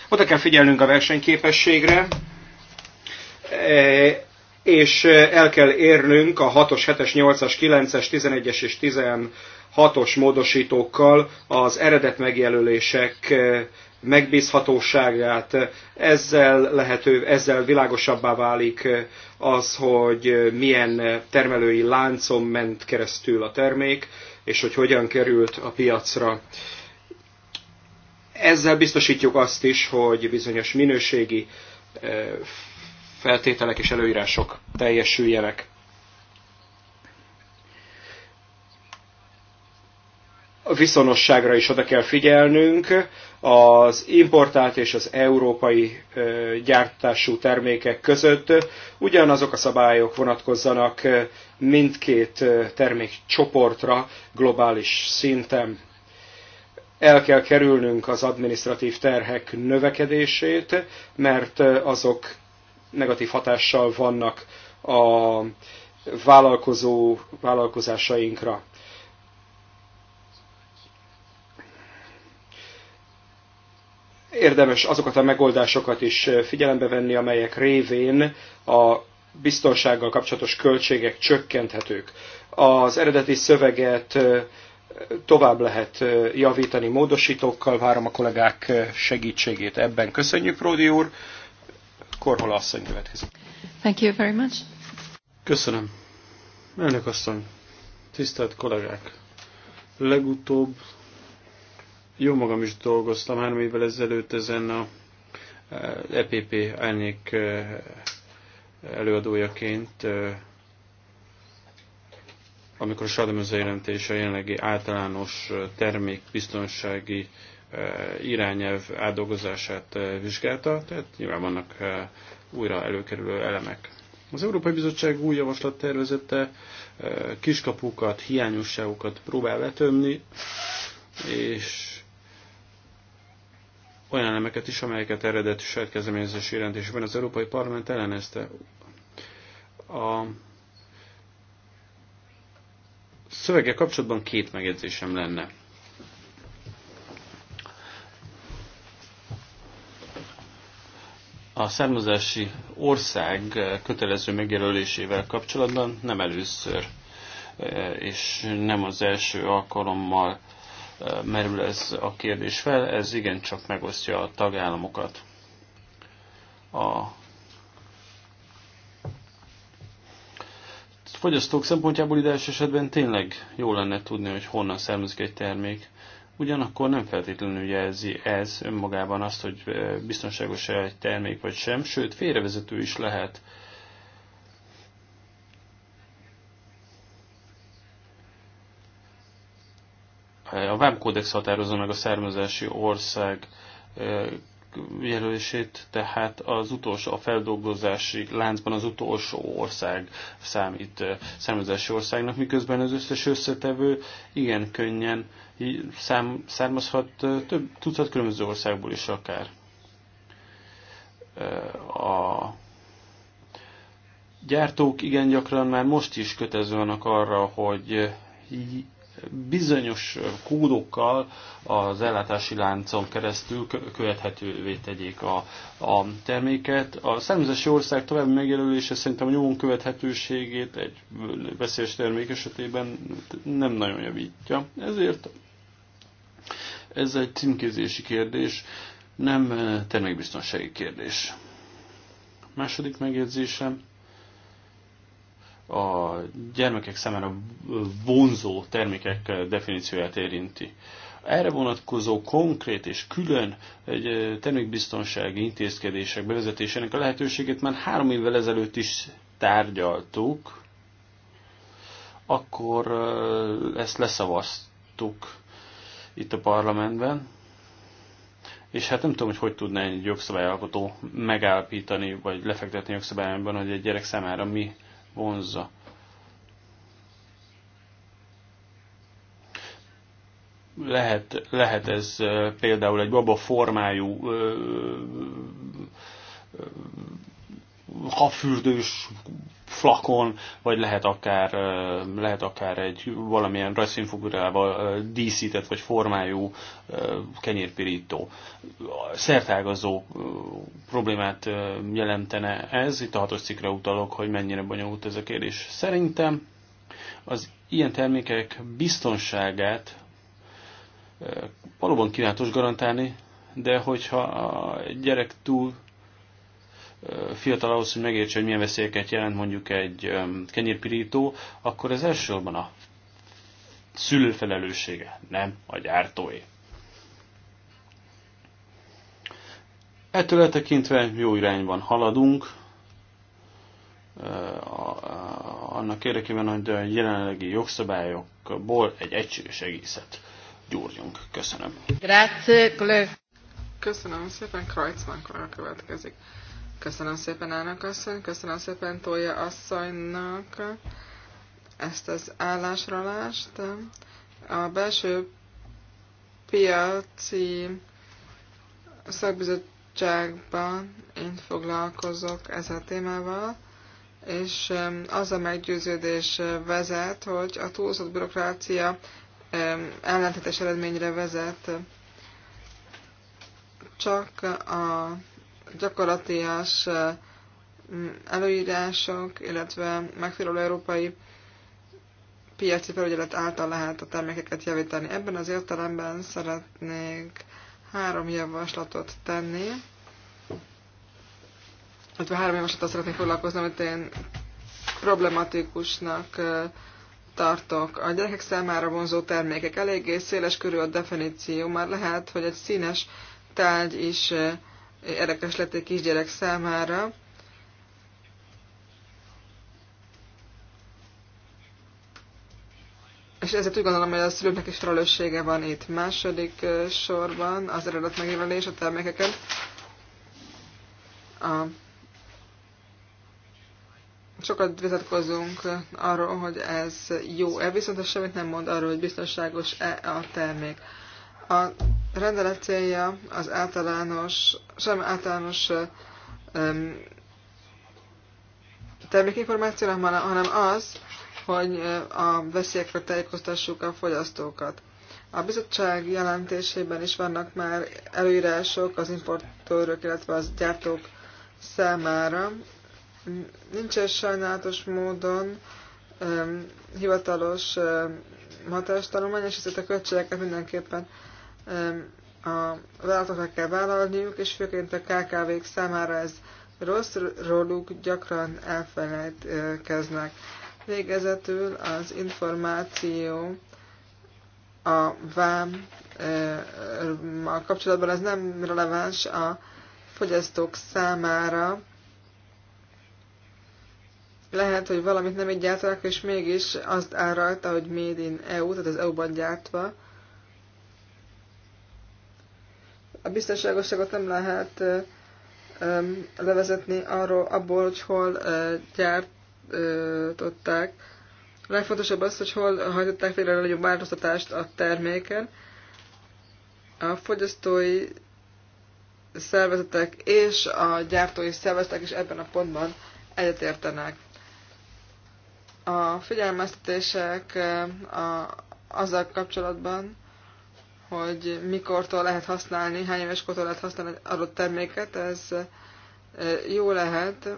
oda kell figyelnünk a versenyképességre, eh, és el kell érnünk a 6-os, 7-es, 8-as, 9-es, 11-es és 16-os módosítókkal az eredet megjelölések eh, megbízhatóságát, ezzel lehető, ezzel világosabbá válik az, hogy milyen termelői láncon ment keresztül a termék, és hogy hogyan került a piacra. Ezzel biztosítjuk azt is, hogy bizonyos minőségi eh, feltételek és előírások teljesüljenek. A viszonosságra is oda kell figyelnünk, az importált és az európai gyártású termékek között ugyanazok a szabályok vonatkozzanak mindkét termékcsoportra globális szinten. El kell kerülnünk az administratív terhek növekedését, mert azok negatív hatással vannak a vállalkozó vállalkozásainkra. érdemes azokat a megoldásokat is figyelembe venni, amelyek révén a biztonsággal kapcsolatos költségek csökkenthetők. Az eredeti szöveget tovább lehet javítani módosítókkal, várom a kollégák segítségét ebben. Köszönjük, Pródi úr! Korhola asszony következik. Thank you very much. Köszönöm. Elnök asszony, tisztelt kollégák! Legutóbb jó magam is dolgoztam három évvel ezelőtt ezen a EPP eh, e elnék eh, előadójaként, eh, amikor a sademőző jelentése a jelenlegi általános termékbiztonsági irányelv átdolgozását vizsgálta, tehát nyilván vannak újra előkerülő elemek. Az Európai Bizottság új javaslat tervezete kiskapukat, hiányosságokat próbál letömni, és olyan elemeket is, amelyeket eredeti saját kezdeményezési jelentésben az Európai Parlament ellenezte. A szövege kapcsolatban két megjegyzésem lenne. a származási ország kötelező megjelölésével kapcsolatban nem először eh, és nem az első alkalommal merül ez a kérdés fel, ez igencsak megosztja a tagállamokat. A fogyasztók szempontjából ideális esetben tényleg jó lenne tudni, hogy honnan származik egy termék. Ugyanakkor nem feltétlenül jelzi ez önmagában azt, hogy biztonságos-e egy termék vagy sem, sőt félrevezető is lehet A vámkódex határozza meg a származási ország jelölését, tehát az utolsó, a feldolgozási láncban az utolsó ország számít származási országnak, miközben az összes összetevő igen könnyen szám, származhat több tucat különböző országból is akár. A gyártók igen gyakran már most is kötező vannak arra, hogy bizonyos kódokkal az ellátási láncon keresztül követhetővé tegyék a, a terméket. A Szemzesi ország további megjelölése szerintem a nyomon követhetőségét egy veszélyes termék esetében nem nagyon javítja. Ezért ez egy címkézési kérdés, nem termékbiztonsági kérdés. második megjegyzésem a gyermekek szemére vonzó termékek definícióját érinti. Erre vonatkozó konkrét és külön egy termékbiztonsági intézkedések bevezetésének a lehetőségét már három évvel ezelőtt is tárgyaltuk, akkor ezt leszavaztuk itt a parlamentben, és hát nem tudom, hogy hogy tudná egy jogszabályalkotó megállapítani, vagy lefektetni jogszabályban, hogy egy gyerek számára mi vonzza. Lehet, lehet ez például egy baba formájú hafürdős flakon, vagy lehet akár, lehet akár egy valamilyen rajzszínfigurával díszített vagy formájú kenyérpirító. Szertágazó problémát jelentene ez, itt a hatos cikkre utalok, hogy mennyire bonyolult ez a kérdés. Szerintem az ilyen termékek biztonságát valóban kívánatos garantálni, de hogyha a gyerek túl fiatal ahhoz, hogy megértse, hogy milyen veszélyeket jelent mondjuk egy kenyérpirító, akkor ez elsősorban a szülő felelőssége, nem a gyártói. Ettől eltekintve jó irányban haladunk, annak érdekében, hogy a jelenlegi jogszabályokból egy egységes egészet gyúrjunk. Köszönöm. Grazie, Köszönöm szépen, Kreuzmann a következik. Köszönöm szépen, elnök asszony, köszönöm szépen Tója asszonynak ezt az állásralást. A belső piaci szakbizottságban én foglalkozok ezzel a témával, és az a meggyőződés vezet, hogy a túlzott bürokrácia ellentétes eredményre vezet. Csak a gyakorlatias előírások, illetve megfelelő európai piaci felügyelet által lehet a termékeket javítani. Ebben az értelemben szeretnék három javaslatot tenni, illetve három javaslatot szeretnék foglalkozni, amit én problematikusnak tartok. A gyerekek számára vonzó termékek eléggé széles körül a definíció, már lehet, hogy egy színes tárgy is érdekes lett egy kisgyerek számára. És ezért úgy gondolom, hogy a szülőknek is felelőssége van itt. Második sorban az eredet megjelölés a termékeket. A... Sokat vitatkozunk arról, hogy ez jó-e, viszont ez semmit nem mond arról, hogy biztonságos-e a termék. A rendelet célja az általános, sem általános um, termékinformációnak, hanem az, hogy a veszélyekről tájékoztassuk a fogyasztókat. A bizottság jelentésében is vannak már előírások az importőrök, illetve az gyártók számára. Nincsen sajnálatos módon um, hivatalos um, hatástanulmány, és ezért a költségeket mindenképpen a vállalatoknak kell vállalniuk, és főként a KKV-k számára ez rossz, róluk gyakran elfelejtkeznek. Végezetül az információ a vám e, a kapcsolatban ez nem releváns a fogyasztók számára. Lehet, hogy valamit nem így gyártanak, és mégis azt áll rajta, hogy Made in EU, tehát az EU-ban gyártva, a biztonságosságot nem lehet levezetni arról, abból, hogy hol gyártották. A legfontosabb az, hogy hol hajtották végre a nagyobb változtatást a terméken. A fogyasztói szervezetek és a gyártói szervezetek is ebben a pontban egyetértenek. A figyelmeztetések a, azzal kapcsolatban, hogy mikortól lehet használni, hány éves kortól lehet használni adott terméket, ez jó lehet,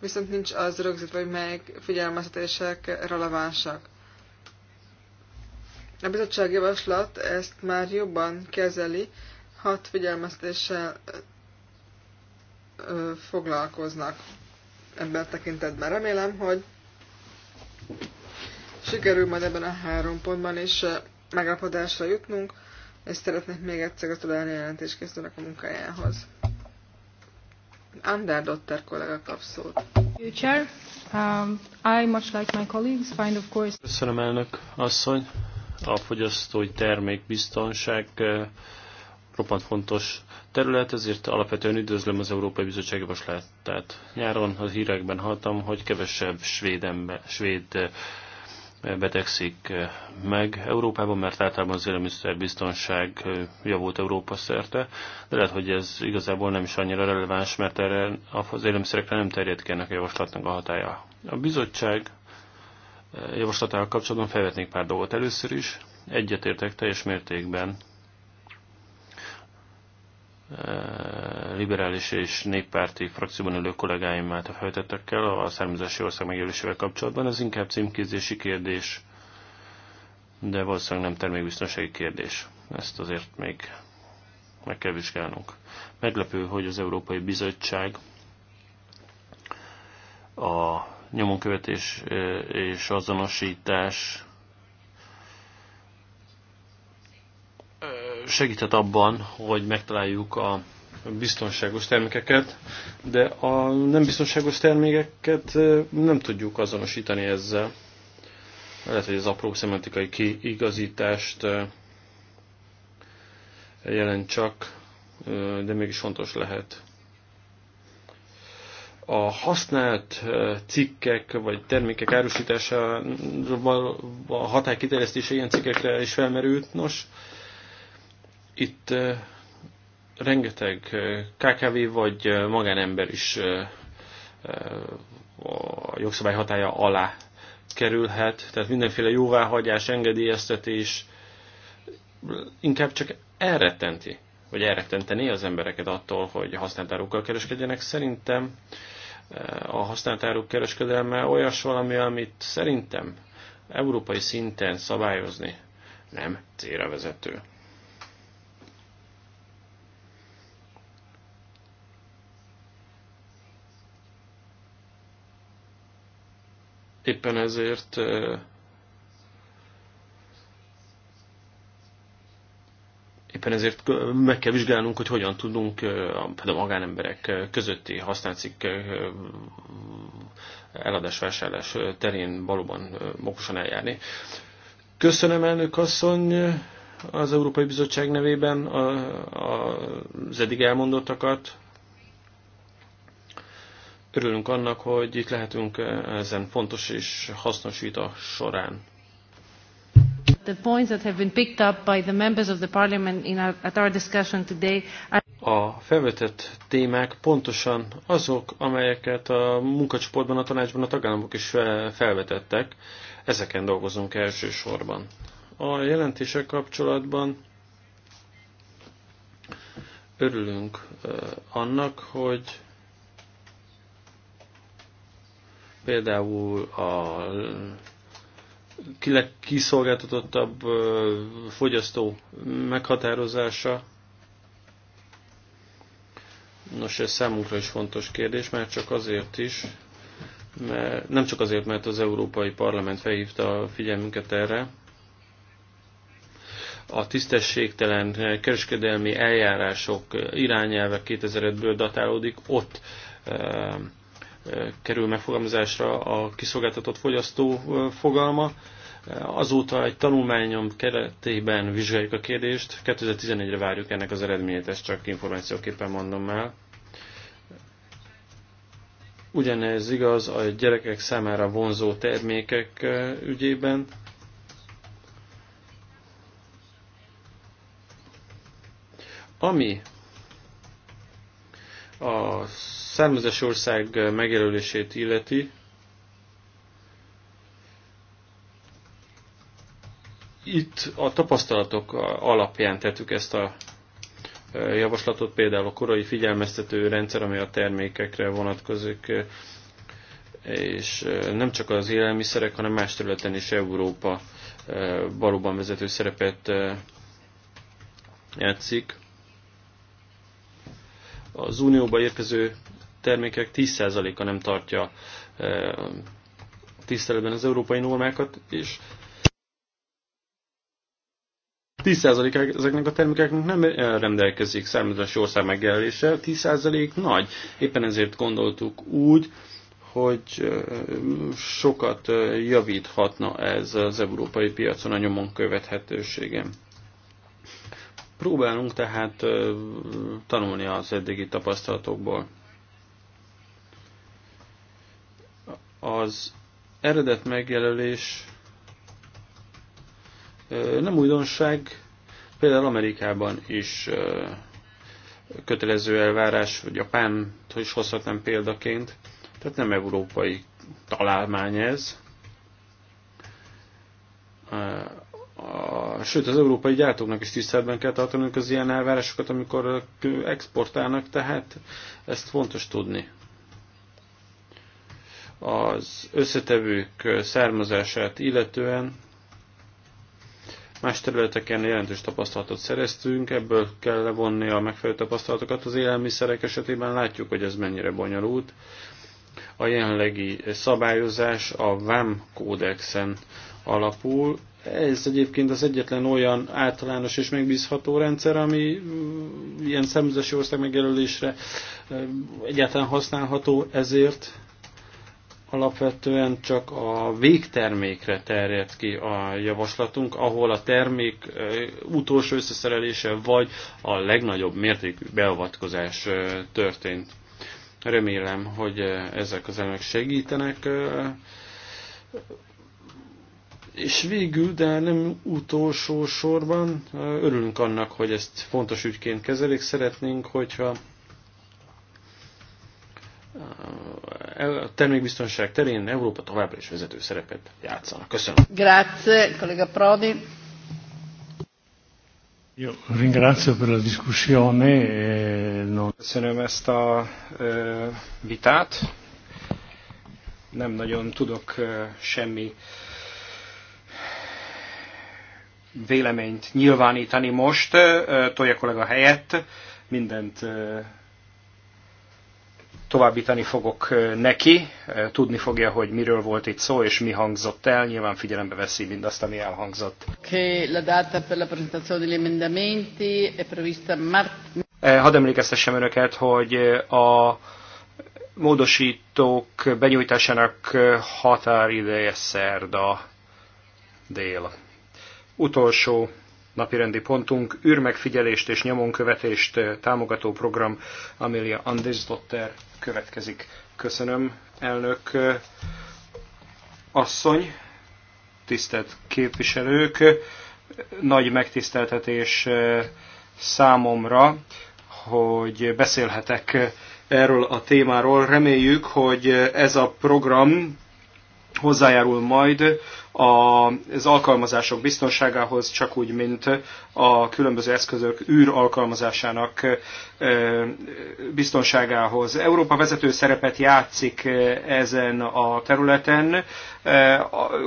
viszont nincs az rögzítve, hogy melyik figyelmeztetések relevánsak. A bizottság javaslat ezt már jobban kezeli, hat figyelmeztetéssel foglalkoznak ebben a tekintetben. Remélem, hogy sikerül majd ebben a három pontban is eh, megállapodásra jutnunk, és szeretnék még egyszer gratulálni jelentést készülnek a munkájához. Ander Dotter kollega kap szót. Future. Um, I, much like my colleagues, find of course... Köszönöm elnök asszony. A fogyasztói termékbiztonság uh, roppant fontos terület, ezért alapvetően üdvözlöm az Európai Bizottság javaslatát. Nyáron az hírekben hallottam, hogy kevesebb svéd, ember, svéd eh, betegszik eh, meg Európában, mert általában az élelmiszerbiztonság eh, javult Európa szerte, de lehet, hogy ez igazából nem is annyira releváns, mert erre az élelmiszerekre nem terjed ki ennek a javaslatnak a hatája. A bizottság eh, javaslatával kapcsolatban felvetnék pár dolgot először is. Egyetértek teljes mértékben Eh, liberális és néppárti frakcióban ülő kollégáim által feltettekkel a származási ország megjelölésével kapcsolatban. Ez inkább címkézési kérdés, de valószínűleg nem termékbiztonsági kérdés. Ezt azért még meg kell vizsgálnunk. Meglepő, hogy az Európai Bizottság a nyomonkövetés eh, és azonosítás segíthet abban, hogy megtaláljuk a biztonságos termékeket, de a nem biztonságos termékeket nem tudjuk azonosítani ezzel. Lehet, hogy az apró szemantikai kiigazítást jelent csak, de mégis fontos lehet. A használt cikkek vagy termékek árusítása a hatály kiterjesztése ilyen cikkekre is felmerült. Nos, itt rengeteg KKV vagy magánember is a jogszabály hatája alá kerülhet, tehát mindenféle jóváhagyás, engedélyeztetés inkább csak elrettenti, vagy elrettenteni az embereket attól, hogy használtárukkal kereskedjenek. Szerintem a használtáruk kereskedelme olyas valami, amit szerintem európai szinten szabályozni nem célra vezető. Éppen ezért éppen ezért meg kell vizsgálnunk, hogy hogyan tudunk például magánemberek közötti használcik eladás-vásárlás terén valóban okosan eljárni. Köszönöm elnök asszony az Európai Bizottság nevében az eddig elmondottakat. Örülünk annak, hogy itt lehetünk eh, ezen fontos és hasznos vita során. a felvetett témák pontosan azok, amelyeket a munkacsoportban, a tanácsban a tagállamok is eh, felvetettek. Ezeken dolgozunk elsősorban. A jelentések kapcsolatban örülünk eh, annak, hogy Például a kiszolgáltatottabb fogyasztó meghatározása. Nos, ez számunkra is fontos kérdés, mert csak azért is, mert, nem csak azért, mert az Európai Parlament felhívta a figyelmünket erre, a tisztességtelen kereskedelmi eljárások irányelve 2005-ből datálódik, ott kerül megfogalmazásra a kiszolgáltatott fogyasztó fogalma. Azóta egy tanulmányom keretében vizsgáljuk a kérdést, 2011-re várjuk ennek az eredményét, ezt csak információképpen mondom el. Ugyanez igaz a gyerekek számára vonzó termékek ügyében. Ami a származás ország megjelölését illeti, itt a tapasztalatok alapján tettük ezt a javaslatot, például a korai figyelmeztető rendszer, ami a termékekre vonatkozik, és nem csak az élelmiszerek, hanem más területen is Európa valóban vezető szerepet játszik. Az Unióba érkező termékek 10%-a nem tartja tiszteletben az európai normákat, és 10 ezeknek a termékeknek nem rendelkezik származási ország megjelöléssel, 10% nagy. Éppen ezért gondoltuk úgy, hogy sokat javíthatna ez az európai piacon a nyomon követhetőségem. Próbálunk tehát tanulni az eddigi tapasztalatokból. Az eredet megjelölés nem újdonság, például Amerikában is kötelező elvárás, vagy Japán is hozhatnám példaként, tehát nem európai találmány ez. Sőt, az európai gyártóknak is tiszteletben kell tartanunk az ilyen elvárásokat, amikor exportálnak, tehát ezt fontos tudni az összetevők származását illetően más területeken jelentős tapasztalatot szereztünk, ebből kell levonni a megfelelő tapasztalatokat. Az élelmiszerek esetében látjuk, hogy ez mennyire bonyolult. A jelenlegi szabályozás a VAM kódexen alapul. Ez egyébként az egyetlen olyan általános és megbízható rendszer, ami mm, ilyen szemzesi ország megjelölésre mm, egyáltalán használható, ezért Alapvetően csak a végtermékre terjed ki a javaslatunk, ahol a termék utolsó összeszerelése vagy a legnagyobb mértékű beavatkozás történt. Remélem, hogy ezek az elemek segítenek. És végül, de nem utolsó sorban, örülünk annak, hogy ezt fontos ügyként kezelik. Szeretnénk, hogyha a termékbiztonság terén Európa továbbra is vezető szerepet játszanak. Köszönöm. Grazie, kollega Prodi. Io ringrazio per la discussione. E non... Köszönöm ezt a ö, vitát. Nem nagyon tudok semmi véleményt nyilvánítani most, Tolja kollega helyett mindent továbbítani fogok neki, tudni fogja, hogy miről volt itt szó, és mi hangzott el, nyilván figyelembe veszi mindazt, ami elhangzott. Hadd emlékeztessem önöket, hogy a módosítók benyújtásának határideje szerda dél. Utolsó napirendi pontunk, űrmegfigyelést és nyomonkövetést eh, támogató program Amelia Andesdotter következik. Köszönöm, elnök eh, asszony, tisztelt képviselők, nagy megtiszteltetés eh, számomra, hogy beszélhetek erről a témáról. Reméljük, hogy ez a program hozzájárul majd az alkalmazások biztonságához, csak úgy, mint a különböző eszközök űr alkalmazásának biztonságához. Európa vezető szerepet játszik ezen a területen.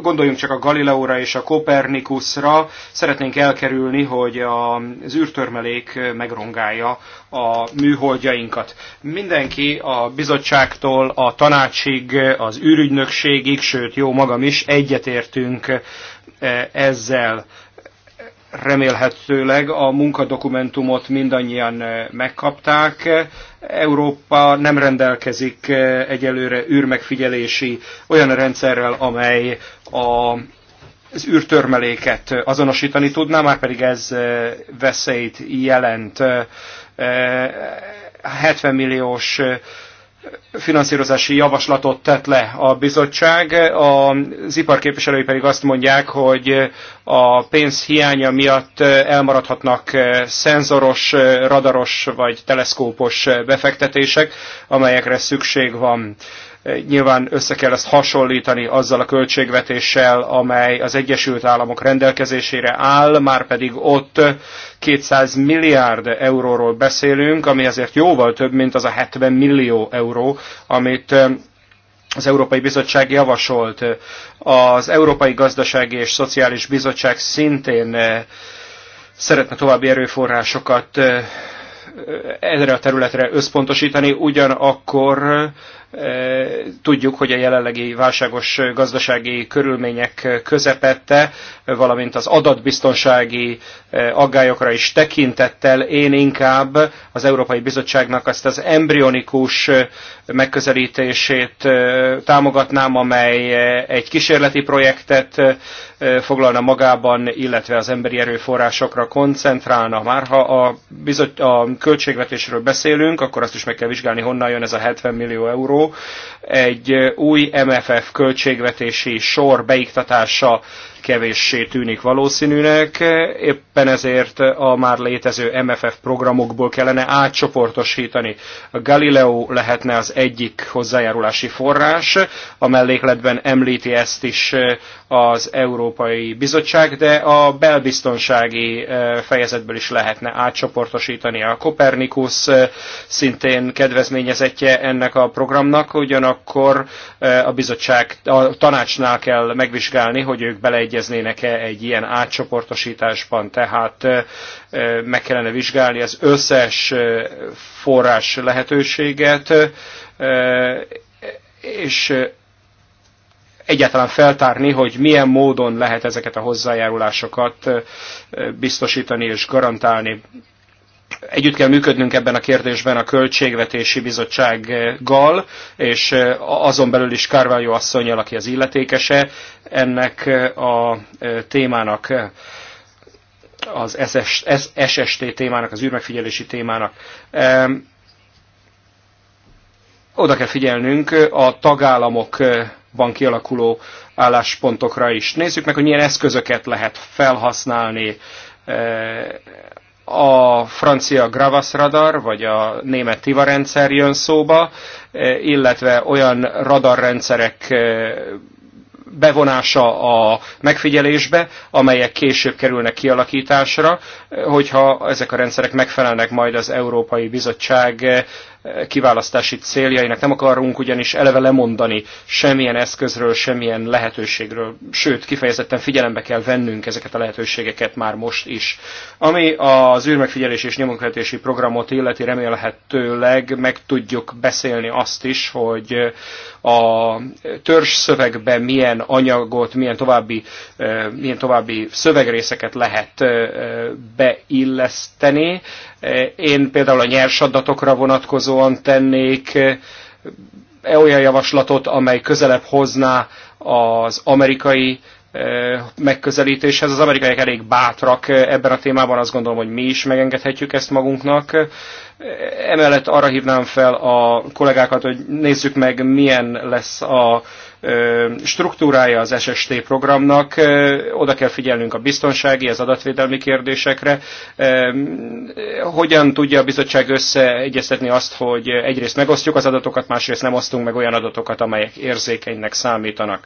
Gondoljunk csak a Galileóra és a Kopernikusra. Szeretnénk elkerülni, hogy az űrtörmelék megrongálja a műholdjainkat. Mindenki a bizottságtól, a tanácsig, az űrügynökségig, sőt jó magam is egyetért kezdtünk eh, ezzel remélhetőleg a munkadokumentumot mindannyian eh, megkapták. Európa nem rendelkezik eh, egyelőre űrmegfigyelési olyan rendszerrel, amely a az űrtörmeléket azonosítani tudná, már pedig ez veszélyt jelent. 70 milliós finanszírozási javaslatot tett le a bizottság. Az iparképviselői pedig azt mondják, hogy a pénz hiánya miatt elmaradhatnak szenzoros, radaros vagy teleszkópos befektetések, amelyekre szükség van. Nyilván össze kell ezt hasonlítani azzal a költségvetéssel, amely az Egyesült Államok rendelkezésére áll, már pedig ott 200 milliárd euróról beszélünk, ami azért jóval több, mint az a 70 millió euró, amit az Európai Bizottság javasolt. Az Európai Gazdasági és Szociális Bizottság szintén szeretne további erőforrásokat erre a területre összpontosítani, ugyanakkor E, tudjuk, hogy a jelenlegi válságos gazdasági körülmények közepette, valamint az adatbiztonsági e, aggályokra is tekintettel én inkább az Európai Bizottságnak azt az embrionikus e, megközelítését támogatnám, amely egy kísérleti projektet foglalna magában, illetve az emberi erőforrásokra koncentrálna. Már ha a, bizot, a költségvetésről beszélünk, akkor azt is meg kell vizsgálni, honnan jön ez a 70 millió euró, euró, egy új MFF költségvetési sor beiktatása kevéssé tűnik valószínűnek, éppen ezért a már létező MFF programokból kellene átcsoportosítani. A Galileo lehetne az egyik hozzájárulási forrás, a mellékletben említi ezt is eh, az Európai Bizottság, de a belbiztonsági eh, fejezetből is lehetne átcsoportosítani. A Kopernikus eh, szintén kedvezményezetje ennek a programnak, ugyanakkor a bizottság, a tanácsnál kell megvizsgálni, hogy ők beleegy egyeznének e egy ilyen átcsoportosításban, tehát meg kellene vizsgálni az összes forrás lehetőséget, és egyáltalán feltárni, hogy milyen módon lehet ezeket a hozzájárulásokat biztosítani és garantálni együtt kell működnünk ebben a kérdésben a Költségvetési Bizottsággal, és azon belül is Carvalho asszonyjal, aki az illetékese ennek a témának, az SST témának, az űrmegfigyelési témának. Oda kell figyelnünk a tagállamokban kialakuló álláspontokra is. Nézzük meg, hogy milyen eszközöket lehet felhasználni a francia Gravas radar, vagy a német Tiva rendszer jön szóba, e, illetve olyan radarrendszerek e, bevonása a megfigyelésbe, amelyek később kerülnek kialakításra, e, hogyha ezek a rendszerek megfelelnek majd az Európai Bizottság kiválasztási céljainak. Nem akarunk ugyanis eleve lemondani semmilyen eszközről, semmilyen lehetőségről, sőt, kifejezetten figyelembe kell vennünk ezeket a lehetőségeket már most is. Ami az űrmegfigyelés és nyomokvetési programot illeti, remélhetőleg meg tudjuk beszélni azt is, hogy a törzs szövegben milyen anyagot, milyen további, eh, milyen további szövegrészeket lehet eh, beilleszteni. Eh, én például a nyers adatokra vonatkozóan tennék olyan javaslatot, amely közelebb hozná az amerikai megközelítéshez. Az amerikaiak elég bátrak ebben a témában, azt gondolom, hogy mi is megengedhetjük ezt magunknak. Emellett arra hívnám fel a kollégákat, hogy nézzük meg, milyen lesz a struktúrája az SST programnak, oda kell figyelnünk a biztonsági, az adatvédelmi kérdésekre. Hogyan tudja a bizottság összeegyeztetni azt, hogy egyrészt megosztjuk az adatokat, másrészt nem osztunk meg olyan adatokat, amelyek érzékenynek számítanak.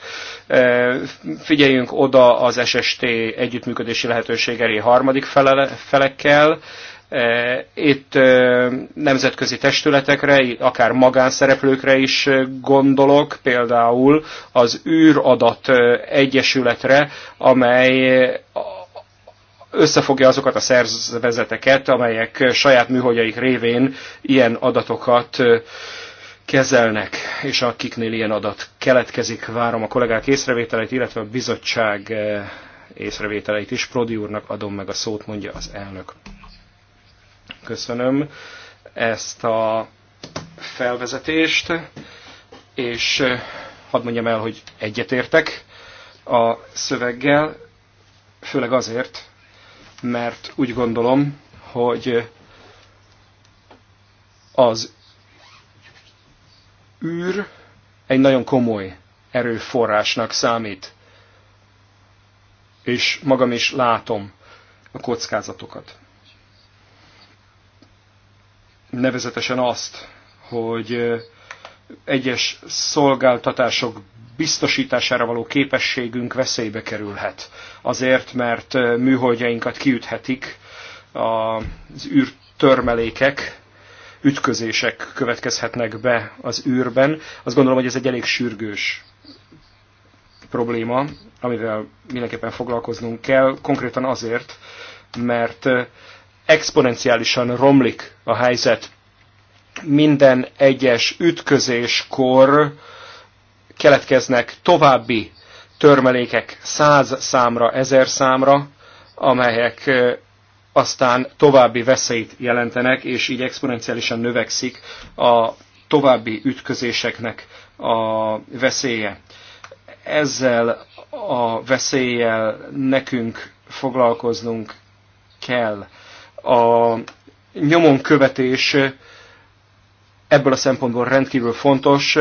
Figyeljünk oda az SST együttműködési lehetőségeri harmadik fele, felekkel, Eh, itt eh, nemzetközi testületekre, akár magánszereplőkre is eh, gondolok, például az űradat egyesületre, amely összefogja azokat a szervezeteket, amelyek saját műholdjaik révén ilyen adatokat kezelnek, és akiknél ilyen adat keletkezik. Várom a kollégák észrevételeit, illetve a bizottság észrevételeit is. Prodi úrnak adom meg a szót, mondja az elnök. Köszönöm ezt a felvezetést, és hadd mondjam el, hogy egyetértek a szöveggel, főleg azért, mert úgy gondolom, hogy az űr egy nagyon komoly erőforrásnak számít, és magam is látom a kockázatokat nevezetesen azt, hogy egyes szolgáltatások biztosítására való képességünk veszélybe kerülhet. Azért, mert műholdjainkat kiüthetik az űrtörmelékek, ütközések következhetnek be az űrben. Azt gondolom, hogy ez egy elég sürgős probléma, amivel mindenképpen foglalkoznunk kell, konkrétan azért, mert exponenciálisan romlik a helyzet. Minden egyes ütközéskor keletkeznek további törmelékek száz számra, ezer számra, amelyek aztán további veszélyt jelentenek, és így exponenciálisan növekszik a további ütközéseknek a veszélye. Ezzel a veszéllyel nekünk foglalkoznunk kell a nyomon követés ebből a szempontból rendkívül fontos,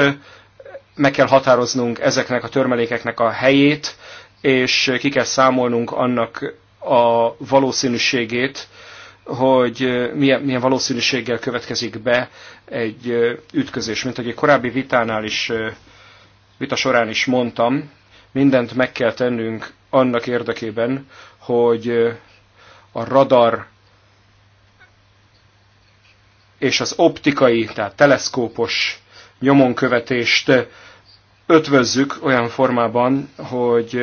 meg kell határoznunk ezeknek a törmelékeknek a helyét, és ki kell számolnunk annak a valószínűségét, hogy milyen, milyen valószínűséggel következik be egy ütközés. Mint ahogy egy korábbi vitánál is, vita során is mondtam, mindent meg kell tennünk annak érdekében, hogy a radar és az optikai, tehát teleszkópos nyomonkövetést ötvözzük olyan formában, hogy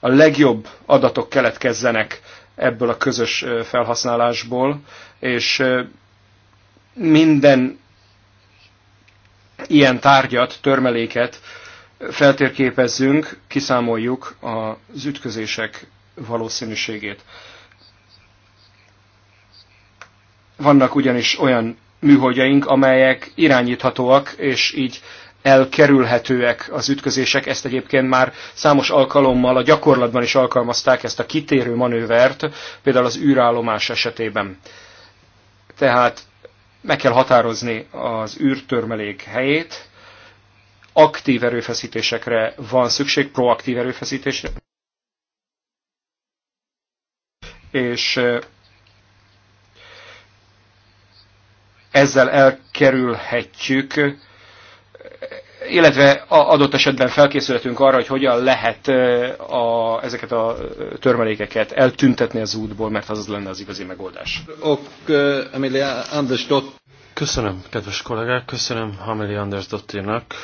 a legjobb adatok keletkezzenek ebből a közös felhasználásból, és minden ilyen tárgyat, törmeléket feltérképezzünk, kiszámoljuk az ütközések valószínűségét. Vannak ugyanis olyan műholdjaink, amelyek irányíthatóak, és így elkerülhetőek az ütközések. Ezt egyébként már számos alkalommal a gyakorlatban is alkalmazták ezt a kitérő manővert, például az űrállomás esetében. Tehát meg kell határozni az űrtörmelék helyét, aktív erőfeszítésekre van szükség, proaktív erőfeszítésre. És ezzel elkerülhetjük, illetve adott esetben felkészülhetünk arra, hogy hogyan lehet a, ezeket a törmelékeket eltüntetni az útból, mert az, az lenne az igazi megoldás. Ok, Amelia Anders Dott. Köszönöm, kedves kollégák, köszönöm Amelia Anders Dottirnak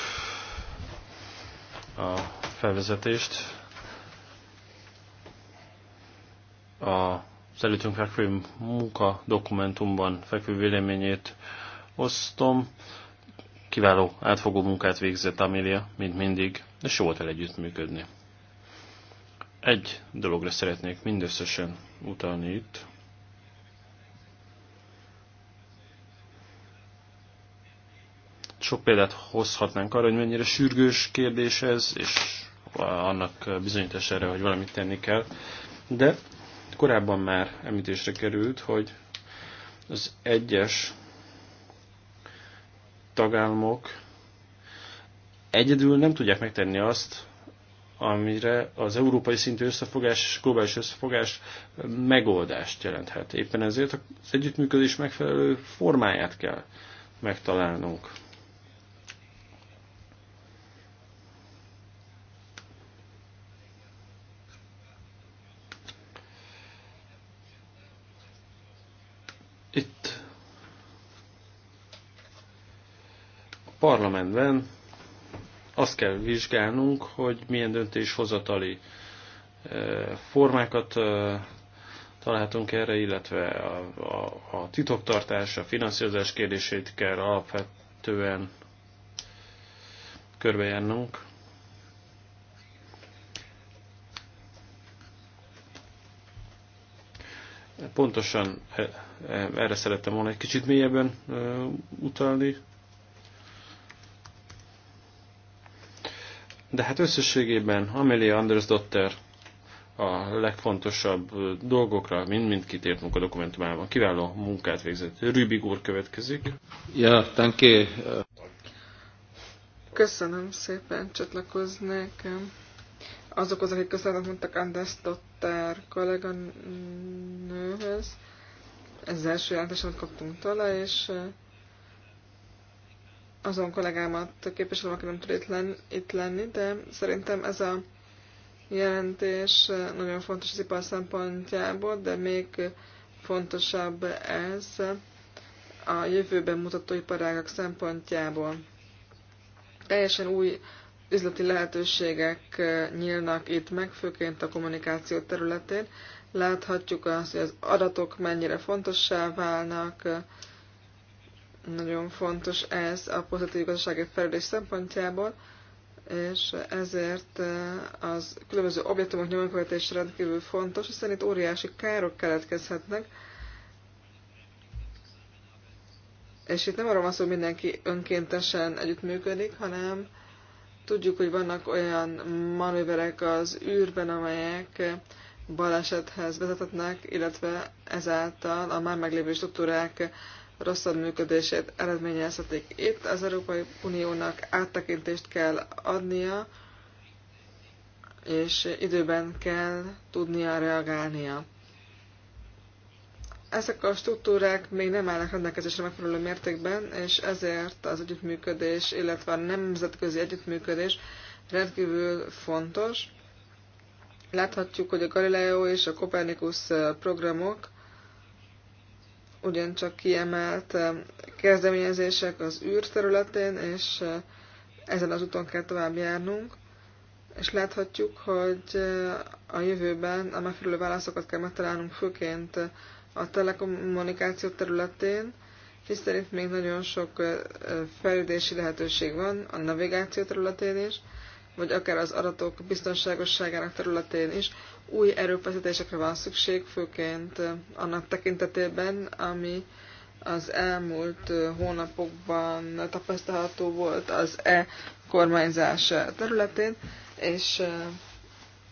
a felvezetést. A előttünk fekvő munka dokumentumban fekvő véleményét osztom. Kiváló, átfogó munkát végzett Amelia, mint mindig, és jó volt el együttműködni. Egy dologra szeretnék mindösszesen utalni itt. Sok példát hozhatnánk arra, hogy mennyire sürgős kérdés ez, és annak bizonyítás erre, hogy valamit tenni kell. De Korábban már említésre került, hogy az egyes tagállamok egyedül nem tudják megtenni azt, amire az európai szintű összefogás és globális összefogás megoldást jelenthet. Éppen ezért az együttműködés megfelelő formáját kell megtalálnunk. parlamentben azt kell vizsgálnunk, hogy milyen döntéshozatali eh, formákat eh, találhatunk erre, illetve a, a, a titoktartás, a finanszírozás kérdését kell alapvetően körbejárnunk. Pontosan eh, erre szerettem volna egy kicsit mélyebben utalni. De hát összességében Amelia Anders Dotter a legfontosabb dolgokra mind-mind kitért munka dokumentumában. Kiváló munkát végzett. Rübig úr következik. Ja, tanké. Köszönöm szépen, csatlakoznék azokhoz, akik köszönetet mondtak Anders Dotter kolléganőhöz. Ez első jelentés, amit kaptunk tőle, és azon kollégámat képviselem, aki nem tud itt lenni, itt lenni, de szerintem ez a jelentés nagyon fontos az ipar szempontjából, de még fontosabb ez a jövőben mutató iparágak szempontjából. Teljesen új üzleti lehetőségek nyílnak itt meg, főként a kommunikáció területén. Láthatjuk azt, hogy az adatok mennyire fontossá válnak, nagyon fontos ez a pozitív gazdasági fejlődés szempontjából, és ezért eh, az különböző objektumok nyomonkövetése rendkívül fontos, hiszen itt óriási károk keletkezhetnek, és itt nem arról van szó, hogy mindenki önkéntesen együttműködik, hanem tudjuk, hogy vannak olyan manőverek az űrben, amelyek balesethez vezethetnek, illetve ezáltal a már meglévő struktúrák rosszabb működését eredményezhetik. Itt az Európai Uniónak áttekintést kell adnia, és időben kell tudnia reagálnia. Ezek a struktúrák még nem állnak rendelkezésre megfelelő mértékben, és ezért az együttműködés, illetve a nemzetközi együttműködés rendkívül fontos. Láthatjuk, hogy a Galileo és a Copernicus programok ugyancsak kiemelt eh, kezdeményezések az űrterületén, területén, és eh, ezen az úton kell tovább járnunk, és láthatjuk, hogy eh, a jövőben a megfelelő válaszokat kell megtalálnunk főként a telekommunikáció területén, hisz szerint még nagyon sok fejlődési lehetőség van a navigáció területén is, vagy akár az adatok biztonságosságának területén is új erőfeszítésekre van szükség, főként annak tekintetében, ami az elmúlt hónapokban tapasztalható volt az e-kormányzás területén, és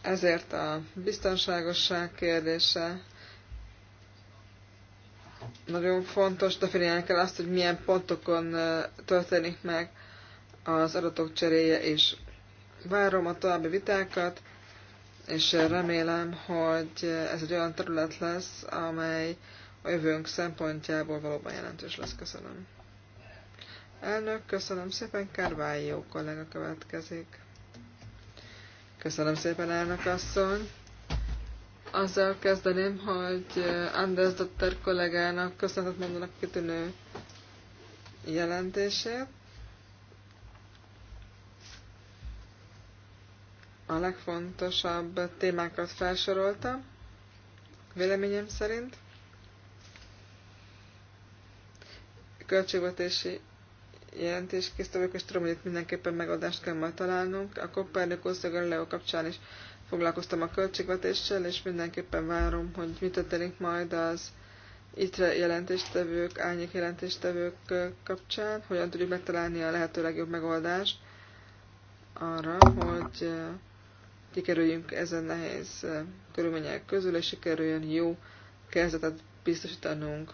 ezért a biztonságosság kérdése nagyon fontos, definiálni kell azt, hogy milyen pontokon történik meg az adatok cseréje, és várom a további vitákat, és remélem, hogy ez egy olyan terület lesz, amely a jövőnk szempontjából valóban jelentős lesz. Köszönöm. Elnök, köszönöm szépen, jó kollega következik. Köszönöm szépen, elnök asszony. Azzal kezdeném, hogy Anders Dotter kollégának köszönetet mondanak kitűnő jelentését. a legfontosabb témákat felsorolta, véleményem szerint. Költségvetési jelentés készítők, és tudom, hogy itt mindenképpen megoldást kell majd találnunk. A Kopernikus Leo kapcsán is foglalkoztam a költségvetéssel, és mindenképpen várom, hogy mit történik majd az ITRE jelentéstevők, árnyék jelentéstevők kapcsán, hogyan tudjuk megtalálni a lehető legjobb megoldást arra, hogy kikerüljünk ezen nehéz körülmények közül, és sikerüljön jó kezdetet biztosítanunk.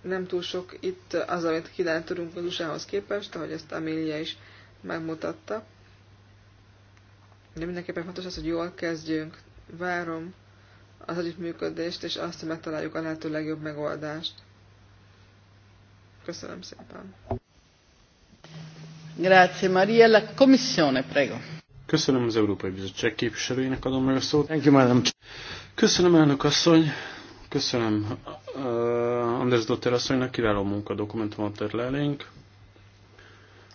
Nem túl sok itt az, amit ki lehet tudunk az usa képest, ahogy ezt Amelia is megmutatta. De mindenképpen fontos az, hogy jól kezdjünk. Várom az együttműködést, és azt, hogy megtaláljuk a lehető legjobb megoldást. Köszönöm szépen! Köszönöm az Európai Bizottság képviselőinek adom meg a szót. Köszönöm, elnök asszony. Köszönöm uh, Anders Dotter asszonynak, kiváló munka dokumentumot tett le elénk.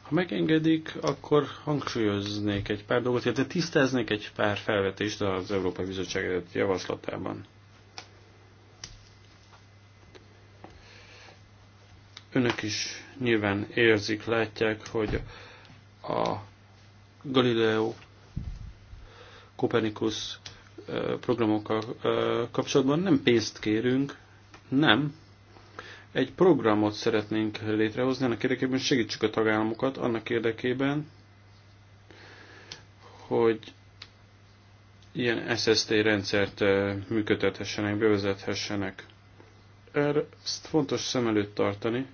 Ha megengedik, akkor hangsúlyoznék egy pár dolgot, illetve tisztáznék egy pár felvetést az Európai Bizottság javaslatában. Önök is nyilván érzik, látják, hogy a Galileo Copernicus programokkal kapcsolatban nem pénzt kérünk, nem. Egy programot szeretnénk létrehozni, annak érdekében segítsük a tagállamokat, annak érdekében, hogy ilyen SST rendszert működtethessenek, bevezethessenek. Erre ezt fontos szem előtt tartani.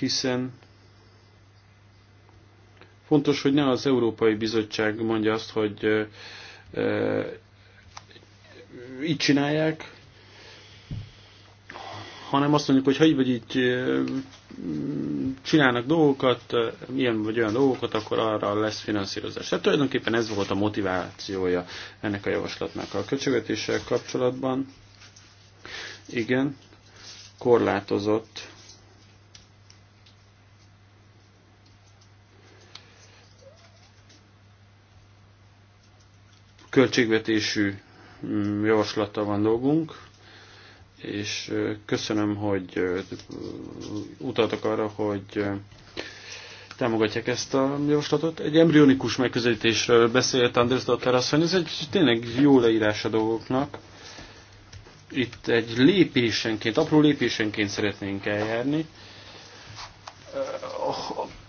hiszen fontos, hogy ne az Európai Bizottság mondja azt, hogy így csinálják, hanem azt mondjuk, hogy ha így vagy így csinálnak dolgokat, ilyen vagy olyan dolgokat, akkor arra lesz finanszírozás. Tehát tulajdonképpen ez volt a motivációja ennek a javaslatnak a költségvetéssel kapcsolatban. Igen, korlátozott költségvetésű mm, javaslata van dolgunk, és köszönöm, hogy utaltak arra, hogy támogatják ezt a javaslatot. Egy embryonikus megközelítésről beszélt Andrész Dotter asszony, ez egy tényleg jó leírás a dolgoknak. Itt egy lépésenként, apró lépésenként szeretnénk eljárni,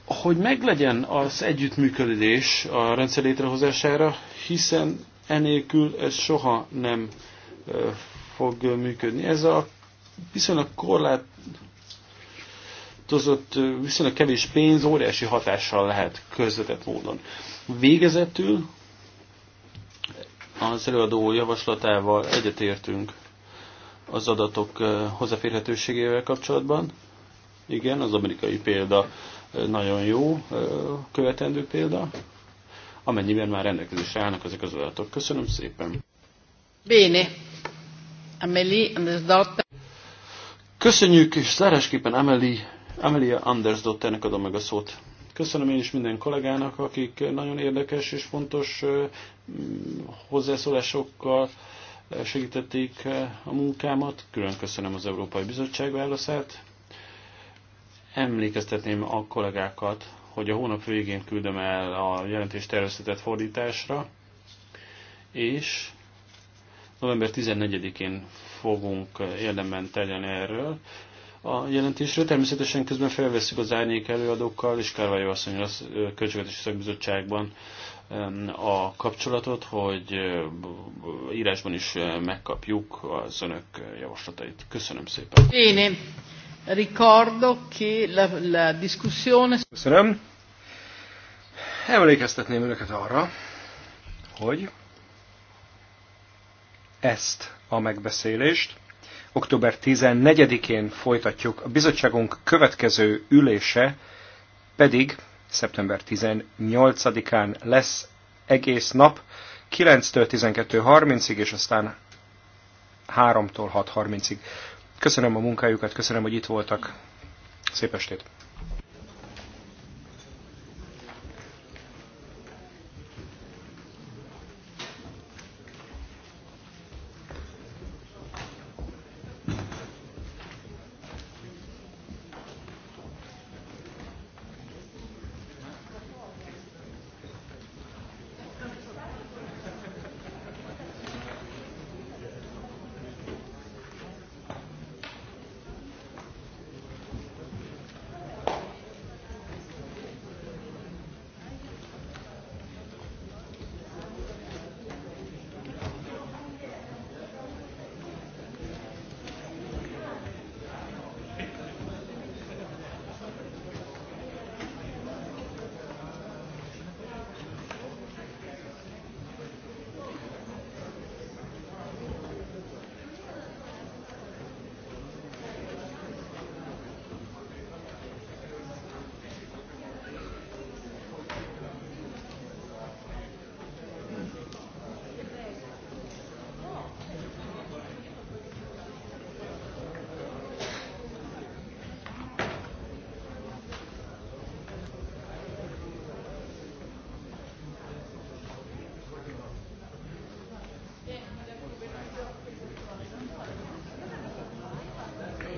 hogy meglegyen az együttműködés a rendszer létrehozására, hiszen Enélkül ez soha nem fog működni. Ez a viszonylag korlátozott, viszonylag kevés pénz óriási hatással lehet közvetett módon. Végezetül az előadó javaslatával egyetértünk az adatok hozzáférhetőségével kapcsolatban. Igen, az amerikai példa nagyon jó követendő példa amennyiben már rendelkezésre állnak ezek az adatok. Köszönöm szépen! Béni, Amelie Andersdotter. Köszönjük, és szárásképpen Amelie, Amelia Andersdotternek adom meg a szót. Köszönöm én is minden kollégának, akik nagyon érdekes és fontos hozzászólásokkal segítették a munkámat. Külön köszönöm az Európai Bizottság válaszát. Emlékeztetném a kollégákat hogy a hónap végén küldöm el a jelentés tervezetet fordításra, és november 14-én fogunk érdemben tegyen erről a jelentésről. Természetesen közben felveszünk az árnyék előadókkal, és Kárvályó asszony a Költségvetési Szakbizottságban a kapcsolatot, hogy írásban is megkapjuk az önök javaslatait. Köszönöm szépen. Én, én. Ricordo che la, la discussione... Köszönöm. Emlékeztetném önöket arra, hogy ezt a megbeszélést október 14-én folytatjuk. A bizottságunk következő ülése pedig szeptember 18-án lesz egész nap, 9-től 12.30-ig, és aztán 3-tól 6.30-ig. Köszönöm a munkájukat, köszönöm, hogy itt voltak. Szép estét!